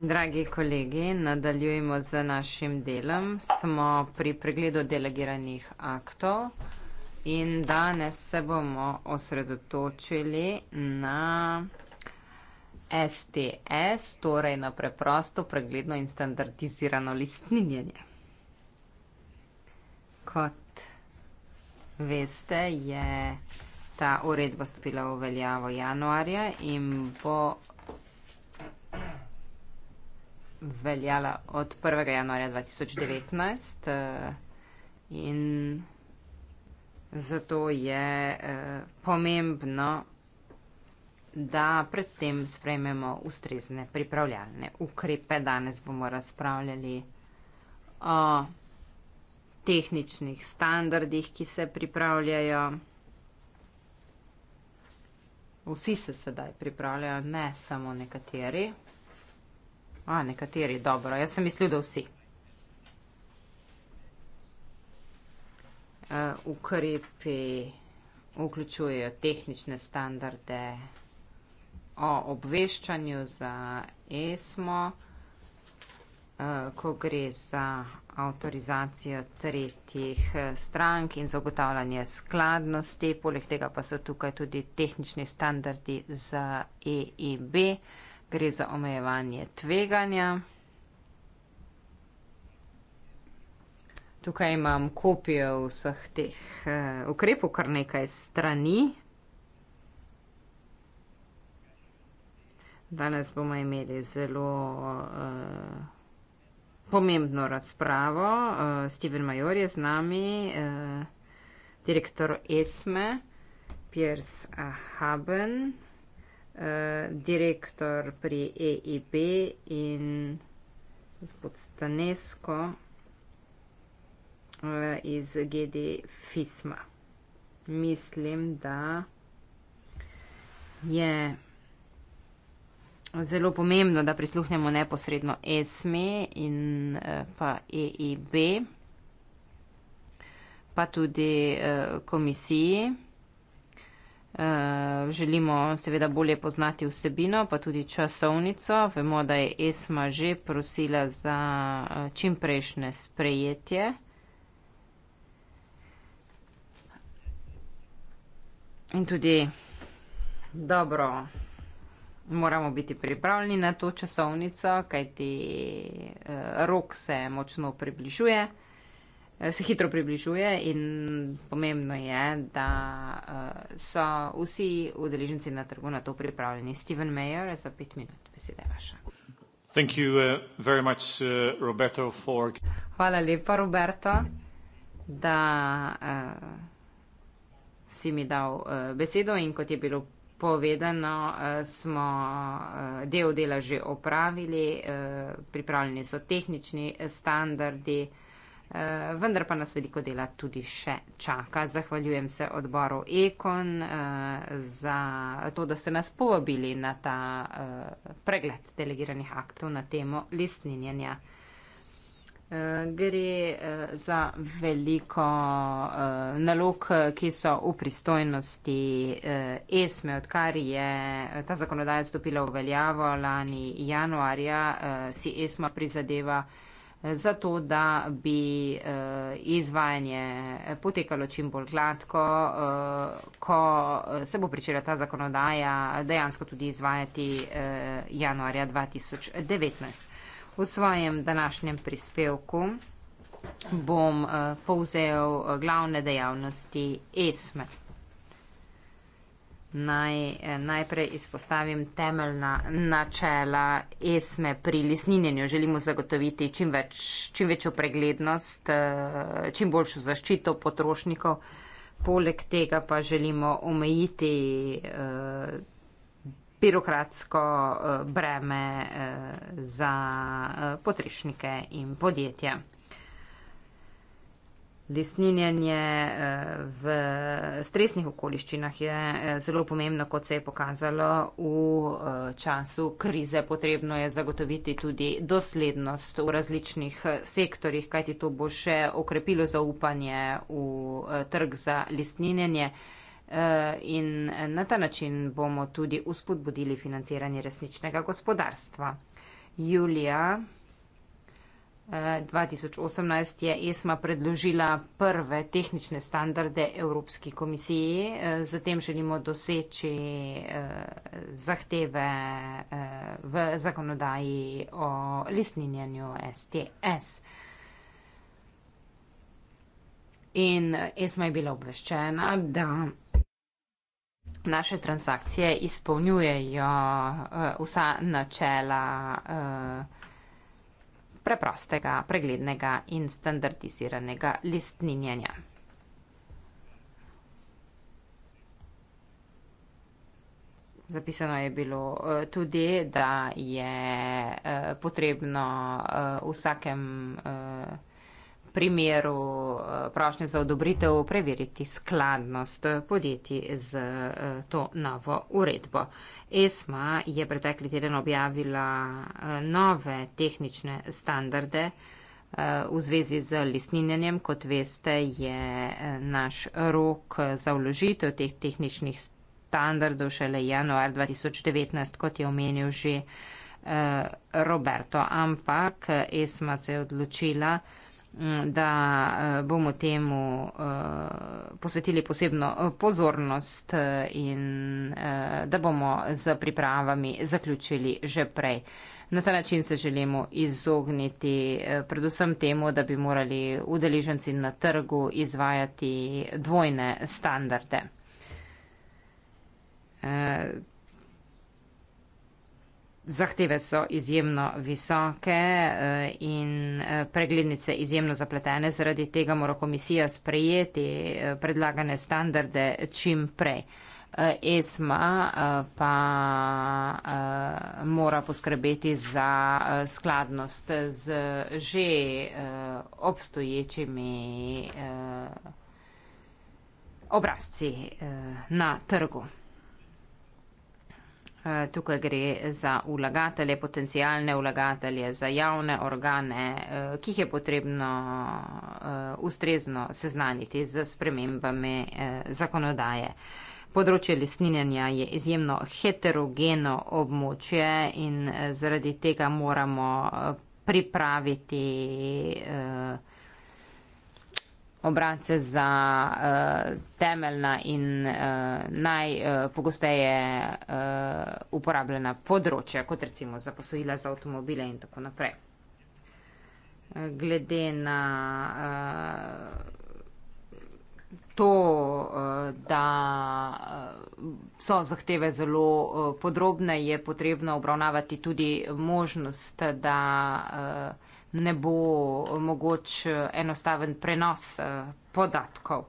Dragi kolegi, nadaljujemo z našim delom. Smo pri pregledu delegiranih aktov in danes se bomo osredotočili na STS, torej na preprosto, pregledno in standardizirano listninjenje. Kot veste, je ta uredba stopila v veljavo januarja in bo veljala od 1. januarja 2019 eh, in zato je eh, pomembno, da predtem sprejmemo ustrezne pripravljalne ukrepe. Danes bomo razpravljali o tehničnih standardih, ki se pripravljajo. Vsi se sedaj pripravljajo, ne samo nekateri. A, nekateri, dobro, jaz sem mislil, da vsi. Uh, ukrepi vključujejo tehnične standarde o obveščanju za ESMO. Eh, ko gre za avtorizacijo tretjih eh, strank in zagotavljanje skladnosti. Poleg tega pa so tukaj tudi tehnični standardi za EIB. Gre za omejevanje tveganja. Tukaj imam kopijo vseh teh uh, ukrepov, kar nekaj strani. Danes bomo imeli zelo. Uh, pomembno razpravo. Uh, Steven Major je z nami, uh, direktor ESME, Piers Haben, uh, direktor pri EIB in gospod Stanesko uh, iz GD FISMA. Mislim, da je. Yeah zelo pomembno, da prisluhnemo neposredno ESME e in eh, pa EIB, pa tudi eh, komisiji. Eh, želimo seveda bolje poznati vsebino, pa tudi časovnico. Vemo, da je ESMA že prosila za čimprejšnje sprejetje. In tudi dobro moramo biti pripravljeni na to časovnico, kajti eh, rok se močno približuje, eh, se hitro približuje in pomembno je, da eh, so vsi udeleženci na trgu na to pripravljeni. Steven Mayer, za pet minut beseda je vaša. Thank you, uh, very much, uh, Roberto, for... Hvala lepa, Roberto, da uh, si mi dal uh, besedo in kot je bilo povedano, eh, smo eh, del dela že opravili, eh, pripravljeni so tehnični standardi, vendar pa nas veliko dela tudi še čaka. Zahvaljujem se odboru Ekon za to, da ste nas povabili na ta pregled delegiranih aktov na temo listninjanja. Eh, gre eh, za veliko eh, nalog, ki so v pristojnosti ESME, odkar je ta zakonodaja stopila v veljavo lani januarja, si ESMA prizadeva za to, da bi izvajanje potekalo čim bolj gladko, ko se bo pričela ta zakonodaja dejansko tudi izvajati januarja 2019. V svojem današnjem prispevku bom eh, povzel eh, glavne dejavnosti ESME. Naj, eh, najprej izpostavim temeljna načela ESME pri lisninjenju. Želimo zagotoviti čim, več, čim večjo preglednost, čim boljšo zaščito potrošnikov. Poleg tega pa želimo omejiti birokratsko eh, breme eh, za eh, potrešnike in podjetje. Listninjenje v stresnih okoliščinah je zelo pomembno, kot se je pokazalo v času krize. Potrebno je zagotoviti tudi doslednost v različnih sektorjih, kajti to bo še okrepilo zaupanje v trg za listninjenje. Eh, in na ta način bomo tudi uspodbudili financiranje resničnega gospodarstva. Julija 2018 eh, je ESMA predložila prve tehnične standarde Evropski komisiji, zatem eh, želimo doseči zahteve v zakonodaji o listninjanju STS. In ESMA je bila obveščena, da naše transakcije izpolnjujejo uh, vsa načela uh, preprostega, preglednega in standardiziranega listninjanja. Zapisano je bilo uh, tudi, da je uh, potrebno uh, vsakem uh, primeru eh, prošnje za odobritev preveriti skladnost podjetij z eh, to novo uredbo. ESMA je pretekli teden objavila eh, nove tehnične standarde v zvezi z lisninjenjem. Kot veste, je naš rok za vložitev teh tehničnih standardov šele januar 2019, kot je omenil že. Roberto, ampak ESMA se je odločila, Mm, da eh, bomo temu eh, posvetili posebno eh, pozornost in da bomo z pripravami zaključili že prej. Na ta način se želimo izogniti predvsem temu, da bi morali udeleženci na trgu izvajati dvojne standarde. Zahteve so izjemno visoke eh, in eh, preglednice izjemno zapletene, zaradi tega mora komisija sprejeti eh, predlagane standarde čim prej. ESMA pa mora poskrbeti za skladnost z že obstoječimi obrazci na trgu. Eh, tukaj gre za vlagatelje, potencijalne vlagatelje, za javne organe, eh, ki jih je potrebno eh, ustrezno seznaniti z spremembami zakonodaje. Področje lesninjanja je izjemno heterogeno območje in zaradi tega moramo pripraviti eh, obrance za uh, temeljna in uh, najpogosteje uh, uh, uporabljena področja, kot recimo za posojila za avtomobile in tako naprej. Glede na uh, to, uh, da so zahteve zelo uh, podrobne, je potrebno obravnavati tudi možnost, da uh, ne bo mogoč eh, enostaven prenos eh, podatkov.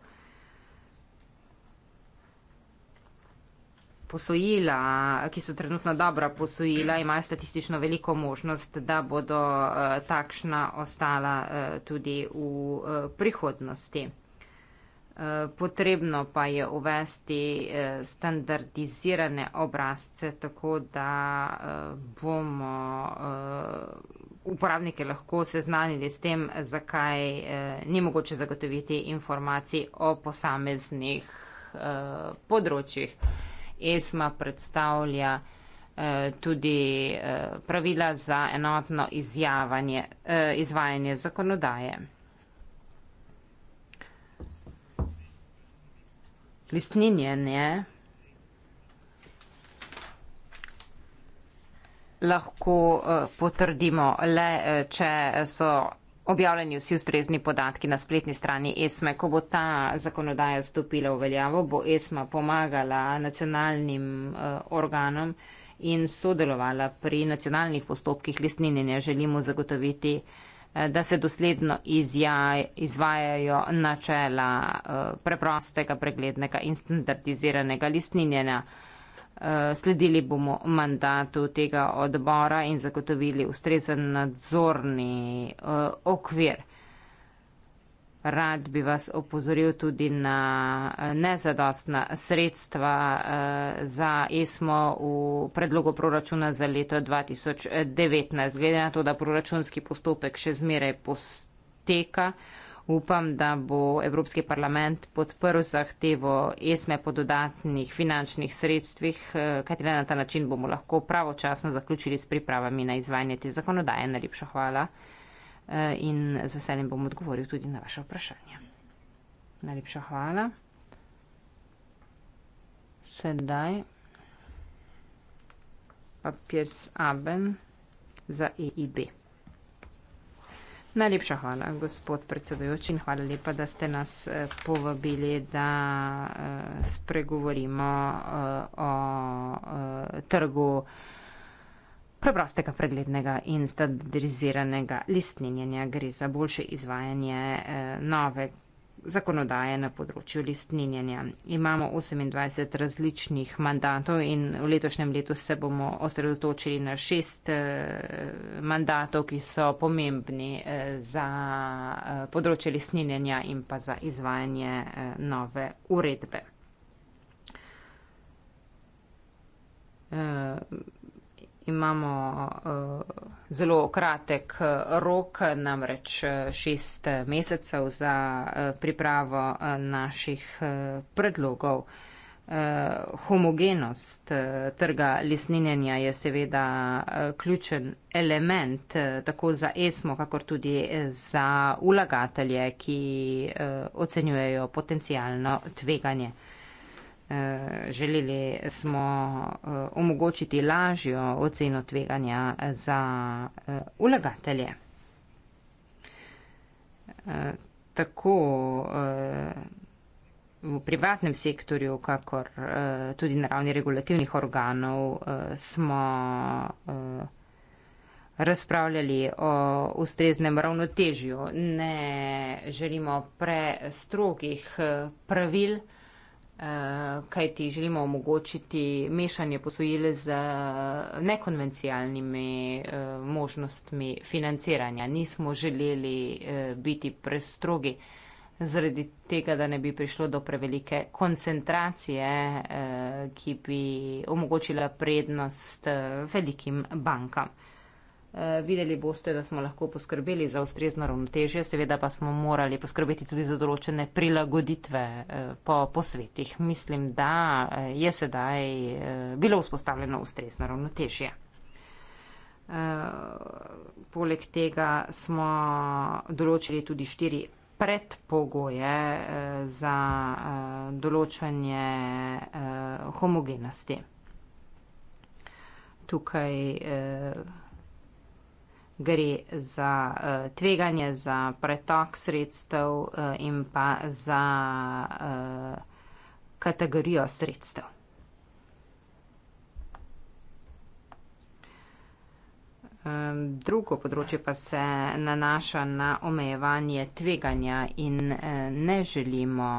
Posojila, ki so trenutno dobra posojila, imajo statistično veliko možnost, da bodo eh, takšna ostala tudi v prihodnosti. Potrebno pa je uvesti eh, standardizirane obrazce, tako da eh, bomo eh, uporabnike lahko seznanili s tem, zakaj ni mogoče zagotoviti informacij o posameznih področjih. ESMA predstavlja tudi pravila za enotno izjavanje, izvajanje zakonodaje. Listninjenje lahko eh, potrdimo le, eh, če eh, so objavljeni vsi ustrezni podatki na spletni strani ESME. Ko bo ta zakonodaja stopila v veljavo, bo ESMA pomagala nacionalnim organom in sodelovala pri nacionalnih postopkih listninjenja. Želimo zagotoviti Eh, da se dosledno izvajajo načela eh, preprostega, preglednega in standardiziranega listninjenja. Eh, sledili bomo mandatu tega odbora in zagotovili ustrezen nadzorni okvir. Rad bi vas opozoril tudi na eh, nezadostna sredstva eh, za ESMO v predlogu proračuna za leto 2019. Glede na to, da proračunski postopek še zmeraj posteka, upam, da bo Evropski parlament podprl zahtevo ESME po dodatnih finančnih sredstvih, eh, kajti le na ta način bomo lahko pravočasno zaključili s pripravami na izvajanje te zakonodaje. Najlepša hvala. Eh, in z veseljem bom odgovoril tudi na vaše vprašanje. Najlepša hvala. Sedaj papirs Aben za EIB. Najlepša hvala, gospod predsedujoči, in hvala lepa, da ste nas eh, povabili, da eh, spregovorimo o trgu preprostega, preglednega in standardiziranega listninjenja. Gre za boljše izvajanje eh, nove zakonodaje na področju listninjenja. Imamo 28 različnih mandatov in v letošnjem letu se bomo osredotočili na šest eh, mandatov, ki so pomembni eh, za področje listninjenja in pa za izvajanje nove uredbe imamo uh, zelo kratek eh, rok, namreč eh, šest mesecev za uh, pripravo uh, naših uh, predlogov. Uh, homogenost uh, trga lesninjenja je seveda uh, ključen element uh, tako za ESMO, kakor tudi za ulagatelje, ki uh, ocenjujejo potencijalno tveganje. Eh, želeli smo eh, omogočiti lažjo oceno tveganja za ulagatelje. Eh, tako v privatnem sektorju, kakor tudi na ravni regulativnih organov smo razpravljali o ustreznem ravnotežju. Ne želimo prestrogih pravil, kajti želimo omogočiti mešanje posojil z nekonvencionalnimi eh, možnostmi financiranja. Nismo želeli eh, biti prestrogi zaradi tega, da ne bi prišlo do prevelike koncentracije, eh, ki bi omogočila prednost velikim bankam. Eh, videli boste, da smo lahko poskrbeli za ustrezno ravnotežje, seveda pa smo morali poskrbeti tudi za določene prilagoditve eh, po, po svetih. Mislim, da eh, je sedaj bilo vzpostavljeno ustrezno ravnotežje. Poleg tega smo določili tudi štiri predpogoje za določanje homogenosti. Tukaj gre za eh, tveganje, za pretok sredstev eh, in pa za eh, kategorijo sredstev. Drugo področje pa se nanaša na omejevanje tveganja in ne želimo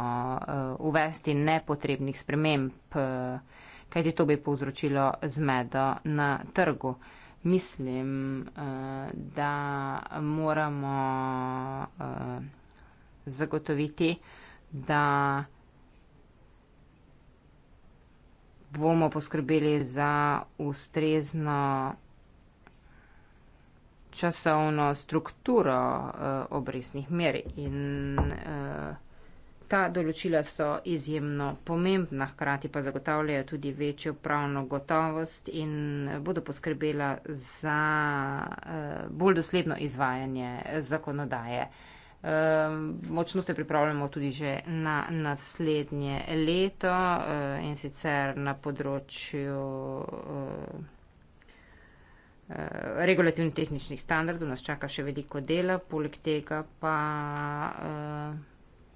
uvesti nepotrebnih sprememb, kajti to bi povzročilo zmedo na trgu mislim, eh, da moramo eh, zagotoviti, da bomo poskrbeli za ustrezno časovno strukturo eh, obresnih mer in Ta določila so izjemno pomembna, hkrati pa zagotavljajo tudi večjo pravno gotovost in bodo poskrbela za eh, bolj dosledno izvajanje zakonodaje. Eh, močno se pripravljamo tudi že na naslednje leto eh, in sicer na področju regulativno-tehničnih standardov. Nas čaka še veliko dela, poleg tega pa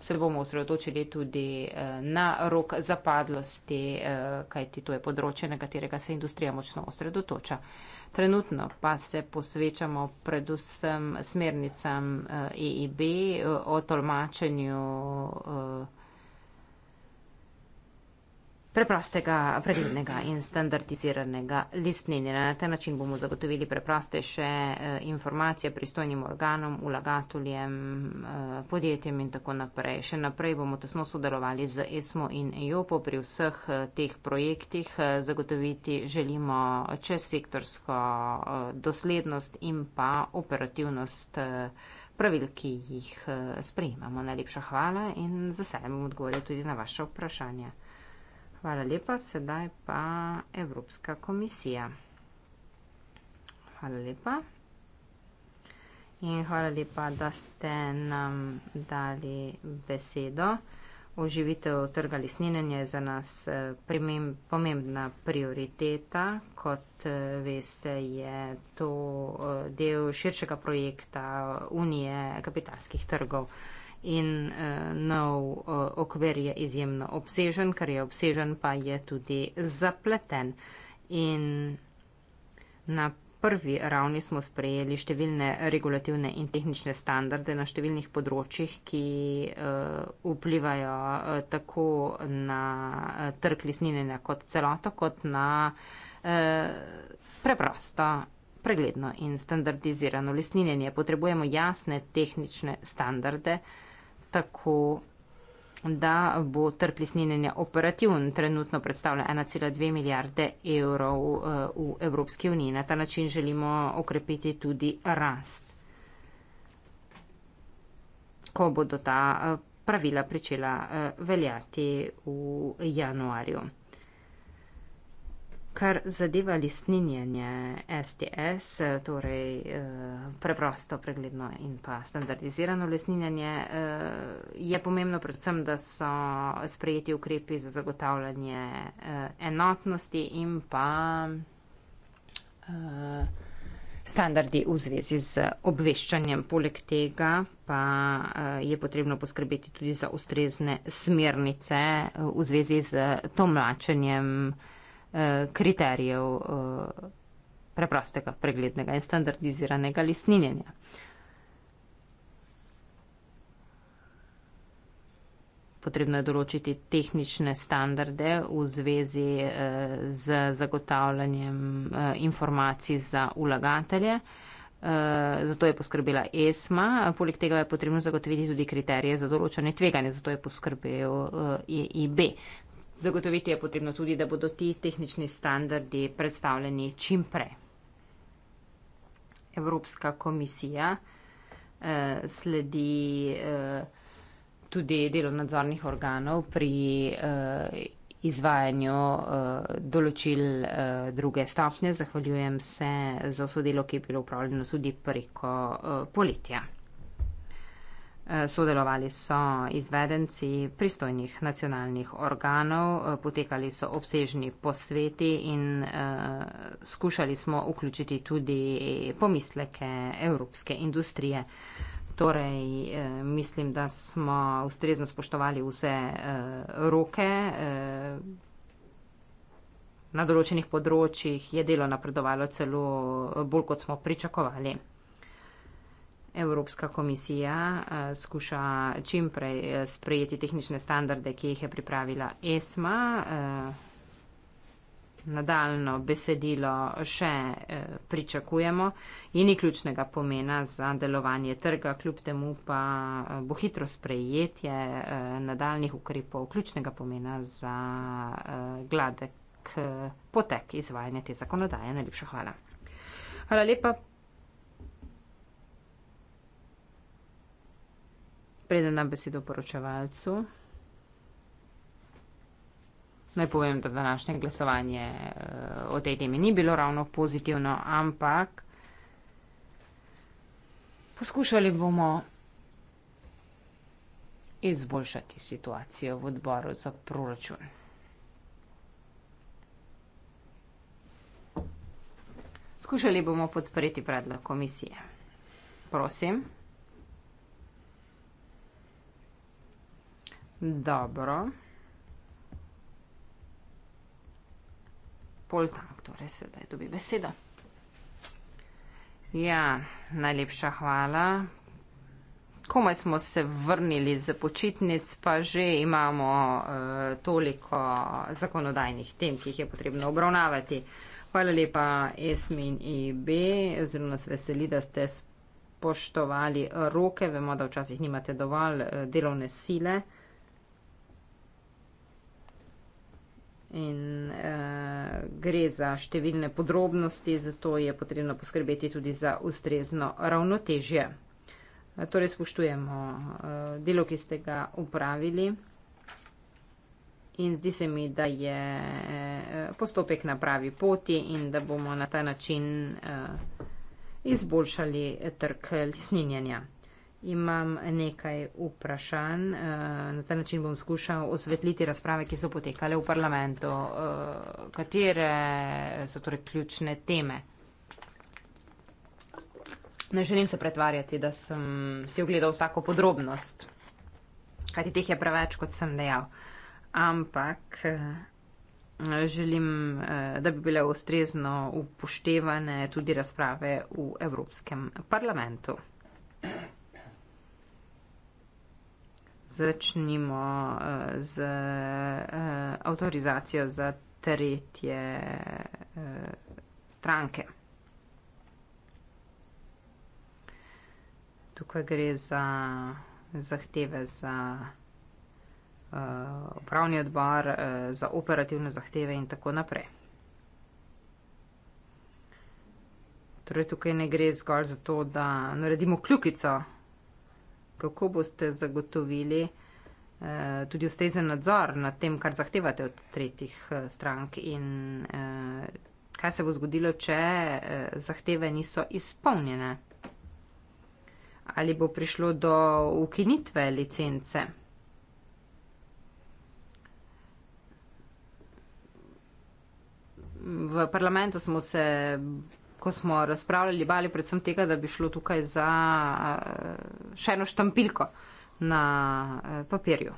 se bomo osredotočili tudi eh, na rok zapadlosti, eh, kajti to je področje, na katerega se industrija močno osredotoča. Trenutno pa se posvečamo predvsem smernicam EIB eh, e o tolmačenju preprostega, pravilnega in standardiziranega listninjenja. Na ta način bomo zagotovili preprostejše eh, informacije pristojnim organom, vlagateljem, eh, podjetjem in tako naprej. Še naprej bomo tesno sodelovali z ESMO in EOPO pri vseh eh, teh projektih. Zagotoviti želimo čez sektorsko doslednost in pa operativnost pravil, ki jih sprejemamo. Najlepša hvala in z veseljem bom odgovoril tudi na vaše vprašanje. Hvala lepa, sedaj pa Evropska komisija. Hvala lepa. In hvala lepa, da ste nam dali besedo. Oživitev trga lisninjenja je za nas eh, primem, pomembna prioriteta. Kot eh, veste, je to eh, del širšega projekta Unije kapitalskih trgov in uh, nov uh, okvir je izjemno obsežen, kar je obsežen, pa je tudi zapleten. In na prvi ravni smo sprejeli številne regulativne in tehnične standarde na številnih področjih, ki uh, vplivajo uh, tako na uh, trg lisninjenja kot celoto, kot na uh, preprosto. Pregledno in standardizirano lisninjenje potrebujemo jasne tehnične standarde, uh, tako da bo trg lisninjenja operativen. Trenutno predstavlja 1,2 milijarde evrov eh, v Evropski uniji. Na ta način želimo okrepiti tudi rast, ko bodo ta eh, pravila pričela eh, veljati v januarju. Kar zadeva listninjenje STS, torej eh, preprosto, pregledno in pa standardizirano listninjenje, eh, je pomembno predvsem, da so sprejeti ukrepi za zagotavljanje eh, enotnosti in pa standardi v zvezi z obveščanjem. Poleg tega pa je potrebno poskrbeti tudi za ustrezne smernice v zvezi z tomlačenjem kriterijev eh, preprostega, preglednega in standardiziranega lesninjenja. Potrebno je določiti tehnične standarde v zvezi eh, z zagotavljanjem eh, informacij za ulagatelje. Zato je poskrbela ESMA, poleg tega je potrebno zagotoviti tudi kriterije za določanje tveganja, zato je poskrbel EIB. E Zagotoviti je potrebno tudi, da bodo ti tehnični standardi predstavljeni čim prej. Evropska komisija eh, sledi eh, tudi delu nadzornih organov pri eh, izvajanju eh, določil eh, druge stopnje. Zahvaljujem se za vso delo, ki je bilo upravljeno tudi preko eh, poletja. Sodelovali so izvedenci pristojnih nacionalnih organov, potekali so obsežni posveti in eh, skušali smo vključiti tudi pomisleke evropske industrije. Torej, eh, mislim, da smo ustrezno spoštovali vse eh, roke. Na določenih področjih je delo napredovalo celo bolj, kot smo pričakovali. Evropska komisija eh, skuša čimprej eh, sprejeti tehnične standarde, ki jih je pripravila ESMA. Eh, nadaljno besedilo še pričakujemo in ni ključnega pomena za delovanje trga, kljub temu pa bo hitro sprejetje nadaljnih ukrepov ključnega pomena za gladek potek izvajanja te zakonodaje. Najlepša hvala. Hvala lepa. preden nam besedo poročevalcu, naj povem, da današnje glasovanje eh, o tej temi ni bilo ravno pozitivno, ampak poskušali bomo izboljšati situacijo v odboru za proračun. Skušali bomo podpreti predlog komisije. Prosim. Dobro. Poltank, torej sedaj dobi besedo. Ja, najlepša hvala. Komaj smo se vrnili z počitnic, pa že imamo uh, toliko zakonodajnih tem, ki jih je potrebno obravnavati. Hvala lepa Esmin IB, e zelo nas veseli, da ste spoštovali roke. Vemo, da včasih nimate dovolj eh, delovne sile. Uh, in uh, gre za številne podrobnosti, zato je potrebno poskrbeti tudi za ustrezno ravnotežje. Eh, torej spoštujemo uh, delo, ki ste ga upravili in zdi se mi, da je postopek na pravi poti in da bomo na ta način uh, izboljšali trg lisninjanja. Imam nekaj vprašanj. Eh, na ta način bom skušal osvetliti razprave, ki so potekale v parlamentu. Eh, katere so torej ključne teme? Ne želim se pretvarjati, da sem si ogledal vsako podrobnost, kajti teh je preveč, kot sem dejal. Ampak eh, želim, da bi bile ustrezno upoštevane tudi razprave v Evropskem parlamentu. začnimo uh, z uh, avtorizacijo za tretje uh, stranke. Tukaj gre za zahteve za upravni uh, odbor, uh, za operativne zahteve in tako naprej. Torej, tukaj ne gre zgolj za to, da naredimo kljukico kako boste zagotovili eh, tudi ustrezen nadzor nad tem, kar zahtevate od tretjih eh, strank in eh, kaj se bo zgodilo, če eh, zahteve niso izpolnjene? Ali bo prišlo do ukinitve licence? V parlamentu smo se ko smo razpravljali, bali predvsem tega, da bi šlo tukaj za eh, še eno štampilko na eh, papirju,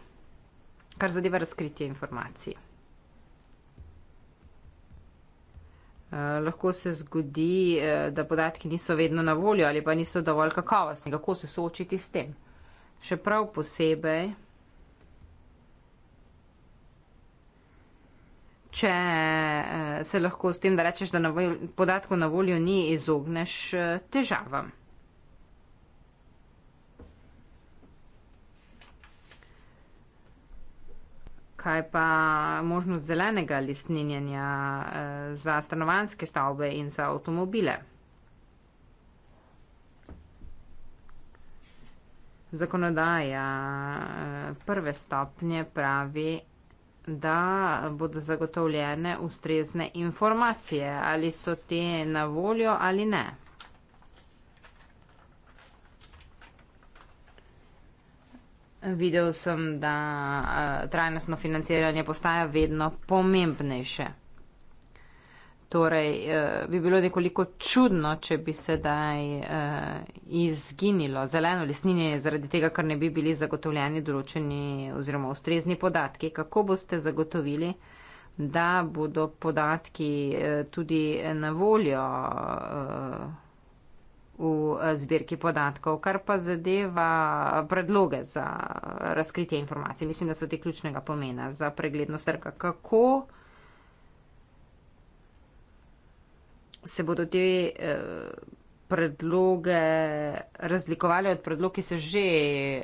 kar zadeva razkritje informacije. Eh, lahko se zgodi, da podatki niso vedno na voljo ali pa niso dovolj kakovostni. Kako se soočiti s tem? Še prav posebej. če eh, se lahko s tem, da rečeš, da na vol, podatkov na voljo ni, izogneš eh, težavam. Kaj pa možnost zelenega listninjenja eh, za stanovanske stavbe in za avtomobile? Zakonodaja eh, prve stopnje pravi, da bodo zagotovljene ustrezne informacije, ali so te na voljo ali ne. Videl sem, da eh, trajnostno financiranje postaja vedno pomembnejše torej uh, bi bilo nekoliko čudno, če bi sedaj uh, izginilo zeleno lesninje zaradi tega, ker ne bi bili zagotovljeni določeni oziroma ustrezni podatki. Kako boste zagotovili, da bodo podatki uh, tudi na voljo uh, v zbirki podatkov, kar pa zadeva predloge za razkritje informacij? Mislim, da so te ključnega pomena za preglednost trga. Kako? se bodo te eh, predloge razlikovali od predlog, ki se že eh,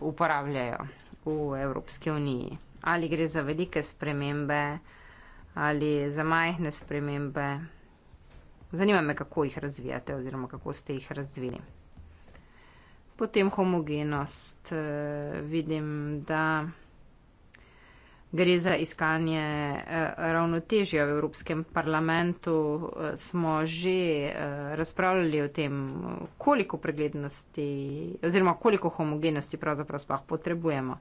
uporabljajo v Evropski uniji. Ali gre za velike spremembe ali za majhne spremembe. Zanima me, kako jih razvijate oziroma kako ste jih razvili. Potem homogenost. Eh, vidim, da gre za iskanje eh, ravnotežja v Evropskem parlamentu. Eh, smo že eh, razpravljali o tem, koliko preglednosti oziroma koliko homogenosti pravzaprav spah potrebujemo.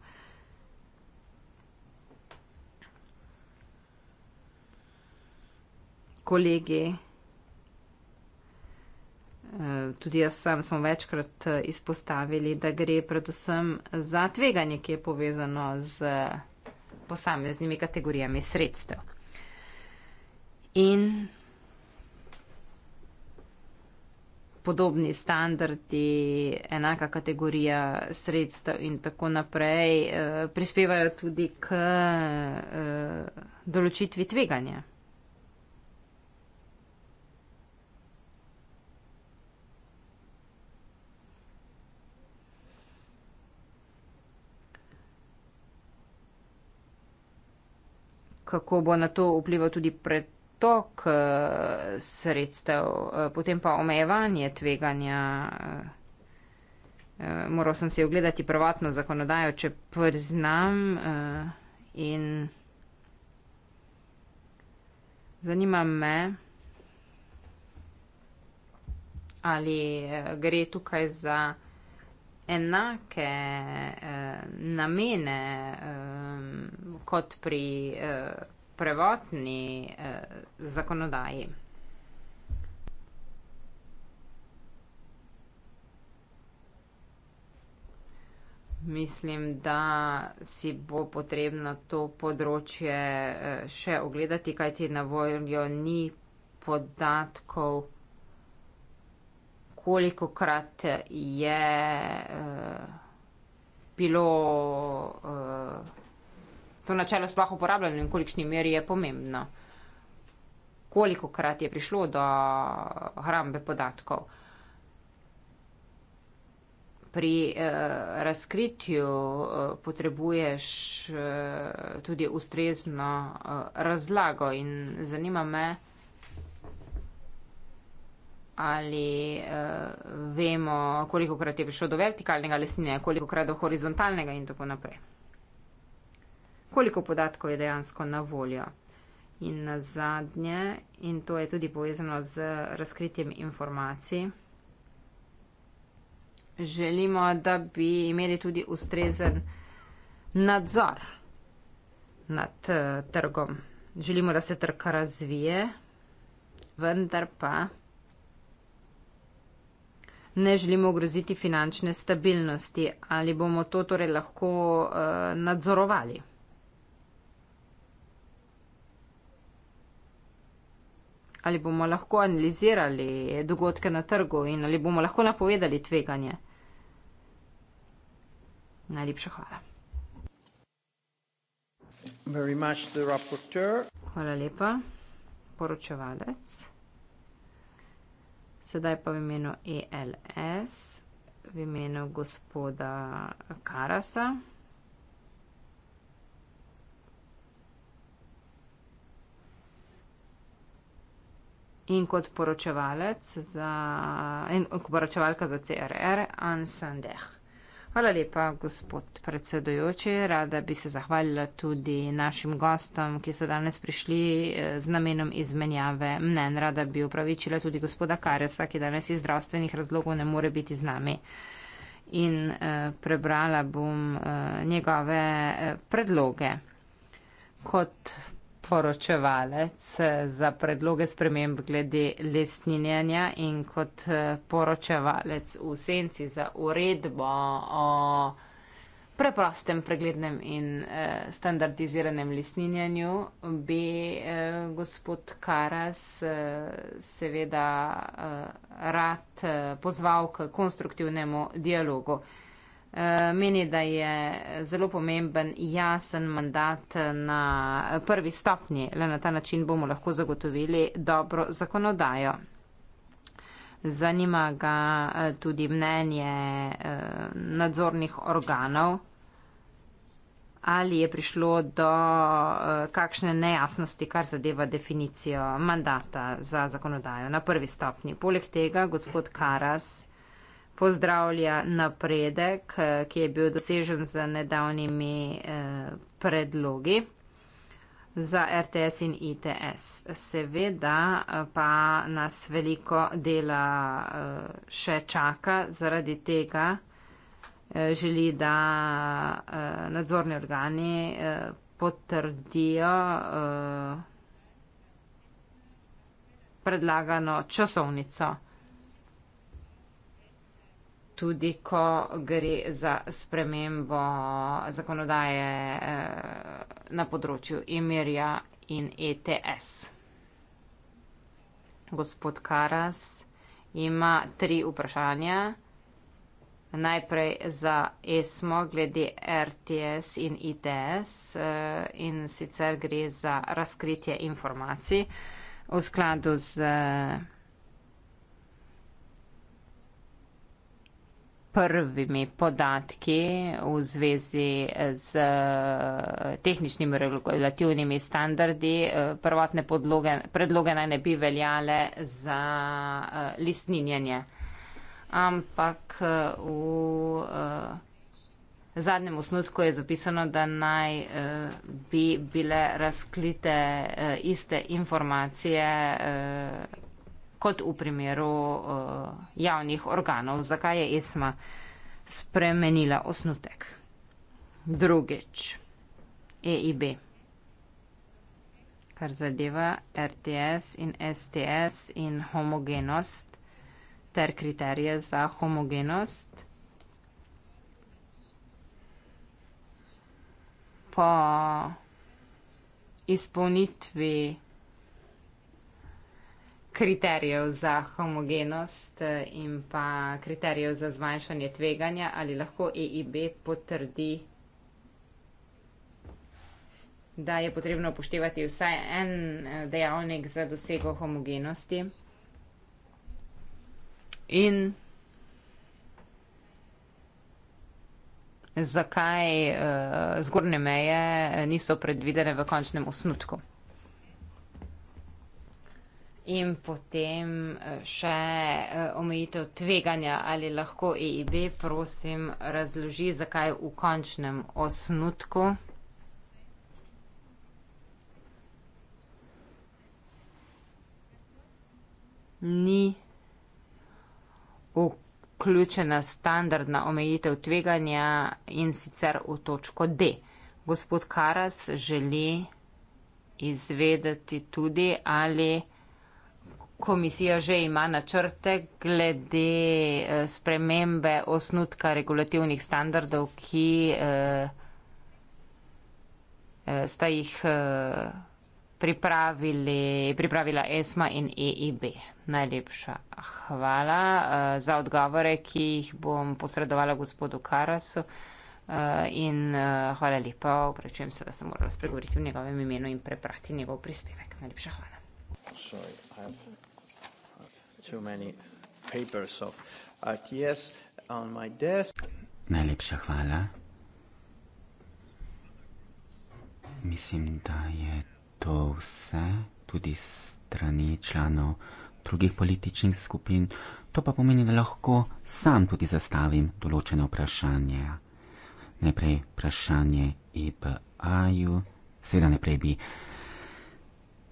Kolegi, tudi jaz sam smo večkrat izpostavili, da gre predvsem za tveganje, ki je povezano z posameznimi kategorijami sredstev. In podobni standardi, enaka kategorija sredstev in tako naprej eh, prispevajo tudi k eh, določitvi tveganja. kako bo na to vplival tudi pretok eh, sredstev, eh, potem pa omejevanje tveganja. Eh, moral sem si ogledati prvotno zakonodajo, če priznam. In zanima me, ali gre tukaj za enake eh, namene. Eh, kot pri eh, prvotni eh, zakonodaji. Mislim, da si bo potrebno to področje eh, še ogledati, kajti na voljo ni podatkov, koliko krat je eh, bilo. Eh, to načelo sploh uporabljali in v kolikšni meri je pomembno. Koliko krat je prišlo do hrambe podatkov? Pri eh, razkritju eh, potrebuješ eh, tudi ustrezno eh, razlago in zanima me, ali eh, vemo, koliko krat je prišlo do vertikalnega lesnine, koliko krat do horizontalnega in tako naprej koliko podatkov je dejansko na voljo. In na zadnje, in to je tudi povezano z razkritjem informacij, želimo, da bi imeli tudi ustrezen nadzor nad trgom. Želimo, da se trg razvije, vendar pa ne želimo ogroziti finančne stabilnosti. Ali bomo to torej lahko uh, nadzorovali? ali bomo lahko analizirali dogodke na trgu in ali bomo lahko napovedali tveganje. Najlepša hvala. Hvala lepa, poročevalec. Sedaj pa v imenu ELS, v imenu gospoda Karasa. in kot poročevalec za, in kot poročevalka za CRR Ansandeh. Hvala lepa, gospod predsedujoči. Rada bi se zahvalila tudi našim gostom, ki so danes prišli eh, z namenom izmenjave mnen. Rada bi upravičila tudi gospoda Karesa, ki danes iz zdravstvenih razlogov ne more biti z nami. In eh, prebrala bom eh, njegove eh, predloge. Kot poročevalec za predloge sprememb glede lesninjenja in kot eh, poročevalec v senci za uredbo o preprostem, preglednem in eh, standardiziranem lesninjenju, bi eh, gospod Karas seveda rad pozval k konstruktivnemu dialogu. Eh, meni, da je zelo pomemben jasen mandat na prvi stopnji. Le na ta način bomo lahko zagotovili dobro zakonodajo. Zanima ga eh, tudi mnenje eh, nadzornih organov, ali je prišlo do kakšne nejasnosti, kar zadeva definicijo mandata za zakonodajo na prvi stopni. Poleg tega, gospod Karas, pozdravlja napredek, eh, ki je bil dosežen z nedavnimi eh, predlogi za RTS in ITS. Seveda eh, pa nas veliko dela še čaka, zaradi tega želi, da nadzorni organi potrdijo predlagano časovnico tudi ko gre za spremembo zakonodaje eh, na področju emirja in ETS. Gospod Karas ima tri vprašanja. Najprej za ESMO glede RTS in ITS eh, in sicer gre za razkritje informacij v skladu z prvimi podatki v zvezi z eh, tehničnimi regulativnimi standardi. Eh, prvotne podloge, predloge naj ne bi veljale za eh, listninjanje. Ampak v zadnjem osnutku je zapisano, da naj bi bile razklite iste informacije kot v primeru uh, javnih organov. Zakaj je ESMA spremenila osnutek? Drugič, EIB, kar zadeva RTS in STS in homogenost ter kriterije za homogenost. Po izpolnitvi kriterijev za homogenost eh, in pa kriterijev za zmanjšanje tveganja, ali lahko EIB potrdi, da je potrebno upoštevati vsaj en eh, dejavnik za dosego homogenosti. In zakaj uh, zgornje meje niso predvidene v končnem osnutku? in potem eh, še eh, omejitev tveganja, ali lahko EIB, prosim, razloži, zakaj v končnem osnutku. Ni vključena standardna omejitev tveganja in sicer v točko D. Gospod Karas želi izvedeti tudi, ali komisija že ima načrte glede eh, spremembe osnutka regulativnih standardov, ki eh, eh, sta jih pripravili, pripravila ESMA in EIB. Najlepša hvala za odgovore, ki jih bom posredovala gospodu Karasu. Uh, in uh, hvala lepa, upravičujem se, da sem morala spregovoriti v njegovem imenu in preprati njegov prispevek. Najlepša hvala. Sorry, too many papers of RTS on my desk. Najlepša hvala. Mislim, da je to vse, tudi strani članov drugih političnih skupin. To pa pomeni, da lahko sam tudi zastavim določene vprašanja. Najprej vprašanje IBA-ju, e sedaj najprej bi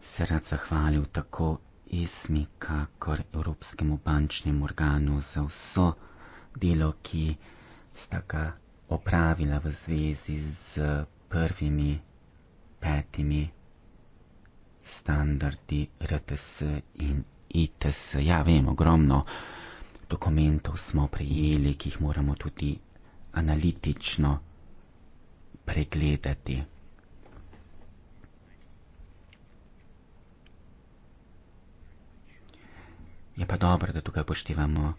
se rad zahvalil tako ESMI, kakor Evropskemu bančnemu organu za vso delo, ki sta ga opravila v zvezi z prvimi petimi standardi RTS in ITS. Ja, vem, ogromno dokumentov smo prejeli, ki jih moramo tudi analitično pregledati. Je pa dobro, da tukaj upoštevamo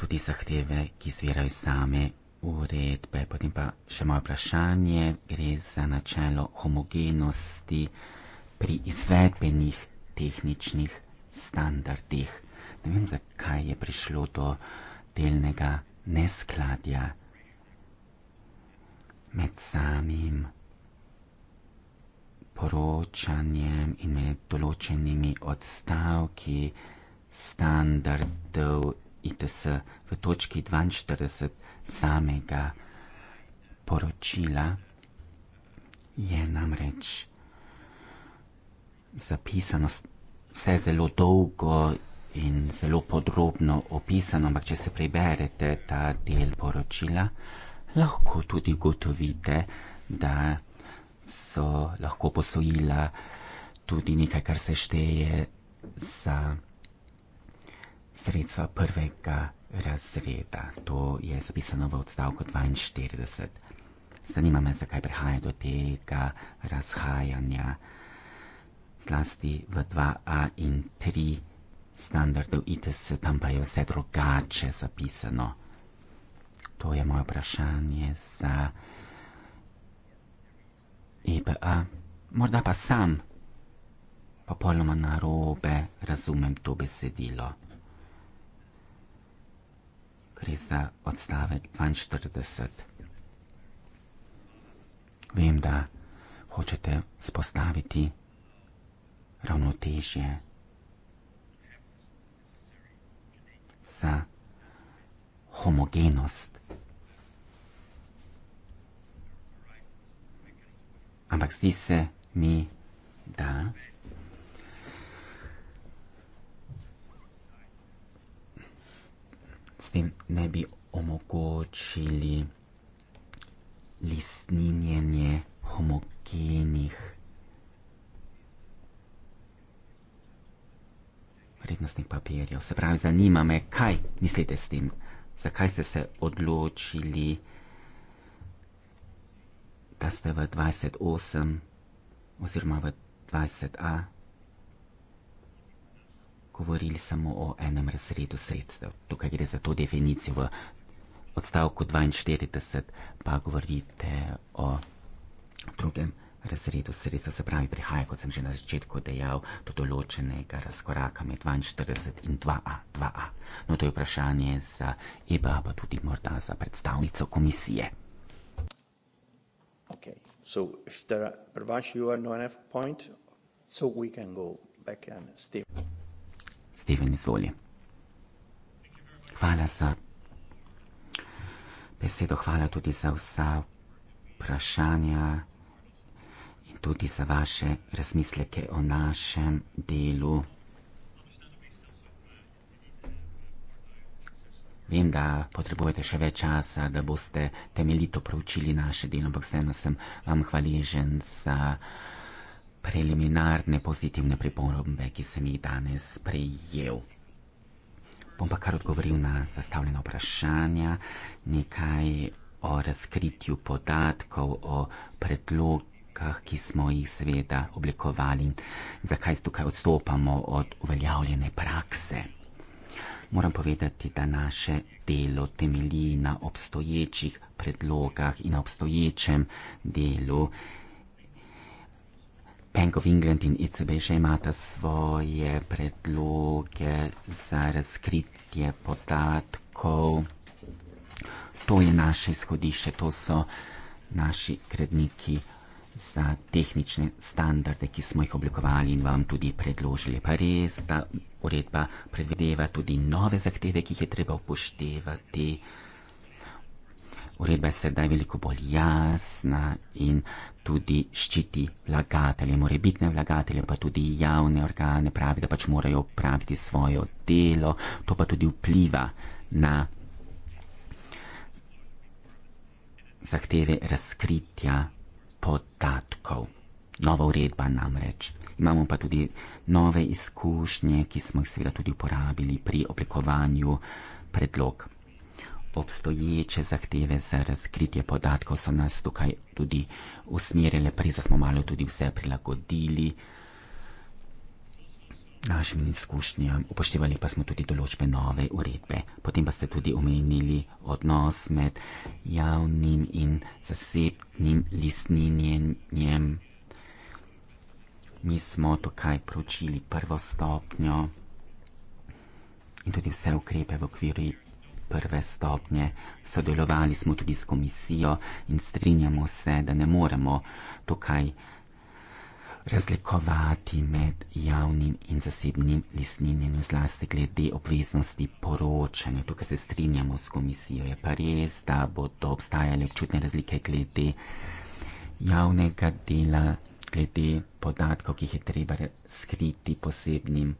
tudi zahteve, ki zvirajo same uredbe. Potem pa še moje vprašanje, gre za načelo homogenosti pri izvedbenih tehničnih standardih. Ne vem, zakaj je prišlo do delnega neskladja med samim poročanjem in med določenimi odstavki standardov ITS v točki 42 samega poročila je namreč zapisano vse zelo dolgo in zelo podrobno opisano, ampak če se preberete ta del poročila, lahko tudi ugotovite, da so lahko posojila tudi nekaj, kar se šteje za sredstva prvega razreda. To je zapisano v odstavku 42. Zanima me, zakaj prihaja do tega razhajanja, zlasti v 2a in 3 standardov ITS, tam pa je vse drugače zapisano. To je moje vprašanje za EBA. Morda pa sam popolnoma narobe razumem to besedilo gre za odstavek 42. Vem, da hočete spostaviti ravnotežje za homogenost. Ampak zdi se mi, da s tem ne bi omogočili lisninjenje homogenih vrednostnih papirjev. Se pravi, zanima me, kaj mislite s tem? Zakaj ste se odločili, da ste v 28 oziroma v 20a govorili samo o enem razredu sredstev. Tukaj gre za to definicijo v odstavku 42, pa govorite o drugem razredu sredstev. Se pravi, prihaja, kot sem že na začetku dejal, do določenega razkoraka med 42 in 2a. 2a. No, to je vprašanje za EBA, pa tudi morda za predstavnico komisije. Ok, so, če ste, Rvaš, vi ste na 9f point, so lahko gremo. Steven, izvoli. Hvala za besedo, hvala tudi za vsa vprašanja in tudi za vaše razmisleke o našem delu. Vem, da potrebujete še več časa, da boste temeljito proučili naše delo, ampak vseeno sem vam hvaležen za preliminarne pozitivne pripombe, ki sem jih danes prejel. Bom pa kar odgovoril na zastavljena vprašanja, nekaj o razkritju podatkov, o predlogah, ki smo jih seveda oblikovali in zakaj tukaj odstopamo od uveljavljene prakse. Moram povedati, da naše delo temelji na obstoječih predlogah in na obstoječem delu, Bank of England in ECB še imata svoje predloge za razkritje podatkov. To je naše izhodišče, to so naši kredniki za tehnične standarde, ki smo jih oblikovali in vam tudi predložili. Pa res, ta uredba predvideva tudi nove zahteve, ki jih je treba upoštevati. Uredba je sedaj veliko bolj jasna in tudi ščiti vlagatelje, morebitne vlagatelje, pa tudi javne organe, pravi, da pač morajo opraviti svoje delo, to pa tudi vpliva na zahteve razkritja podatkov. Nova uredba namreč. Imamo pa tudi nove izkušnje, ki smo jih seveda tudi uporabili pri oblikovanju predlog obstoječe zahteve za razkritje podatkov so nas tukaj tudi usmerile, prej smo malo tudi vse prilagodili našim izkušnjam, upoštevali pa smo tudi določbe nove uredbe. Potem pa ste tudi omenili odnos med javnim in zasebnim listninjenjem. Mi smo tukaj pročili prvo stopnjo in tudi vse ukrepe v okviru prve stopnje. Sodelovali smo tudi s komisijo in strinjamo se, da ne moremo tukaj razlikovati med javnim in zasebnim listninjenjem, zlasti glede obveznosti poročanja. Tukaj se strinjamo s komisijo. Je pa res, da bodo obstajale občutne razlike glede javnega dela, glede podatkov, ki jih je treba skriti posebnim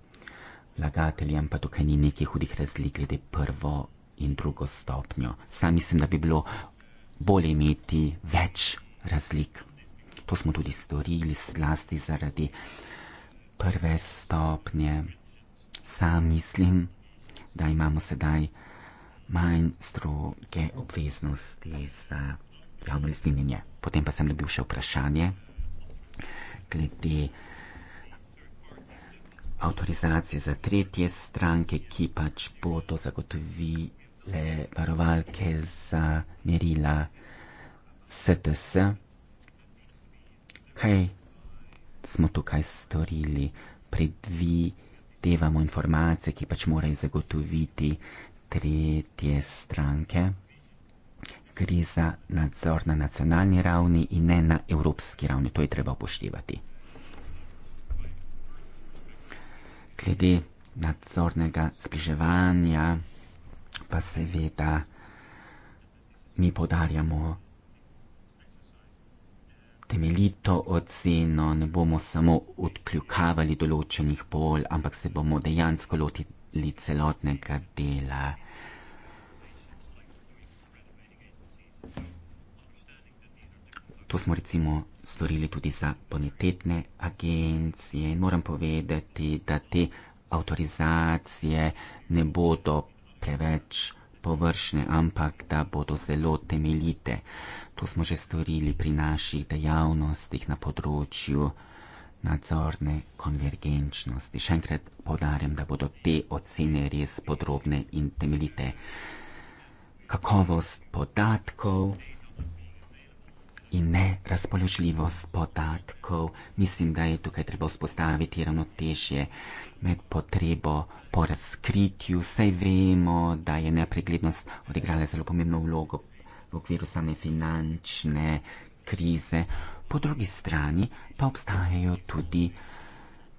vlagateljem, pa tukaj ni nekih hudih razlik glede prvo in drugo stopnjo. Sam mislim, da bi bilo bolje imeti več razlik. To smo tudi storili, zlasti zaradi prve stopnje. Sam mislim, da imamo sedaj manj stroge obveznosti za javno listinjenje. Potem pa sem dobil še vprašanje glede avtorizacije za tretje stranke, ki pač bodo zagotovili. E, varovalke za merila STS. Kaj smo tukaj storili? Predvidevamo informacije, ki pač morajo zagotoviti tretje stranke. Gre za nadzor na nacionalni ravni in ne na evropski ravni. To je treba upoštevati. Glede nadzornega zbliževanja pa seveda mi podarjamo temeljito oceno, ne bomo samo odkljukavali določenih pol, ampak se bomo dejansko lotili celotnega dela. To smo recimo storili tudi za bonitetne agencije in moram povedati, da te avtorizacije ne bodo preveč površne, ampak da bodo zelo temeljite. To smo že storili pri naših dejavnostih na področju nadzorne konvergenčnosti. Še enkrat podarjam, da bodo te ocene res podrobne in temeljite. Kakovost podatkov, in ne razpoložljivost podatkov. Mislim, da je tukaj treba vzpostaviti ravnotežje med potrebo po razkritju. Saj vemo, da je nepreglednost odigrala zelo pomembno vlogo v okviru same finančne krize. Po drugi strani pa obstajajo tudi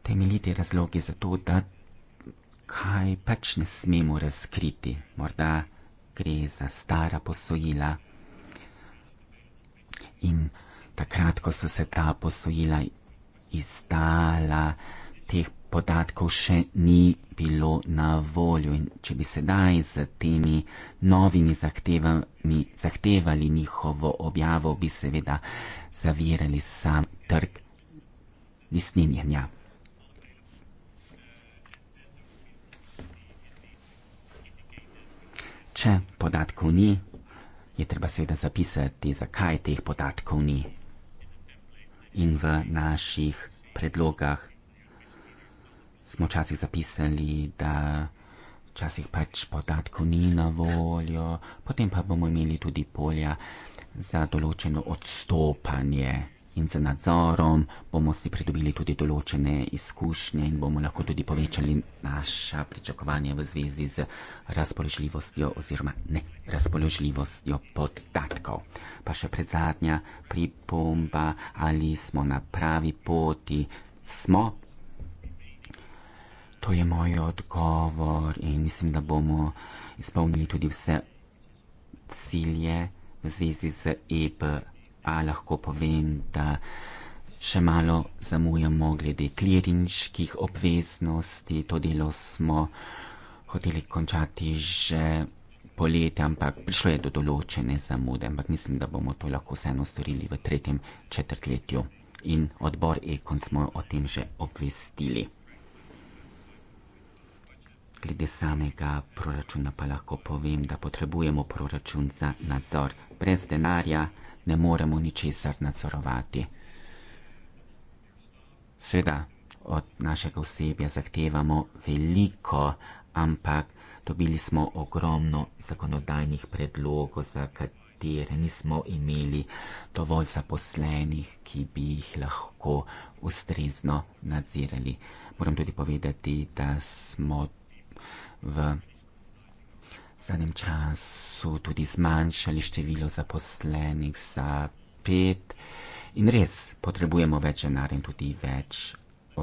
temeljite razloge za to, da kaj pač ne smemo razkriti. Morda gre za stara posojila, In takrat, ko so se ta posojila izdala, teh podatkov še ni bilo na voljo. In če bi sedaj z temi novimi zahtevami zahtevali njihovo objavo, bi seveda zavirali sam trg listninjenja. Če podatkov ni, je treba seveda zapisati, zakaj teh podatkov ni. In v naših predlogah smo včasih zapisali, da včasih pač podatkov ni na voljo, potem pa bomo imeli tudi polja za določeno odstopanje in z nadzorom bomo si pridobili tudi določene izkušnje in bomo lahko tudi povečali naša pričakovanja v zvezi z razpoložljivostjo oziroma ne razpoložljivostjo podatkov. Pa še pred zadnja pripomba, ali smo na pravi poti, smo. To je moj odgovor in mislim, da bomo izpolnili tudi vse cilje v zvezi z EBA a lahko povem, da še malo zamujamo glede klirinških obveznosti. To delo smo hoteli končati že poleti, ampak prišlo je do določene zamude, ampak mislim, da bomo to lahko vseeno storili v tretjem četrtletju. In odbor Ekon smo o tem že obvestili. Glede samega proračuna pa lahko povem, da potrebujemo proračun za nadzor. Brez denarja ne moremo ničesar nadzorovati. Sveda od našega osebja zahtevamo veliko, ampak dobili smo ogromno zakonodajnih predlogov, za katere nismo imeli dovolj zaposlenih, ki bi jih lahko ustrezno nadzirali. Moram tudi povedati, da smo v zadnjem času tudi zmanjšali število zaposlenih za pet in res potrebujemo več denarja in tudi več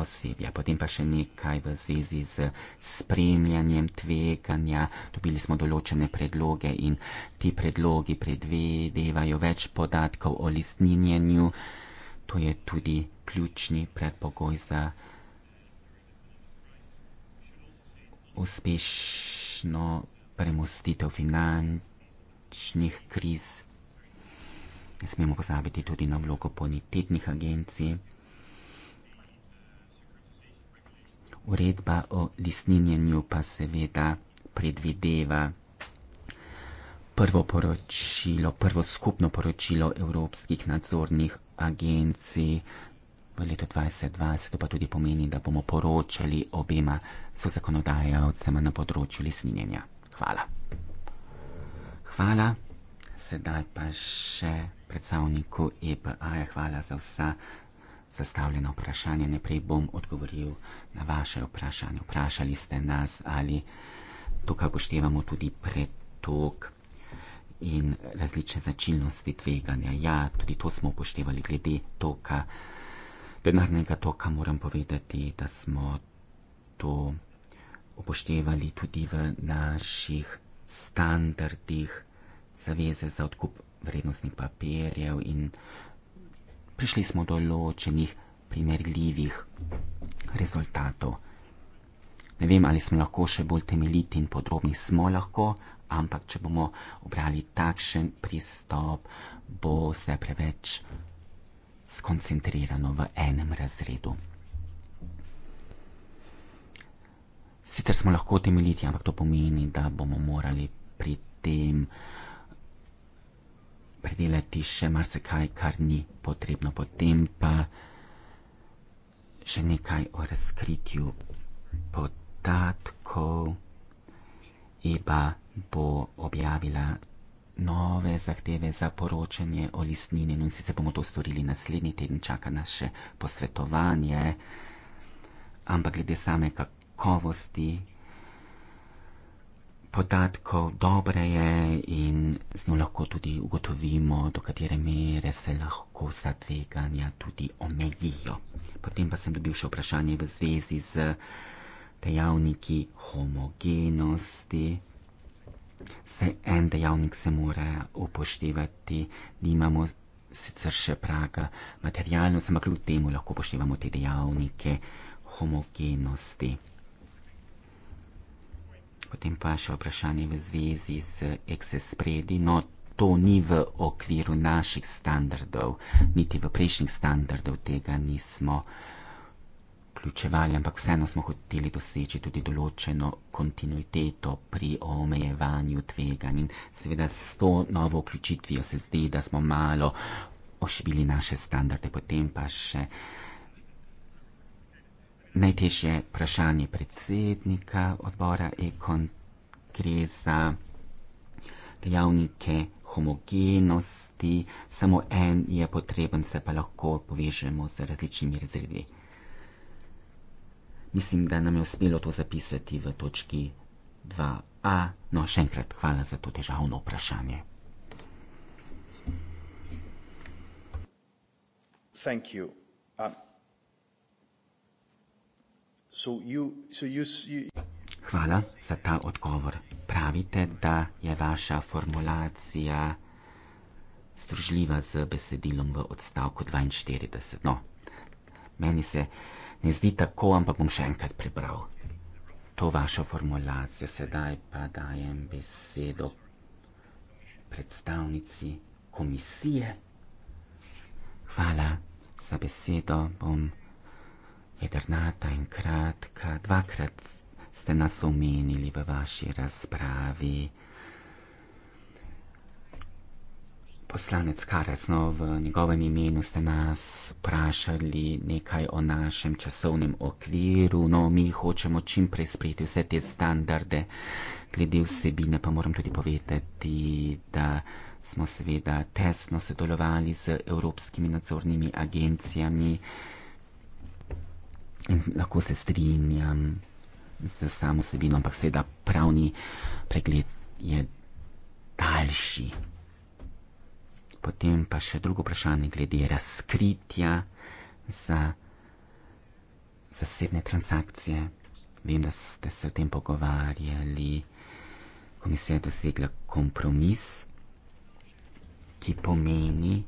osebja. Potem pa še nekaj v zvezi z spremljanjem tveganja. Dobili smo določene predloge in ti predlogi predvedevajo več podatkov o listninjenju. To je tudi ključni predpogoj za uspešno premustitev finančnih kriz. Ne smemo pozabiti tudi na vlogo bonitetnih agencij. Uredba o lisninjenju pa seveda predvideva prvo poročilo, prvo skupno poročilo evropskih nadzornih agencij v letu 2020, to pa tudi pomeni, da bomo poročali obema so zakonodajalcema na področju lisninjenja. Hvala. Hvala. Sedaj pa še predstavniku EPA-ja hvala za vsa zastavljena vprašanja. Najprej bom odgovoril na vaše vprašanje. Vprašali ste nas, ali tukaj upoštevamo tudi pretok in različne značilnosti tveganja. Ja, tudi to smo upoštevali glede toka, denarnega toka, moram povedati, da smo to upoštevali tudi v naših standardih zaveze za odkup vrednostnih papirjev in prišli smo do ločenih primerljivih rezultatov. Ne vem, ali smo lahko še bolj temeljiti in podrobni, smo lahko, ampak če bomo obrali takšen pristop, bo vse preveč skoncentrirano v enem razredu. Sicer smo lahko temeljiti, ampak to pomeni, da bomo morali pri tem predelati še marsikaj, kar ni potrebno. Potem pa še nekaj o razkritju podatkov. EBA bo objavila nove zahteve za poročanje o listnini no, in sicer bomo to storili naslednji teden, čaka nas še posvetovanje. Ampak glede same kakovosti, kakovosti podatkov dobre je in z njo lahko tudi ugotovimo, do katere mere se lahko vsa tveganja tudi omejijo. Potem pa sem dobil še vprašanje v zvezi z dejavniki homogenosti. Se en dejavnik se mora upoštevati, nimamo sicer še praga materialno, ampak kljub temu lahko upoštevamo te dejavnike homogenosti. Potem pa še vprašanje v zvezi z ekscespredi. No, to ni v okviru naših standardov, niti v prejšnjih standardov tega nismo vključevali, ampak vseeno smo hoteli doseči tudi določeno kontinuiteto pri omejevanju tveganj. In seveda s to novo vključitvijo se zdi, da smo malo ošibili naše standarde. Potem pa še najtežje vprašanje predsednika odbora Ekon, gre za dejavnike homogenosti, samo en je potreben, se pa lahko povežemo z različnimi rezervi. Mislim, da nam je uspelo to zapisati v točki 2a. No, še enkrat hvala za to težavno vprašanje. Thank you. Uh, Hvala za ta odgovor. Pravite, da je vaša formulacija združljiva z besedilom v odstavku 42. No, meni se ne zdi tako, ampak bom še enkrat prebral to vašo formulacijo. Sedaj pa dajem besedo predstavnici komisije. Hvala za besedo. Bom jedrnata in kratka, dvakrat ste nas omenili v vaši razpravi. Poslanec Karacno, v njegovem imenu ste nas vprašali nekaj o našem časovnem okviru, no mi hočemo čim prej sprejeti vse te standarde. Glede vsebine pa moram tudi povedati, da smo seveda tesno sodelovali z evropskimi nadzornimi agencijami, In lahko se strinjam z samo sebino, ampak seveda pravni pregled je daljši. Potem pa še drugo vprašanje glede razkritja za zasebne transakcije. Vem, da ste se o tem pogovarjali, komisija je dosegla kompromis, ki pomeni,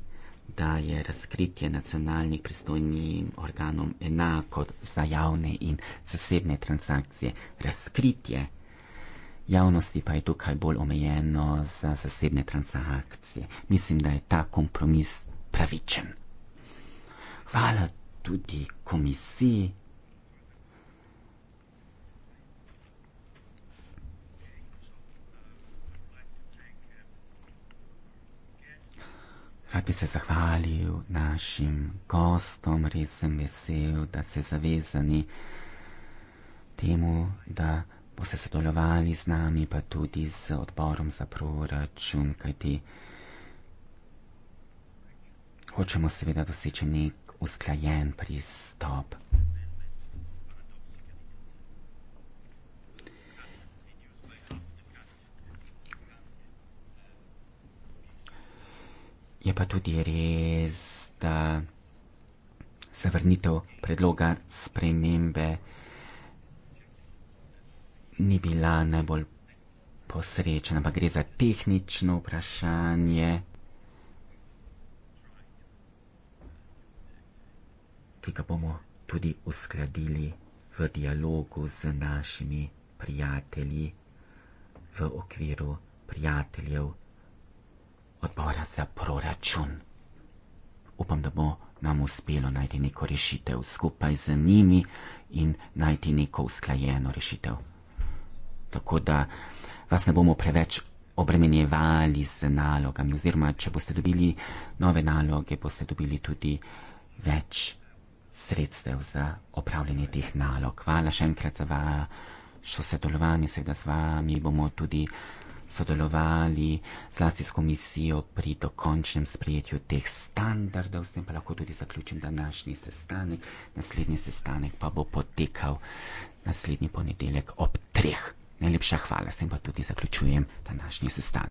da je razkritje nacionalnih pristojnim organom enako za javne in zasebne transakcije. Razkritje javnosti pa je tukaj bolj omejeno za zasebne transakcije. Mislim, da je ta kompromis pravičen. Hvala tudi komisiji. Rad bi se zahvalil našim gostom, res sem vesel, da ste zavezani temu, da boste sodelovali z nami, pa tudi z odborom za proračun, kajti hočemo seveda doseči nek usklajen pristop. je pa tudi res, da zavrnitev predloga spremembe ni bila najbolj posrečena, ampak gre za tehnično vprašanje, ki ga bomo tudi uskladili v dialogu z našimi prijatelji v okviru prijateljev odbora za proračun. Upam, da bo nam uspelo najti neko rešitev skupaj z njimi in najti neko usklajeno rešitev. Tako da vas ne bomo preveč obremenjevali z nalogami, oziroma če boste dobili nove naloge, boste dobili tudi več sredstev za opravljanje teh nalog. Hvala še enkrat za vašo sodelovanje, seveda z vami bomo tudi sodelovali zlasti s komisijo pri dokončnem sprejetju teh standardov. S tem pa lahko tudi zaključim današnji sestanek. Naslednji sestanek pa bo potekal naslednji ponedeljek ob treh. Najlepša hvala, s tem pa tudi zaključujem današnji sestanek.